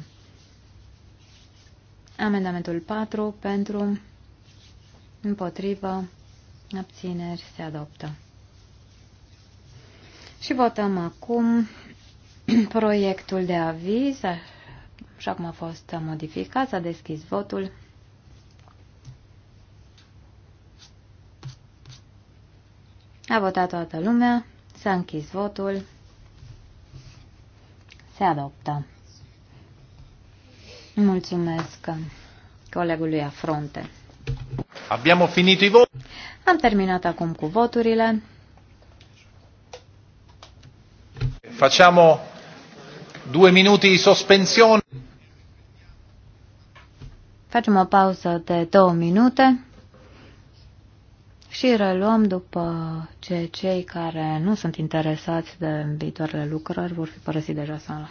Amendamentul 4 pentru, împotrivă, abțineri se adoptă. Și votăm acum proiectul de aviz așa cum a fost modificat, s-a deschis votul. A votat toată lumea, s-a închis votul, se adoptă. Mulțumesc colegului Afronte. Abbiamo finito i voti. Am terminat acum cu voturile. Facciamo due minuti di sospensione. Facem o pauză de două minute și reluăm după ce cei care nu sunt interesați de viitoarele lucrări vor fi părăsit deja sala.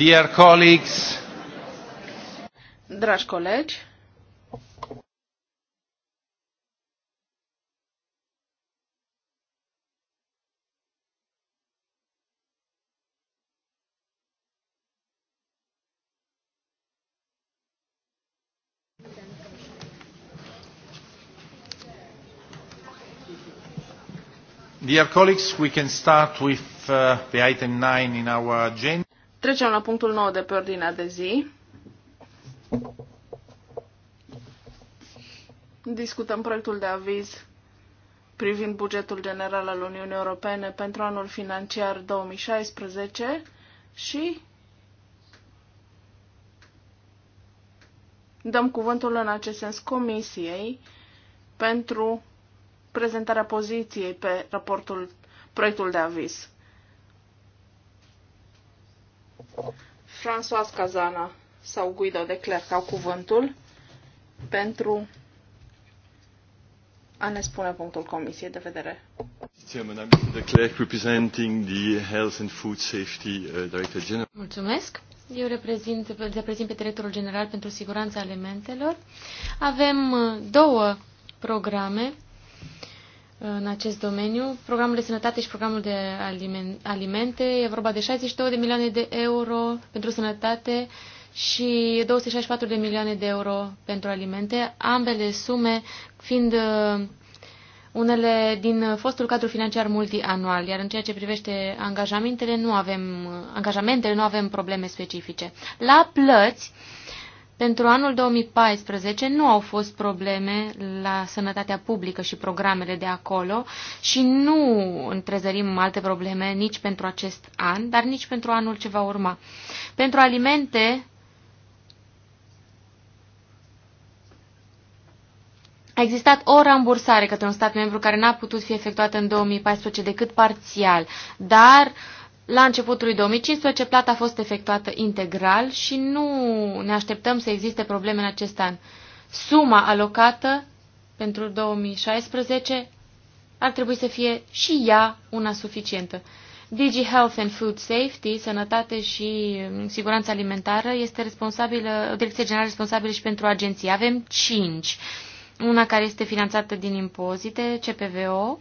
Dear colleagues, Dragi colegi, Dear colleagues, we can start with uh, the item 9 in our agenda. Trecem la punctul 9 de pe ordinea de zi. Discutăm proiectul de aviz privind bugetul general al Uniunii Europene pentru anul financiar 2016 și dăm cuvântul în acest sens Comisiei pentru prezentarea poziției pe raportul, proiectul de aviz. François Cazana sau Guido de Clerc au cuvântul pentru a ne spune punctul Comisiei de vedere. Uh, Mulțumesc. Eu reprezint, reprezint pe directorul general pentru siguranța alimentelor. Avem uh, două programe în acest domeniu. Programul de sănătate și programul de alimente. E vorba de 62 de milioane de euro pentru sănătate și 264 de milioane de euro pentru alimente, ambele sume fiind uh, unele din fostul cadru financiar multianual, iar în ceea ce privește angajamentele nu avem, uh, angajamentele nu avem probleme specifice. La plăți, uh, pentru anul 2014 nu au fost probleme la sănătatea publică și programele de acolo și nu întrezărim alte probleme nici pentru acest an, dar nici pentru anul ce va urma. Pentru alimente, A existat o rambursare către un stat membru care n-a putut fi efectuată în 2014 decât parțial, dar uh, la începutul lui 2015 plata a fost efectuată integral și nu ne așteptăm să existe probleme în acest an. Suma alocată pentru 2016 ar trebui să fie și ea una suficientă. Digi Health and Food Safety, Sănătate și Siguranță Alimentară, este responsabilă, o direcție generală responsabilă și pentru agenții. Avem cinci. Una care este finanțată din impozite, CPVO,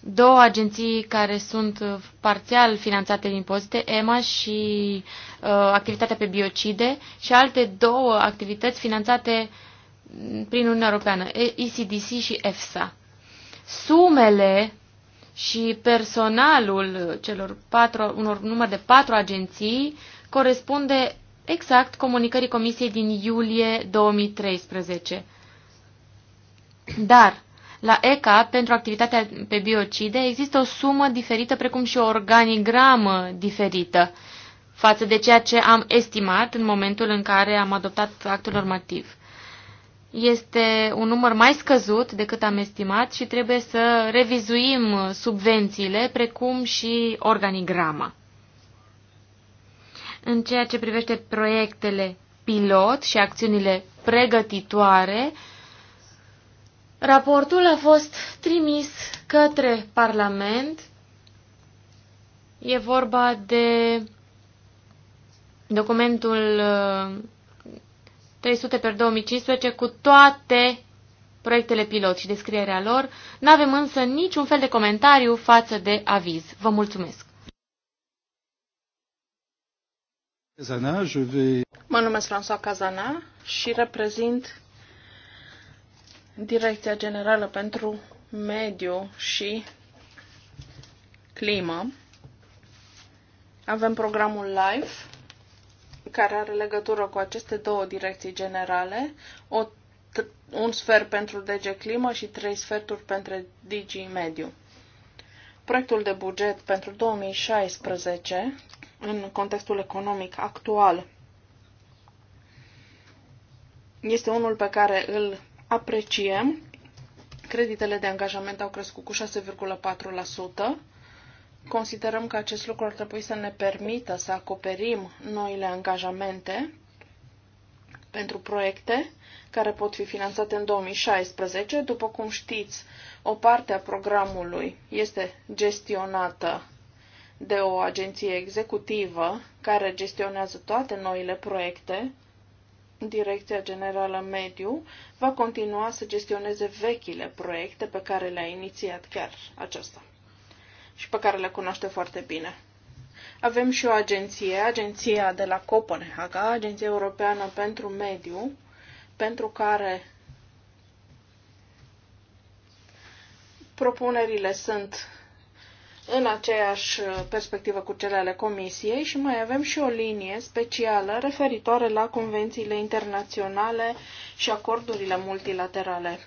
două agenții care sunt uh, parțial finanțate din impozite, EMA și uh, activitatea pe biocide și alte două activități finanțate mm, prin Uniunea Europeană, ECDC și EFSA. Sumele și personalul celor patru, unor număr de patru agenții corespunde exact comunicării Comisiei din iulie 2013. Dar la ECA, pentru activitatea pe biocide, există o sumă diferită, precum și o organigramă diferită față de ceea ce am estimat în momentul în care am adoptat actul normativ. Este un număr mai scăzut decât am estimat și trebuie să revizuim subvențiile, precum și organigrama. În ceea ce privește proiectele pilot și acțiunile pregătitoare, Raportul a fost trimis către Parlament. E vorba de documentul 300 uh, pe 2015 cu toate proiectele pilot și descrierea lor. Nu avem însă niciun fel de comentariu față de aviz. Vă mulțumesc! Mă numesc François Cazana și reprezint Direcția Generală pentru Mediu și Climă. Avem programul LIFE, care are legătură cu aceste două direcții generale, o, un sfert pentru DG Climă și trei sferturi pentru DG Mediu. Proiectul de buget pentru 2016, în contextul economic actual, este unul pe care îl apreciem. Creditele de angajament au crescut cu 6,4%. Considerăm că acest lucru ar trebui să ne permită să acoperim noile angajamente pentru proiecte care pot fi finanțate în 2016. După cum știți, o parte a programului este gestionată de o agenție executivă care gestionează toate noile proiecte Direcția Generală Mediu va continua să gestioneze vechile proiecte pe care le-a inițiat chiar acesta și pe care le cunoaște foarte bine. Avem și o agenție, agenția de la Copenhaga, Agenția Europeană pentru Mediu, pentru care propunerile sunt în aceeași perspectivă cu cele ale Comisiei și mai avem și o linie specială referitoare la convențiile internaționale și acordurile multilaterale,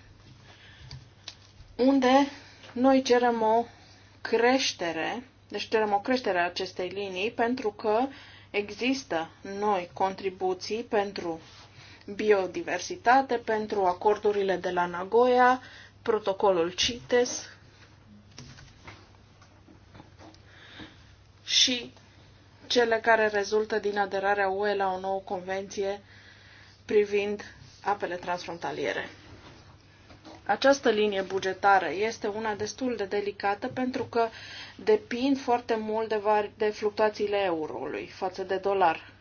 unde noi cerem o creștere, deci cerem o creștere a acestei linii pentru că există noi contribuții pentru biodiversitate, pentru acordurile de la Nagoya, protocolul CITES, și cele care rezultă din aderarea UE la o nouă convenție privind apele transfrontaliere. Această linie bugetară este una destul de delicată pentru că depind foarte mult de, de fluctuațiile eurului față de dolar,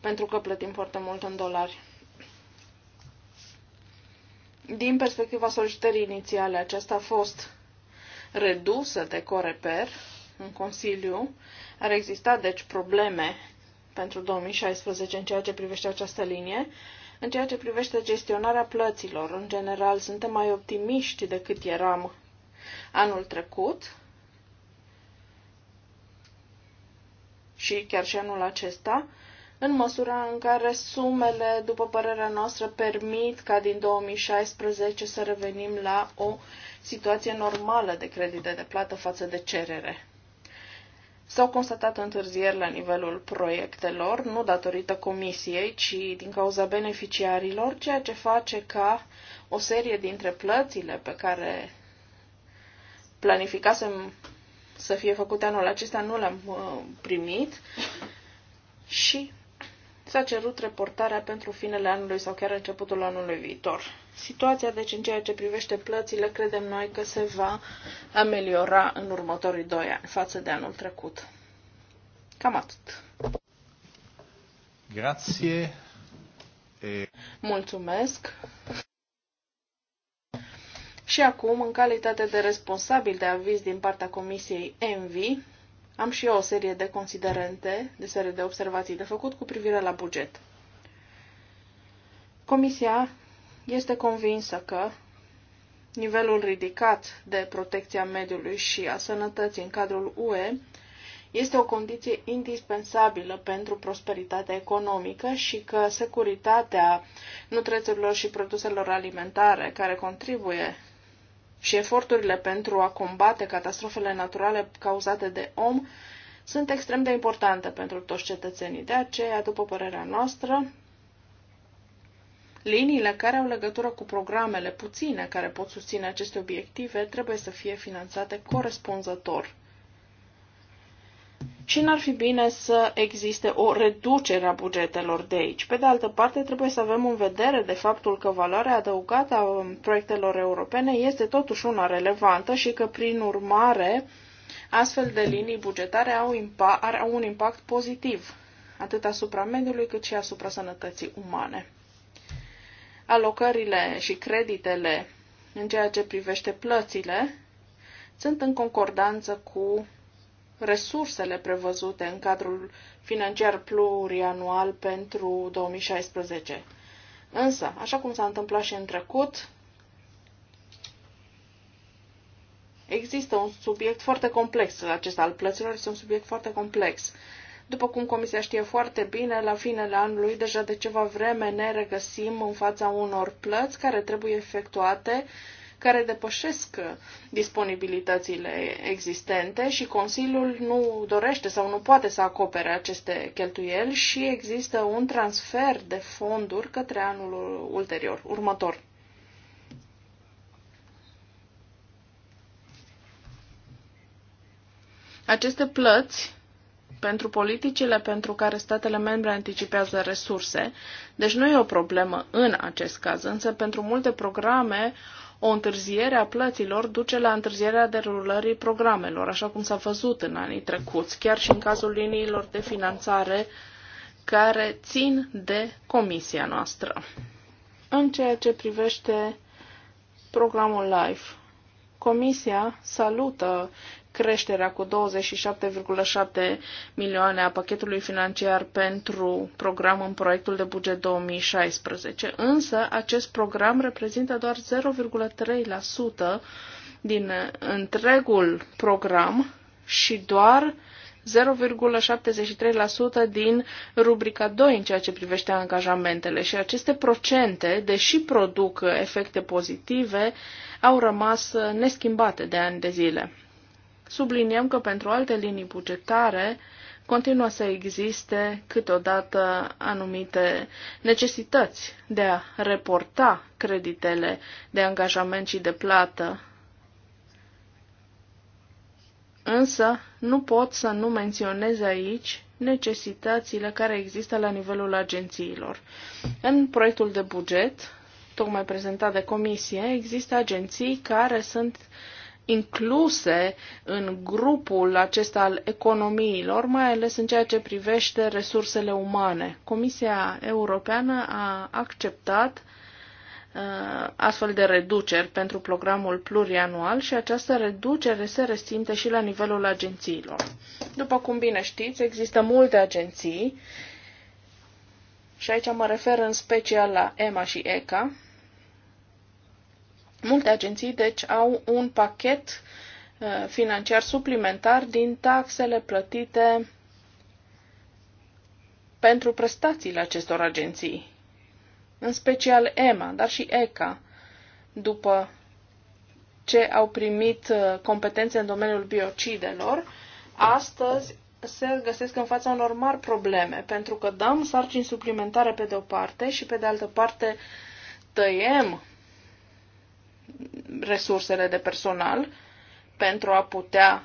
pentru că plătim foarte mult în dolari. Din perspectiva solicitării inițiale, aceasta a fost redusă de Coreper în Consiliu. Ar exista, deci, probleme pentru 2016 în ceea ce privește această linie. În ceea ce privește gestionarea plăților, în general, suntem mai optimiști decât eram anul trecut și chiar și anul acesta, în măsura în care sumele, după părerea noastră, permit ca din 2016 să revenim la o situație normală de credite de plată față de cerere. S-au constatat întârzieri la nivelul proiectelor, nu datorită comisiei, ci din cauza beneficiarilor, ceea ce face ca o serie dintre plățile pe care planificasem să fie făcute anul acesta nu le-am uh, primit și s-a cerut reportarea pentru finele anului sau chiar începutul anului viitor. Situația, deci, în ceea ce privește plățile, credem noi că se va ameliora în următorii doi ani față de anul trecut. Cam atât. Grazie. E... Mulțumesc. Și acum, în calitate de responsabil de aviz din partea Comisiei ENVI, am și eu o serie de considerente, de serie de observații de făcut cu privire la buget. Comisia este convinsă că nivelul ridicat de protecția mediului și a sănătății în cadrul UE este o condiție indispensabilă pentru prosperitatea economică și că securitatea nutrețelor și produselor alimentare care contribuie și eforturile pentru a combate catastrofele naturale cauzate de om sunt extrem de importante pentru toți cetățenii. De aceea, după părerea noastră, liniile care au legătură cu programele puține care pot susține aceste obiective trebuie să fie finanțate corespunzător și n-ar fi bine să existe o reducere a bugetelor de aici. Pe de altă parte, trebuie să avem în vedere de faptul că valoarea adăugată a proiectelor europene este totuși una relevantă și că, prin urmare, astfel de linii bugetare au, impact, au un impact pozitiv, atât asupra mediului cât și asupra sănătății umane. Alocările și creditele în ceea ce privește plățile sunt în concordanță cu resursele prevăzute în cadrul financiar plurianual pentru 2016. Însă, așa cum s-a întâmplat și în trecut, există un subiect foarte complex. Acesta al plăților este un subiect foarte complex. După cum Comisia știe foarte bine, la finele anului, deja de ceva vreme, ne regăsim în fața unor plăți care trebuie efectuate care depășesc disponibilitățile existente și Consiliul nu dorește sau nu poate să acopere aceste cheltuieli și există un transfer de fonduri către anul ulterior, următor. Aceste plăți pentru politicile pentru care statele membre anticipează resurse, deci nu e o problemă în acest caz, însă pentru multe programe o întârziere a plăților duce la întârzierea derulării programelor, așa cum s-a văzut în anii trecuți, chiar și în cazul liniilor de finanțare care țin de comisia noastră. În ceea ce privește programul LIFE, comisia salută creșterea cu 27,7 milioane a pachetului financiar pentru program în proiectul de buget 2016, însă acest program reprezintă doar 0,3% din întregul program și doar 0,73% din rubrica 2 în ceea ce privește angajamentele și aceste procente, deși produc efecte pozitive, au rămas neschimbate de ani de zile. Subliniem că pentru alte linii bugetare continuă să existe câteodată anumite necesități de a reporta creditele de angajament și de plată. Însă, nu pot să nu menționez aici necesitățile care există la nivelul agențiilor. În proiectul de buget, tocmai prezentat de comisie, există agenții care sunt uh, incluse în grupul acesta al economiilor, mai ales în ceea ce privește resursele umane. Comisia Europeană a acceptat uh, astfel de reduceri pentru programul plurianual și această reducere se resimte și la nivelul agențiilor. După cum bine știți, există multe agenții și aici mă refer în special la EMA și ECA, Multe agenții, deci, au un pachet uh, financiar suplimentar din taxele plătite pentru prestațiile acestor agenții, în special EMA, dar și ECA, după ce au primit uh, competențe în domeniul biocidelor, astăzi se găsesc în fața unor mari probleme, pentru că dăm sarcini suplimentare pe de o parte și pe de altă parte tăiem resursele de personal pentru a putea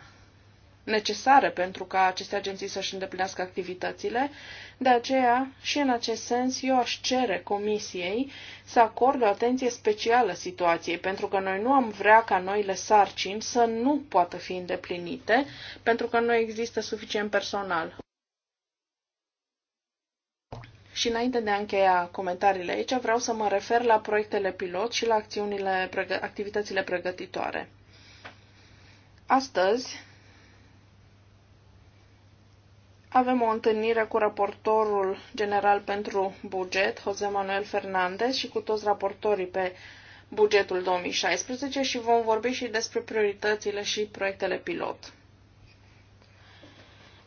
necesare pentru ca aceste agenții să-și îndeplinească activitățile. De aceea, și în acest sens, eu aș cere Comisiei să acorde o atenție specială situației, pentru că noi nu am vrea ca noile sarcini să nu poată fi îndeplinite, pentru că nu există suficient personal. Și înainte de a încheia comentariile aici, vreau să mă refer la proiectele pilot și la acțiunile, activitățile pregătitoare. Astăzi avem o întâlnire cu raportorul general pentru buget, Jose Manuel Fernandez, și cu toți raportorii pe bugetul 2016 și vom vorbi și despre prioritățile și proiectele pilot.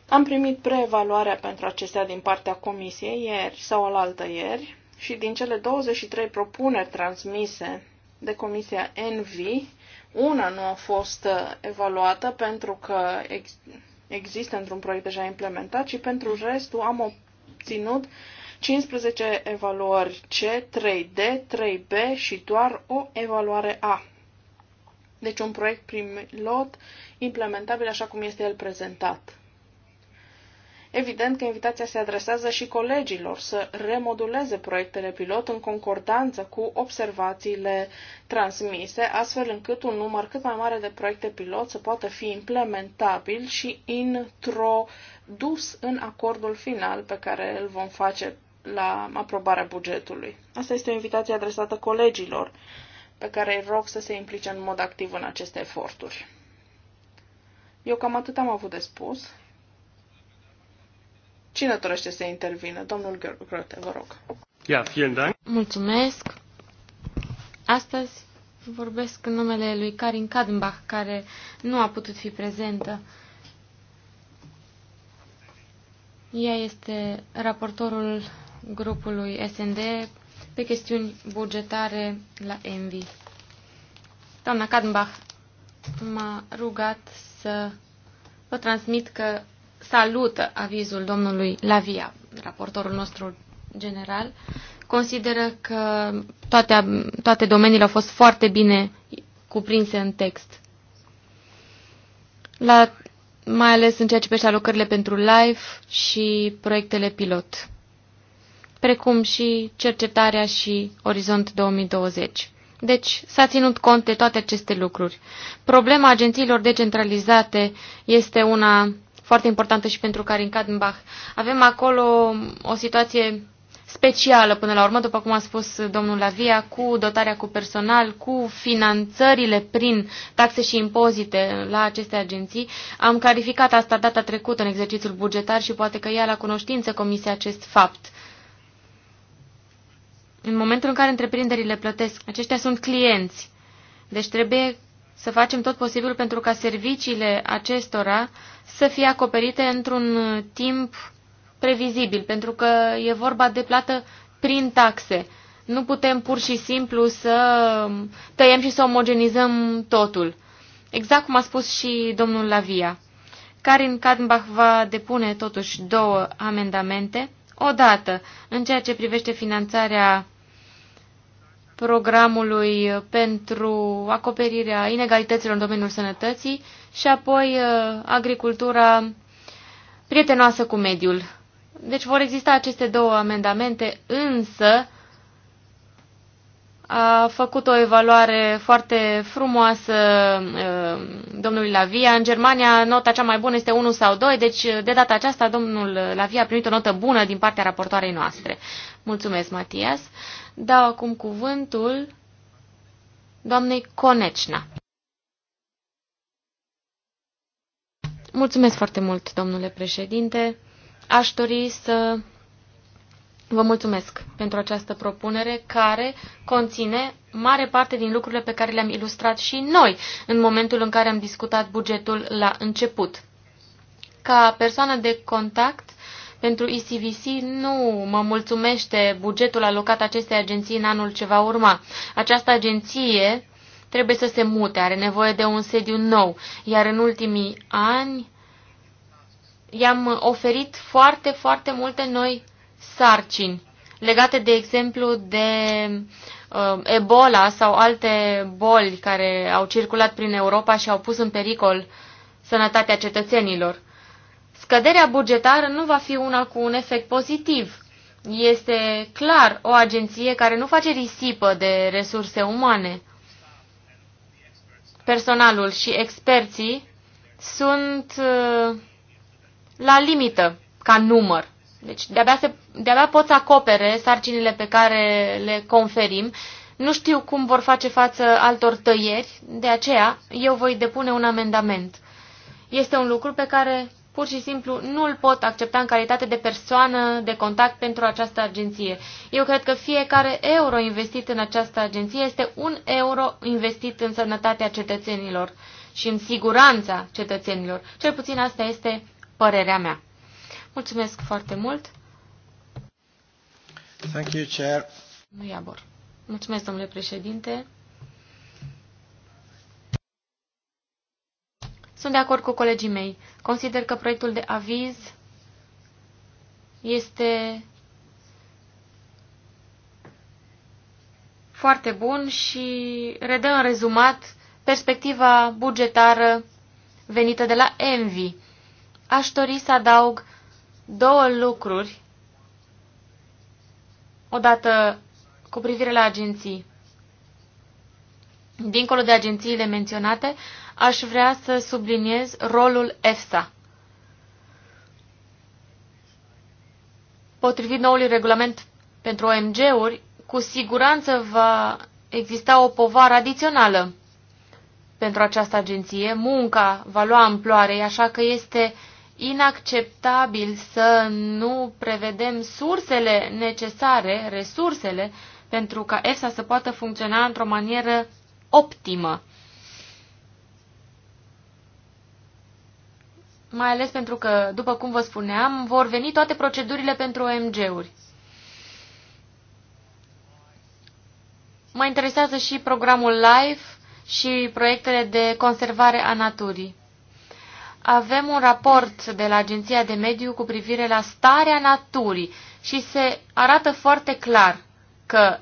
Am primit preevaluarea pentru acestea din partea comisiei ieri sau alaltă ieri și din cele 23 propuneri transmise de comisia NV, una nu a fost uh, evaluată pentru că ex- există într-un proiect deja implementat și pentru restul am obținut 15 evaluări C, 3D, 3B și doar o evaluare A. Deci un proiect lot implementabil așa cum este el prezentat. Evident că invitația se adresează și colegilor să remoduleze proiectele pilot în concordanță cu observațiile transmise, astfel încât un număr cât mai mare de proiecte pilot să poată fi implementabil și introdus în acordul final pe care îl vom face la aprobarea bugetului. Asta este o invitație adresată colegilor, pe care îi rog să se implice în mod activ în aceste eforturi. Eu cam atât am avut de spus. Cine dorește să intervină? Domnul Grote, vă rog. Ia, Dank. Mulțumesc. Astăzi vorbesc în numele lui Karin Kadenbach, care nu a putut fi prezentă. Ea este raportorul grupului SND pe chestiuni bugetare la Envi. Doamna Kadenbach m-a rugat să vă transmit că salută avizul domnului Lavia, raportorul nostru general. Consideră că toate, toate domeniile au fost foarte bine cuprinse în text. La, mai ales în ceea ce privește alocările pentru live și proiectele pilot, precum și cercetarea și Orizont 2020. Deci s-a ținut cont de toate aceste lucruri. Problema agențiilor decentralizate este una foarte importantă și pentru Karin Kadenbach. Avem acolo o situație specială până la urmă, după cum a spus domnul Lavia, cu dotarea cu personal, cu finanțările prin taxe și impozite la aceste agenții. Am clarificat asta data trecută în exercițiul bugetar și poate că ia la cunoștință Comisia acest fapt. În momentul în care întreprinderile plătesc, aceștia sunt clienți. Deci trebuie să facem tot posibil pentru ca serviciile acestora să fie acoperite într-un timp previzibil, pentru că e vorba de plată prin taxe. Nu putem pur și simplu să tăiem și să omogenizăm totul. Exact cum a spus și domnul Lavia. Karin Kadmbach va depune totuși două amendamente. Odată, în ceea ce privește finanțarea programului pentru acoperirea inegalităților în domeniul sănătății și apoi uh, agricultura prietenoasă cu mediul. Deci vor exista aceste două amendamente, însă a făcut o evaluare foarte frumoasă uh, domnului Lavia. În Germania nota cea mai bună este 1 sau 2, deci de data aceasta domnul Lavia a primit o notă bună din partea raportoarei noastre. Mulțumesc, Matias. Dau acum cuvântul doamnei Conecna. Mulțumesc foarte mult, domnule președinte. Aș dori să Vă mulțumesc pentru această propunere care conține mare parte din lucrurile pe care le-am ilustrat și noi în momentul în care am discutat bugetul la început. Ca persoană de contact pentru ECVC nu mă mulțumește bugetul alocat acestei agenții în anul ce va urma. Această agenție trebuie să se mute, are nevoie de un sediu nou, iar în ultimii ani i-am oferit foarte, foarte multe noi sarcini legate, de exemplu, de uh, Ebola sau alte boli care au circulat prin Europa și au pus în pericol sănătatea cetățenilor. Scăderea bugetară nu va fi una cu un efect pozitiv. Este clar o agenție care nu face risipă de resurse umane. Personalul și experții sunt uh, la limită ca număr. Deci de-abia, se, de-abia pot să acopere sarcinile pe care le conferim. Nu știu cum vor face față altor tăieri, de aceea eu voi depune un amendament. Este un lucru pe care pur și simplu nu îl pot accepta în calitate de persoană de contact pentru această agenție. Eu cred că fiecare euro investit în această agenție este un euro investit în sănătatea cetățenilor și în siguranța cetățenilor. Cel puțin asta este părerea mea. Mulțumesc foarte mult. Thank you, Chair. Nu Iabor. Mulțumesc, domnule președinte. Sunt de acord cu colegii mei. Consider că proiectul de aviz este foarte bun și redă în rezumat perspectiva bugetară venită de la Envi. Aș dori să adaug două lucruri, odată cu privire la agenții. Dincolo de agențiile menționate, aș vrea să subliniez rolul EFSA. Potrivit noului regulament pentru OMG-uri, cu siguranță va exista o povară adițională pentru această agenție. Munca va lua amploare, așa că este uh, inacceptabil să nu prevedem sursele necesare, resursele, pentru ca EFSA să poată funcționa într-o manieră optimă. Mai ales pentru că, după cum vă spuneam, vor veni toate procedurile pentru OMG-uri. Mă interesează și programul LIFE și proiectele de conservare a naturii avem un raport de la Agenția de Mediu cu privire la starea naturii și se arată foarte clar că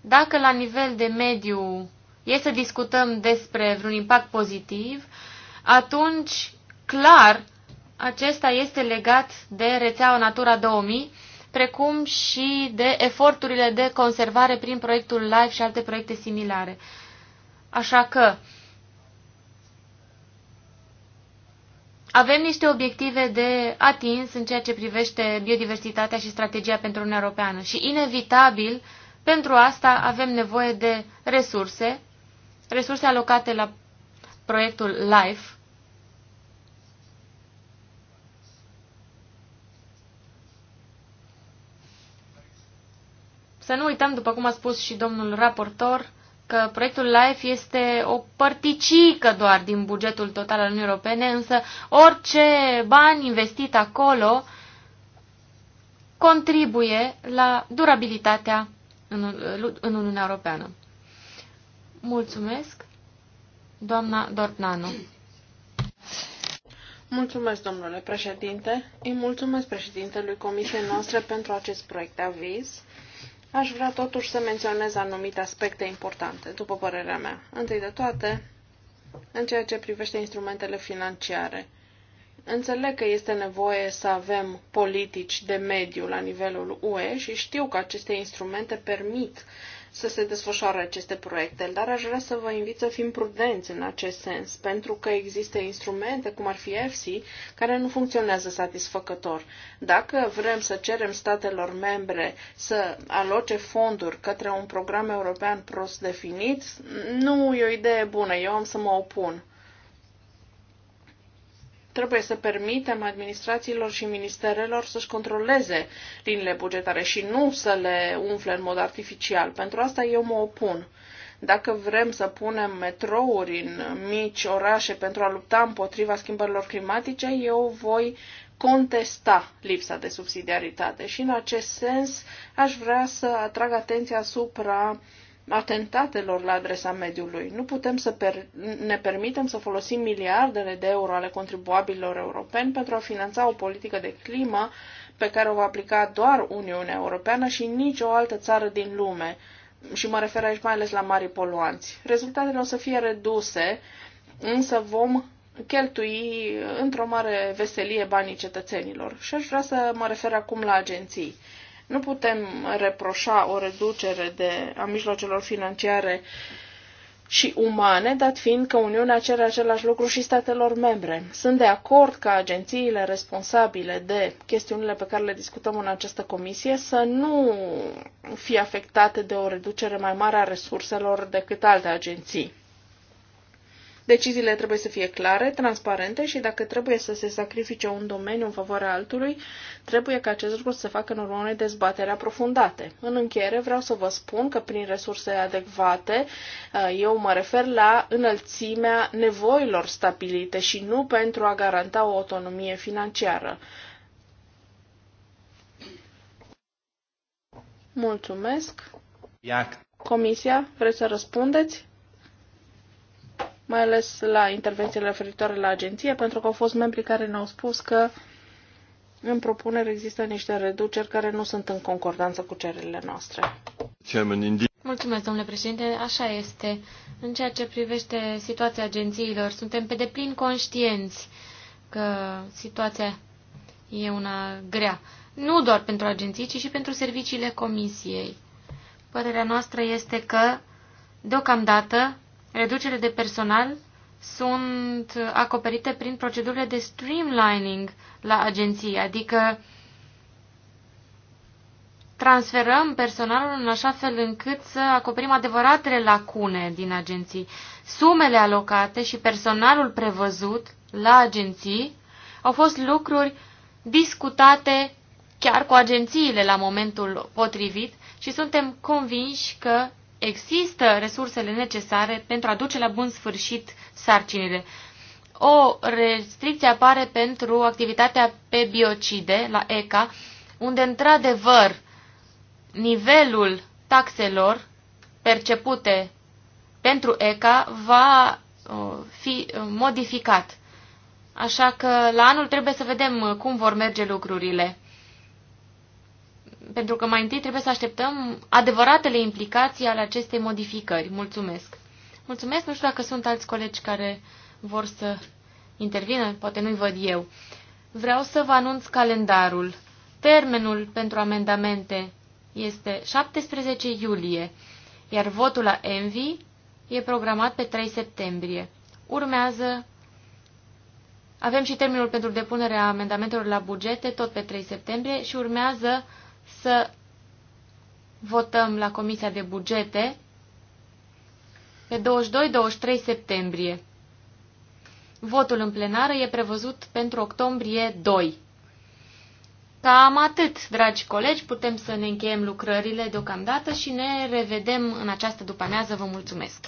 dacă la nivel de mediu e să discutăm despre vreun impact pozitiv, atunci, clar, acesta este legat de rețeaua Natura 2000, precum și de eforturile de conservare prin proiectul LIFE și alte proiecte similare. Așa că, Avem niște obiective de atins în ceea ce privește biodiversitatea și strategia pentru Uniunea Europeană și inevitabil pentru asta avem nevoie de resurse, resurse alocate la proiectul LIFE, Să nu uităm, după cum a spus și domnul raportor, că proiectul LIFE este o părticică doar din bugetul total al Uniunii Europene, însă orice bani investit acolo contribuie la durabilitatea în, în Uniunea Europeană. Mulțumesc, doamna Dornanu. Mulțumesc, domnule președinte. Îi mulțumesc președintelui comisiei noastre pentru acest proiect de aviz Aș vrea totuși să menționez anumite aspecte importante, după părerea mea. Întâi de toate, în ceea ce privește instrumentele financiare. Înțeleg că este nevoie să avem politici de mediu la nivelul UE și știu că aceste instrumente permit uh, să se desfășoare aceste proiecte, dar aș vrea să vă invit să fim prudenți în acest sens, pentru că există instrumente, cum ar fi EFSI, care nu funcționează satisfăcător. Dacă vrem să cerem statelor membre să aloce fonduri către un program european prost definit, nu e o idee bună, eu am să mă opun. Trebuie să permitem administrațiilor și ministerelor să-și controleze liniile bugetare și nu să le umfle în mod artificial. Pentru asta eu mă opun. Dacă vrem să punem metrouri în mici orașe pentru a lupta împotriva schimbărilor climatice, eu voi contesta lipsa de subsidiaritate și în acest sens aș vrea să atrag atenția asupra uh, atentatelor la adresa mediului. Nu putem să per- ne permitem să folosim miliardele de euro ale contribuabililor europeni pentru a finanța o politică de climă pe care o va aplica doar Uniunea Europeană și nicio altă țară din lume. Și mă refer aici mai ales la mari poluanți. Rezultatele o să fie reduse, însă vom cheltui într-o mare veselie banii cetățenilor. Și aș vrea să mă refer acum la agenții. Nu putem reproșa o reducere de, a mijlocelor financiare și umane, dat fiind că Uniunea cere același lucru și statelor membre. Sunt de acord ca agențiile responsabile de chestiunile pe care le discutăm în această comisie să nu fie afectate de o reducere mai mare a resurselor decât alte agenții. Deciziile trebuie să fie clare, transparente și dacă trebuie să se sacrifice un domeniu în favoarea altului, trebuie ca acest lucru să se facă în urma unei dezbateri aprofundate. În încheiere vreau să vă spun că prin resurse adecvate uh, eu mă refer la înălțimea nevoilor stabilite și nu pentru a garanta o autonomie financiară. Mulțumesc. Comisia, vreți să răspundeți? mai ales la intervențiile referitoare la agenție, pentru că au fost membri care ne-au spus că în propunere există niște reduceri care nu sunt în concordanță cu cererile noastre. Mulțumesc, domnule președinte. Așa este. În ceea ce privește situația agențiilor, suntem pe deplin conștienți că situația e una grea. Nu doar pentru agenții, ci și pentru serviciile comisiei. Părerea noastră este că, deocamdată, reducerile de personal sunt acoperite prin procedurile de streamlining la agenții, adică transferăm personalul în așa fel încât să acoperim adevăratele lacune din agenții. Sumele alocate și personalul prevăzut la agenții au fost lucruri discutate chiar cu agențiile la momentul potrivit și suntem convinși că există resursele necesare pentru a duce la bun sfârșit sarcinile. O restricție apare pentru activitatea pe biocide la ECA, unde într-adevăr nivelul taxelor percepute pentru ECA va uh, fi uh, modificat. Așa că la anul trebuie să vedem uh, cum vor merge lucrurile pentru că mai întâi trebuie să așteptăm adevăratele implicații ale acestei modificări. Mulțumesc! Mulțumesc! Nu știu dacă sunt alți colegi care vor să intervină, poate nu-i văd eu. Vreau să vă anunț calendarul. Termenul pentru amendamente este 17 iulie, iar votul la Envi e programat pe 3 septembrie. Urmează avem și termenul pentru depunerea amendamentelor la bugete, tot pe 3 septembrie, și urmează să votăm la Comisia de Bugete pe 22-23 septembrie. Votul în plenară e prevăzut pentru octombrie 2. Cam atât, dragi colegi, putem să ne încheiem lucrările deocamdată și ne revedem în această după-amiază. Vă mulțumesc!